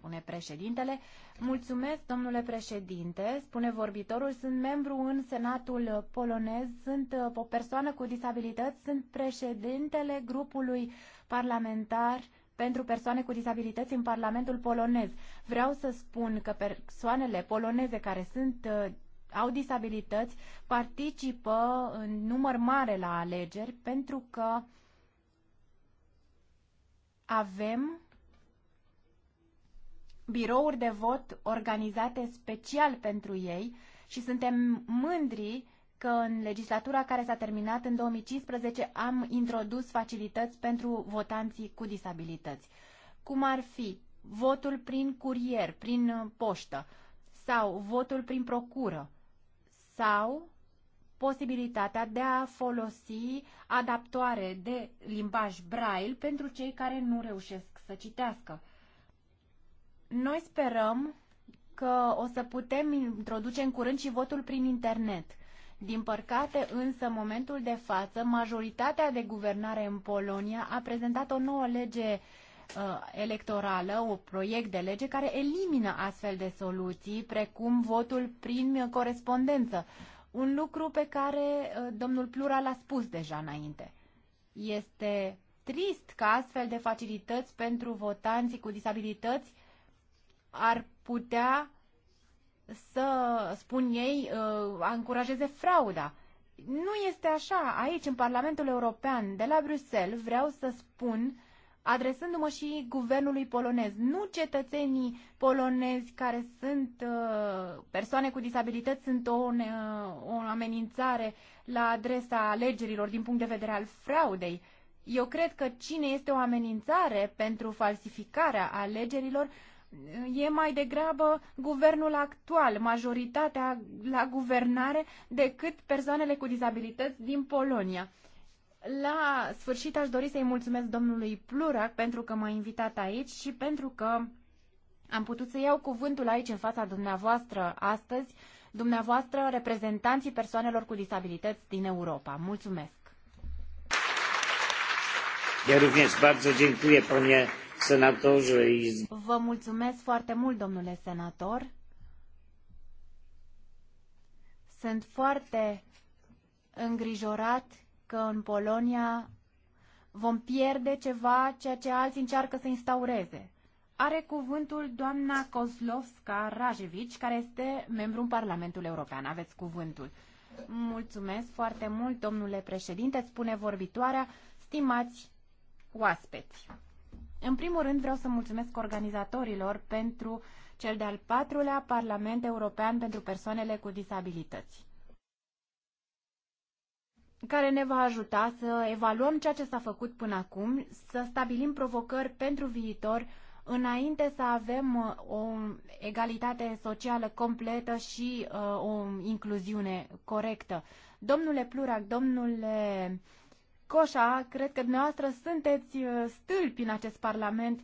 spune președintele. Mulțumesc, domnule președinte, spune vorbitorul. Sunt membru în Senatul polonez, sunt uh, o persoană cu disabilități, sunt președintele grupului parlamentar pentru persoane cu disabilități în Parlamentul polonez. Vreau să spun că persoanele poloneze care sunt uh, au disabilități participă în număr mare la alegeri pentru că avem birouri de vot organizate special pentru ei și suntem mândri că în legislatura care s-a terminat în 2015 am introdus facilități pentru votanții cu disabilități. Cum ar fi votul prin curier, prin poștă sau votul prin procură sau posibilitatea de a folosi adaptoare de limbaj braille pentru cei care nu reușesc să citească. Noi sperăm că o să putem introduce în curând și votul prin internet. Din păcate, însă, în momentul de față, majoritatea de guvernare în Polonia a prezentat o nouă lege uh, electorală, un proiect de lege care elimină astfel de soluții, precum votul prin corespondență. Un lucru pe care uh, domnul Plura l-a spus deja înainte. Este trist că astfel de facilități pentru votanții cu disabilități ar putea să, spun ei, a uh, încurajeze frauda. Nu este așa. Aici, în Parlamentul European, de la Bruxelles, vreau să spun, adresându-mă și guvernului polonez, nu cetățenii polonezi care sunt uh, persoane cu disabilități sunt o, o amenințare la adresa alegerilor din punct de vedere al fraudei. Eu cred că cine este o amenințare pentru falsificarea alegerilor e mai degrabă guvernul actual, majoritatea la guvernare, decât persoanele cu dizabilități din Polonia. La sfârșit aș dori să-i mulțumesc domnului Plurac pentru că m-a invitat aici și pentru că am putut să iau cuvântul aici în fața dumneavoastră astăzi, dumneavoastră reprezentanții persoanelor cu disabilități din Europa. Mulțumesc! Ja również bardzo dziękuję, panie Vă mulțumesc foarte mult, domnule senator. Sunt foarte îngrijorat că în Polonia vom pierde ceva, ceea ce alții încearcă să instaureze. Are cuvântul doamna Kozlovska Rajevici, care este membru în Parlamentul European. Aveți cuvântul. Mulțumesc foarte mult, domnule președinte, spune vorbitoarea, stimați oaspeți. În primul rând vreau să mulțumesc organizatorilor pentru cel de-al patrulea Parlament European pentru persoanele cu disabilități care ne va ajuta să evaluăm ceea ce s-a făcut până acum, să stabilim provocări pentru viitor, înainte să avem uh, o egalitate socială completă și uh, o incluziune corectă. Domnule Plurac, domnule Coșa, cred că dumneavoastră sunteți uh, stâlpi în acest Parlament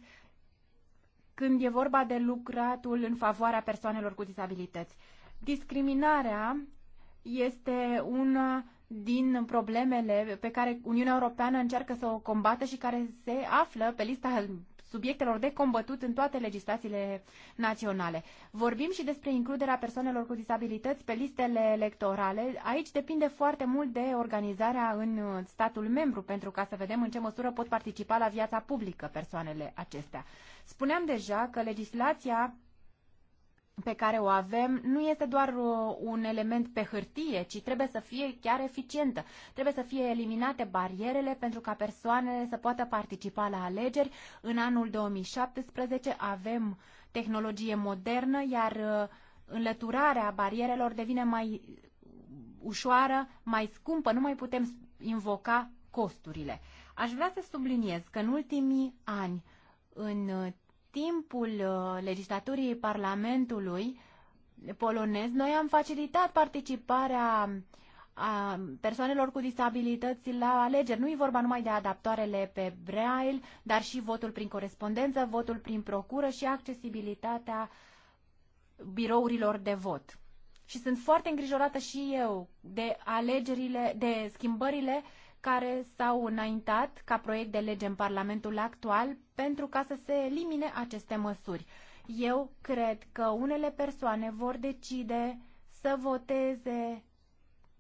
când e vorba de lucratul în favoarea persoanelor cu dizabilități. Discriminarea este una din problemele pe care Uniunea Europeană încearcă să o combată și care se află pe lista subiectelor de combătut în toate legislațiile naționale. Vorbim și despre includerea persoanelor cu disabilități pe listele electorale. Aici depinde foarte mult de organizarea în statul membru pentru ca să vedem în ce măsură pot participa la viața publică persoanele acestea. Spuneam deja că legislația pe care o avem nu este doar uh, un element pe hârtie, ci trebuie să fie chiar eficientă. Trebuie să fie eliminate barierele pentru ca persoanele să poată participa la alegeri. În anul 2017 avem tehnologie modernă, iar uh, înlăturarea barierelor devine mai ușoară, mai scumpă, nu mai putem invoca costurile. Aș vrea să subliniez că în ultimii ani în uh, timpul uh, legislaturii Parlamentului polonez, noi am facilitat participarea a persoanelor cu disabilități la alegeri. Nu e vorba numai de adaptoarele pe braille, dar și votul prin corespondență, votul prin procură și accesibilitatea birourilor de vot. Și sunt foarte îngrijorată și eu de alegerile, de schimbările care s-au înaintat ca proiect de lege în Parlamentul actual pentru ca să se elimine aceste măsuri. Eu cred că unele persoane vor decide să voteze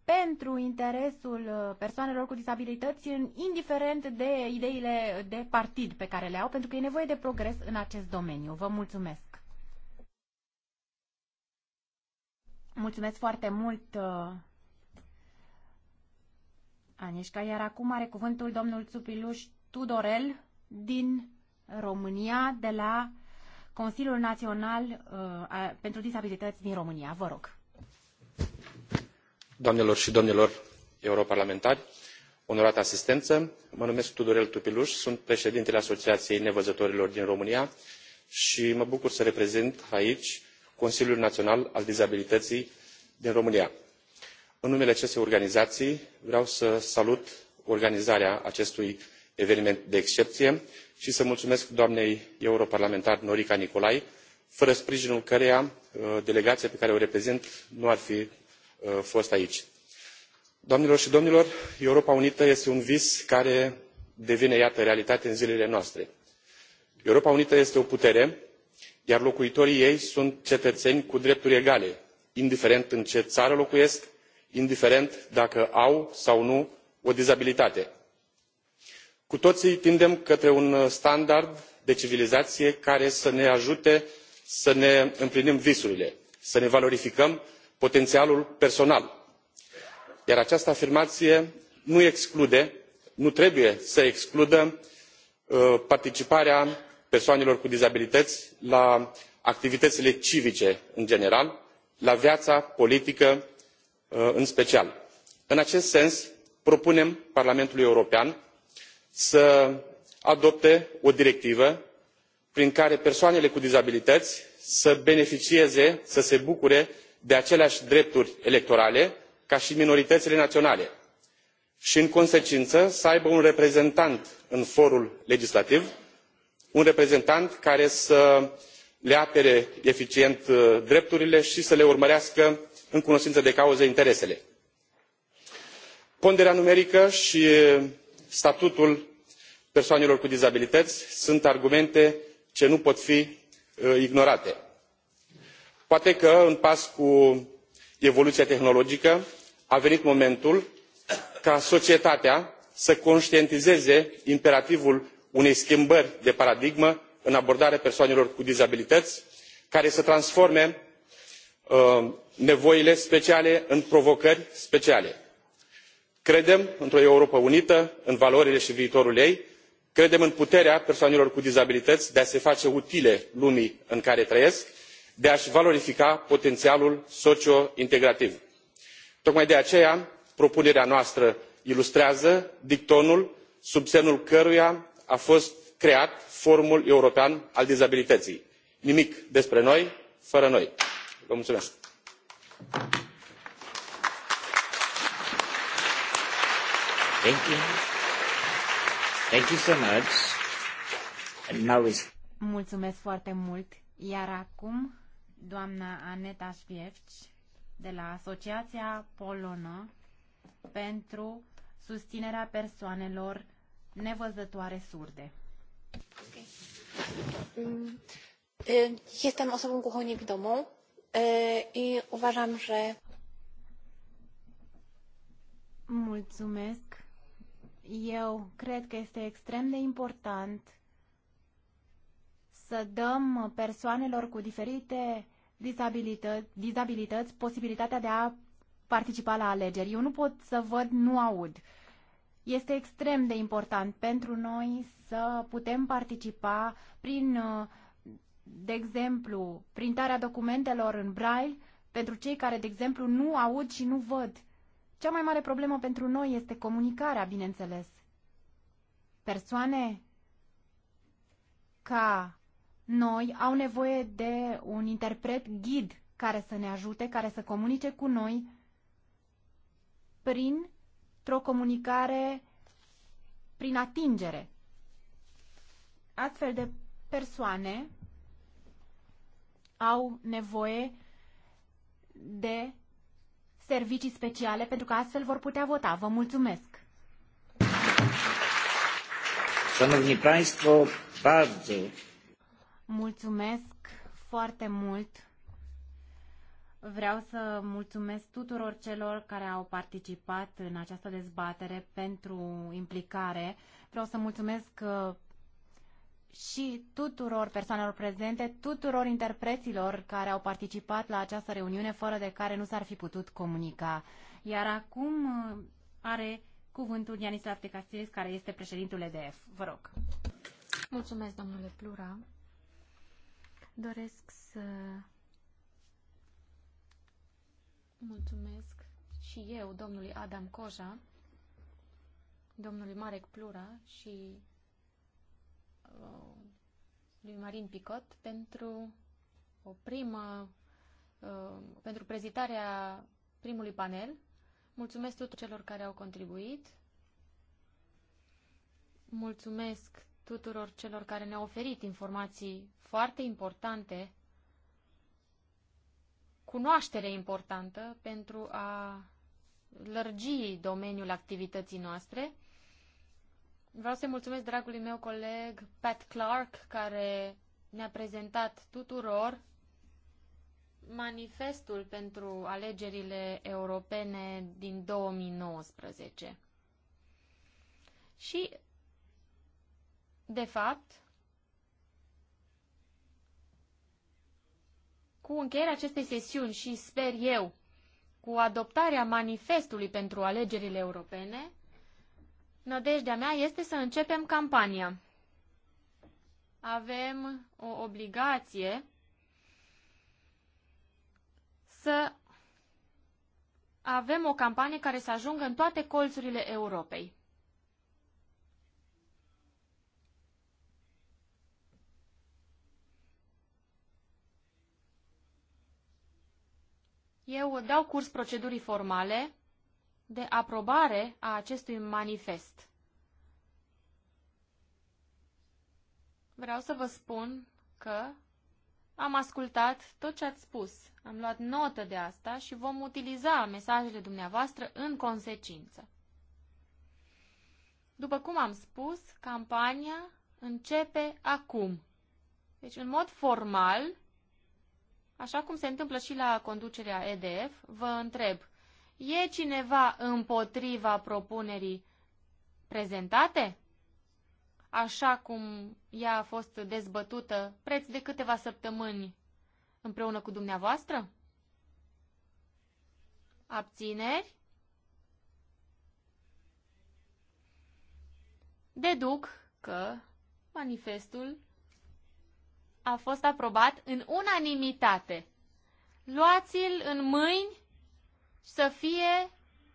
pentru interesul uh, persoanelor cu disabilități, indiferent de ideile de partid pe care le au, pentru că e nevoie de progres în acest domeniu. Vă mulțumesc! Mulțumesc foarte mult uh, Anișca, iar acum are cuvântul domnul Țupiluș Tudorel din România, de la Consiliul Național uh, pentru Disabilități din România. Vă rog. Doamnelor și domnilor europarlamentari, onorată asistență, mă numesc Tudorel Tupiluș, sunt președintele Asociației Nevăzătorilor din România și mă bucur să reprezint aici Consiliul Național al Dizabilității din România în numele acestei organizații vreau să salut organizarea acestui eveniment de excepție și să mulțumesc doamnei europarlamentar norica nicolai fără sprijinul căreia uh, delegația pe care o reprezint nu ar fi uh, fost aici. doamnelor și domnilor europa unită este un vis care devine iată realitate în zilele noastre. europa unită este o putere iar locuitorii ei sunt cetățeni cu drepturi egale indiferent în ce țară locuiesc indiferent dacă au sau nu o dizabilitate. cu toții tindem către un standard de civilizație care să ne ajute să ne împlinim visurile să ne valorificăm potențialul personal iar această afirmație nu exclude nu trebuie să excludă uh, participarea persoanelor cu dizabilități la activitățile civice în general la viața politică Uh, în special. în acest sens propunem parlamentului european să adopte o directivă prin care persoanele cu dizabilități să beneficieze să se bucure de aceleași drepturi electorale ca și minoritățile naționale și în consecință să aibă un reprezentant în forul legislativ un reprezentant care să le apere eficient uh, drepturile și să le urmărească în cunoștință de cauză interesele. ponderea numerică și statutul persoanelor cu dizabilități sunt argumente ce nu pot fi ignorate. poate că în pas cu evoluția tehnologică a venit momentul ca societatea să conștientizeze imperativul unei schimbări de paradigmă în abordarea persoanelor cu dizabilități care să transforme nevoile speciale în provocări speciale. credem într o europă unită în valorile și viitorul ei credem în puterea persoanelor cu dizabilități de a se face utile lumii în care trăiesc de a și valorifica potențialul socio integrativ. tocmai de aceea propunerea noastră ilustrează dictonul sub semnul căruia a fost creat forumul european al dizabilității nimic despre noi fără noi. vă mulțumesc. Thank you. Thank you so much. And now is... Mulțumesc foarte mult. Iar acum, doamna Aneta Șvievci, de la Asociația Polonă pentru susținerea persoanelor nevăzătoare surde. Okay. Jestem mm. osobą głuchoniewidomą I uważam, że... Mulțumesc. Eu cred că este extrem de important să dăm persoanelor cu diferite dizabilități, dizabilități posibilitatea de a participa la alegeri. Eu nu pot să văd, nu aud. Este extrem de important pentru noi să putem participa prin uh, de exemplu, printarea documentelor în braille pentru cei care, de exemplu, nu aud și nu văd. Cea mai mare problemă pentru noi este comunicarea, bineînțeles. Persoane ca noi au nevoie de un interpret ghid care să ne ajute, care să comunice cu noi prin o comunicare prin atingere. Astfel de persoane au nevoie de servicii speciale pentru că astfel vor putea vota. Vă mulțumesc! Szanowni Państwo, bardzo. Mulțumesc foarte mult. Vreau să mulțumesc tuturor celor care au participat în această dezbatere pentru implicare. Vreau să mulțumesc uh, și tuturor persoanelor prezente, tuturor interpreților care au participat la această reuniune, fără de care nu s-ar fi putut comunica. Iar acum uh, are cuvântul Ianis Artecasiris, care este președintul EDF. Vă rog. Mulțumesc, domnule Plura. Doresc să mulțumesc și eu, domnului Adam Coja, domnului Marek Plura și Uh, lui Marin Picot pentru o primă, uh, pentru prezentarea primului panel. Mulțumesc tuturor celor care au contribuit. Mulțumesc tuturor celor care ne-au oferit informații foarte importante, cunoaștere importantă pentru a lărgi domeniul activității noastre. Vreau să-i mulțumesc dragului meu coleg Pat Clark, care ne-a prezentat tuturor manifestul pentru alegerile europene din 2019. Și, de fapt, cu încheierea acestei sesiuni și, sper eu, cu adoptarea manifestului pentru alegerile europene, Nădejdea mea este să începem campania. Avem o obligație să avem o campanie care să ajungă în toate colțurile Europei. Eu dau curs procedurii formale de aprobare a acestui manifest. Vreau să vă spun că am ascultat tot ce ați spus, am luat notă de asta și vom utiliza mesajele dumneavoastră în consecință. După cum am spus, campania începe acum. Deci, în mod formal, așa cum se întâmplă și la conducerea EDF, vă întreb, E cineva împotriva propunerii prezentate? Așa cum ea a fost dezbătută preț de câteva săptămâni împreună cu dumneavoastră? Abțineri? Deduc că manifestul a fost aprobat în unanimitate. Luați-l în mâini să fie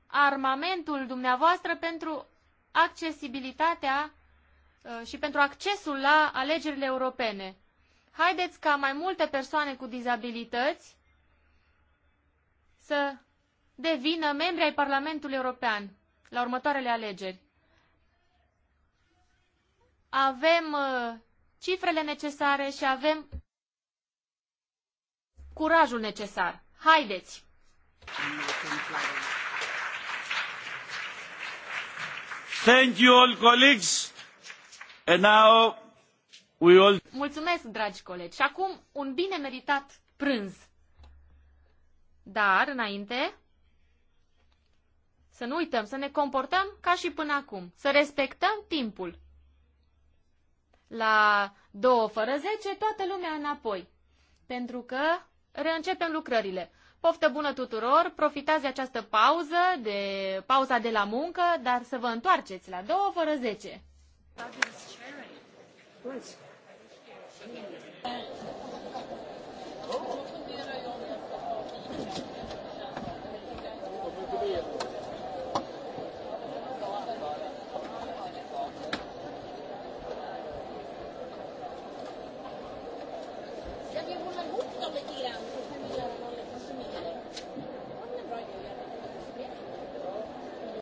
armamentul dumneavoastră pentru accesibilitatea uh, și pentru accesul la alegerile europene. Haideți ca mai multe persoane cu dizabilități să devină membri ai Parlamentului European la următoarele alegeri. Avem uh, cifrele necesare și avem curajul necesar. Haideți! Thank you all colleagues. And now we all... Mulțumesc, dragi colegi. Și acum un bine meritat prânz. Dar, înainte, să nu uităm, să ne comportăm ca și până acum, să respectăm timpul. La două fără zece, toată lumea înapoi, pentru că reîncepem lucrările. Poftă bună tuturor, profitați de această pauză, de pauza de la muncă, dar să vă întoarceți la două fără zece.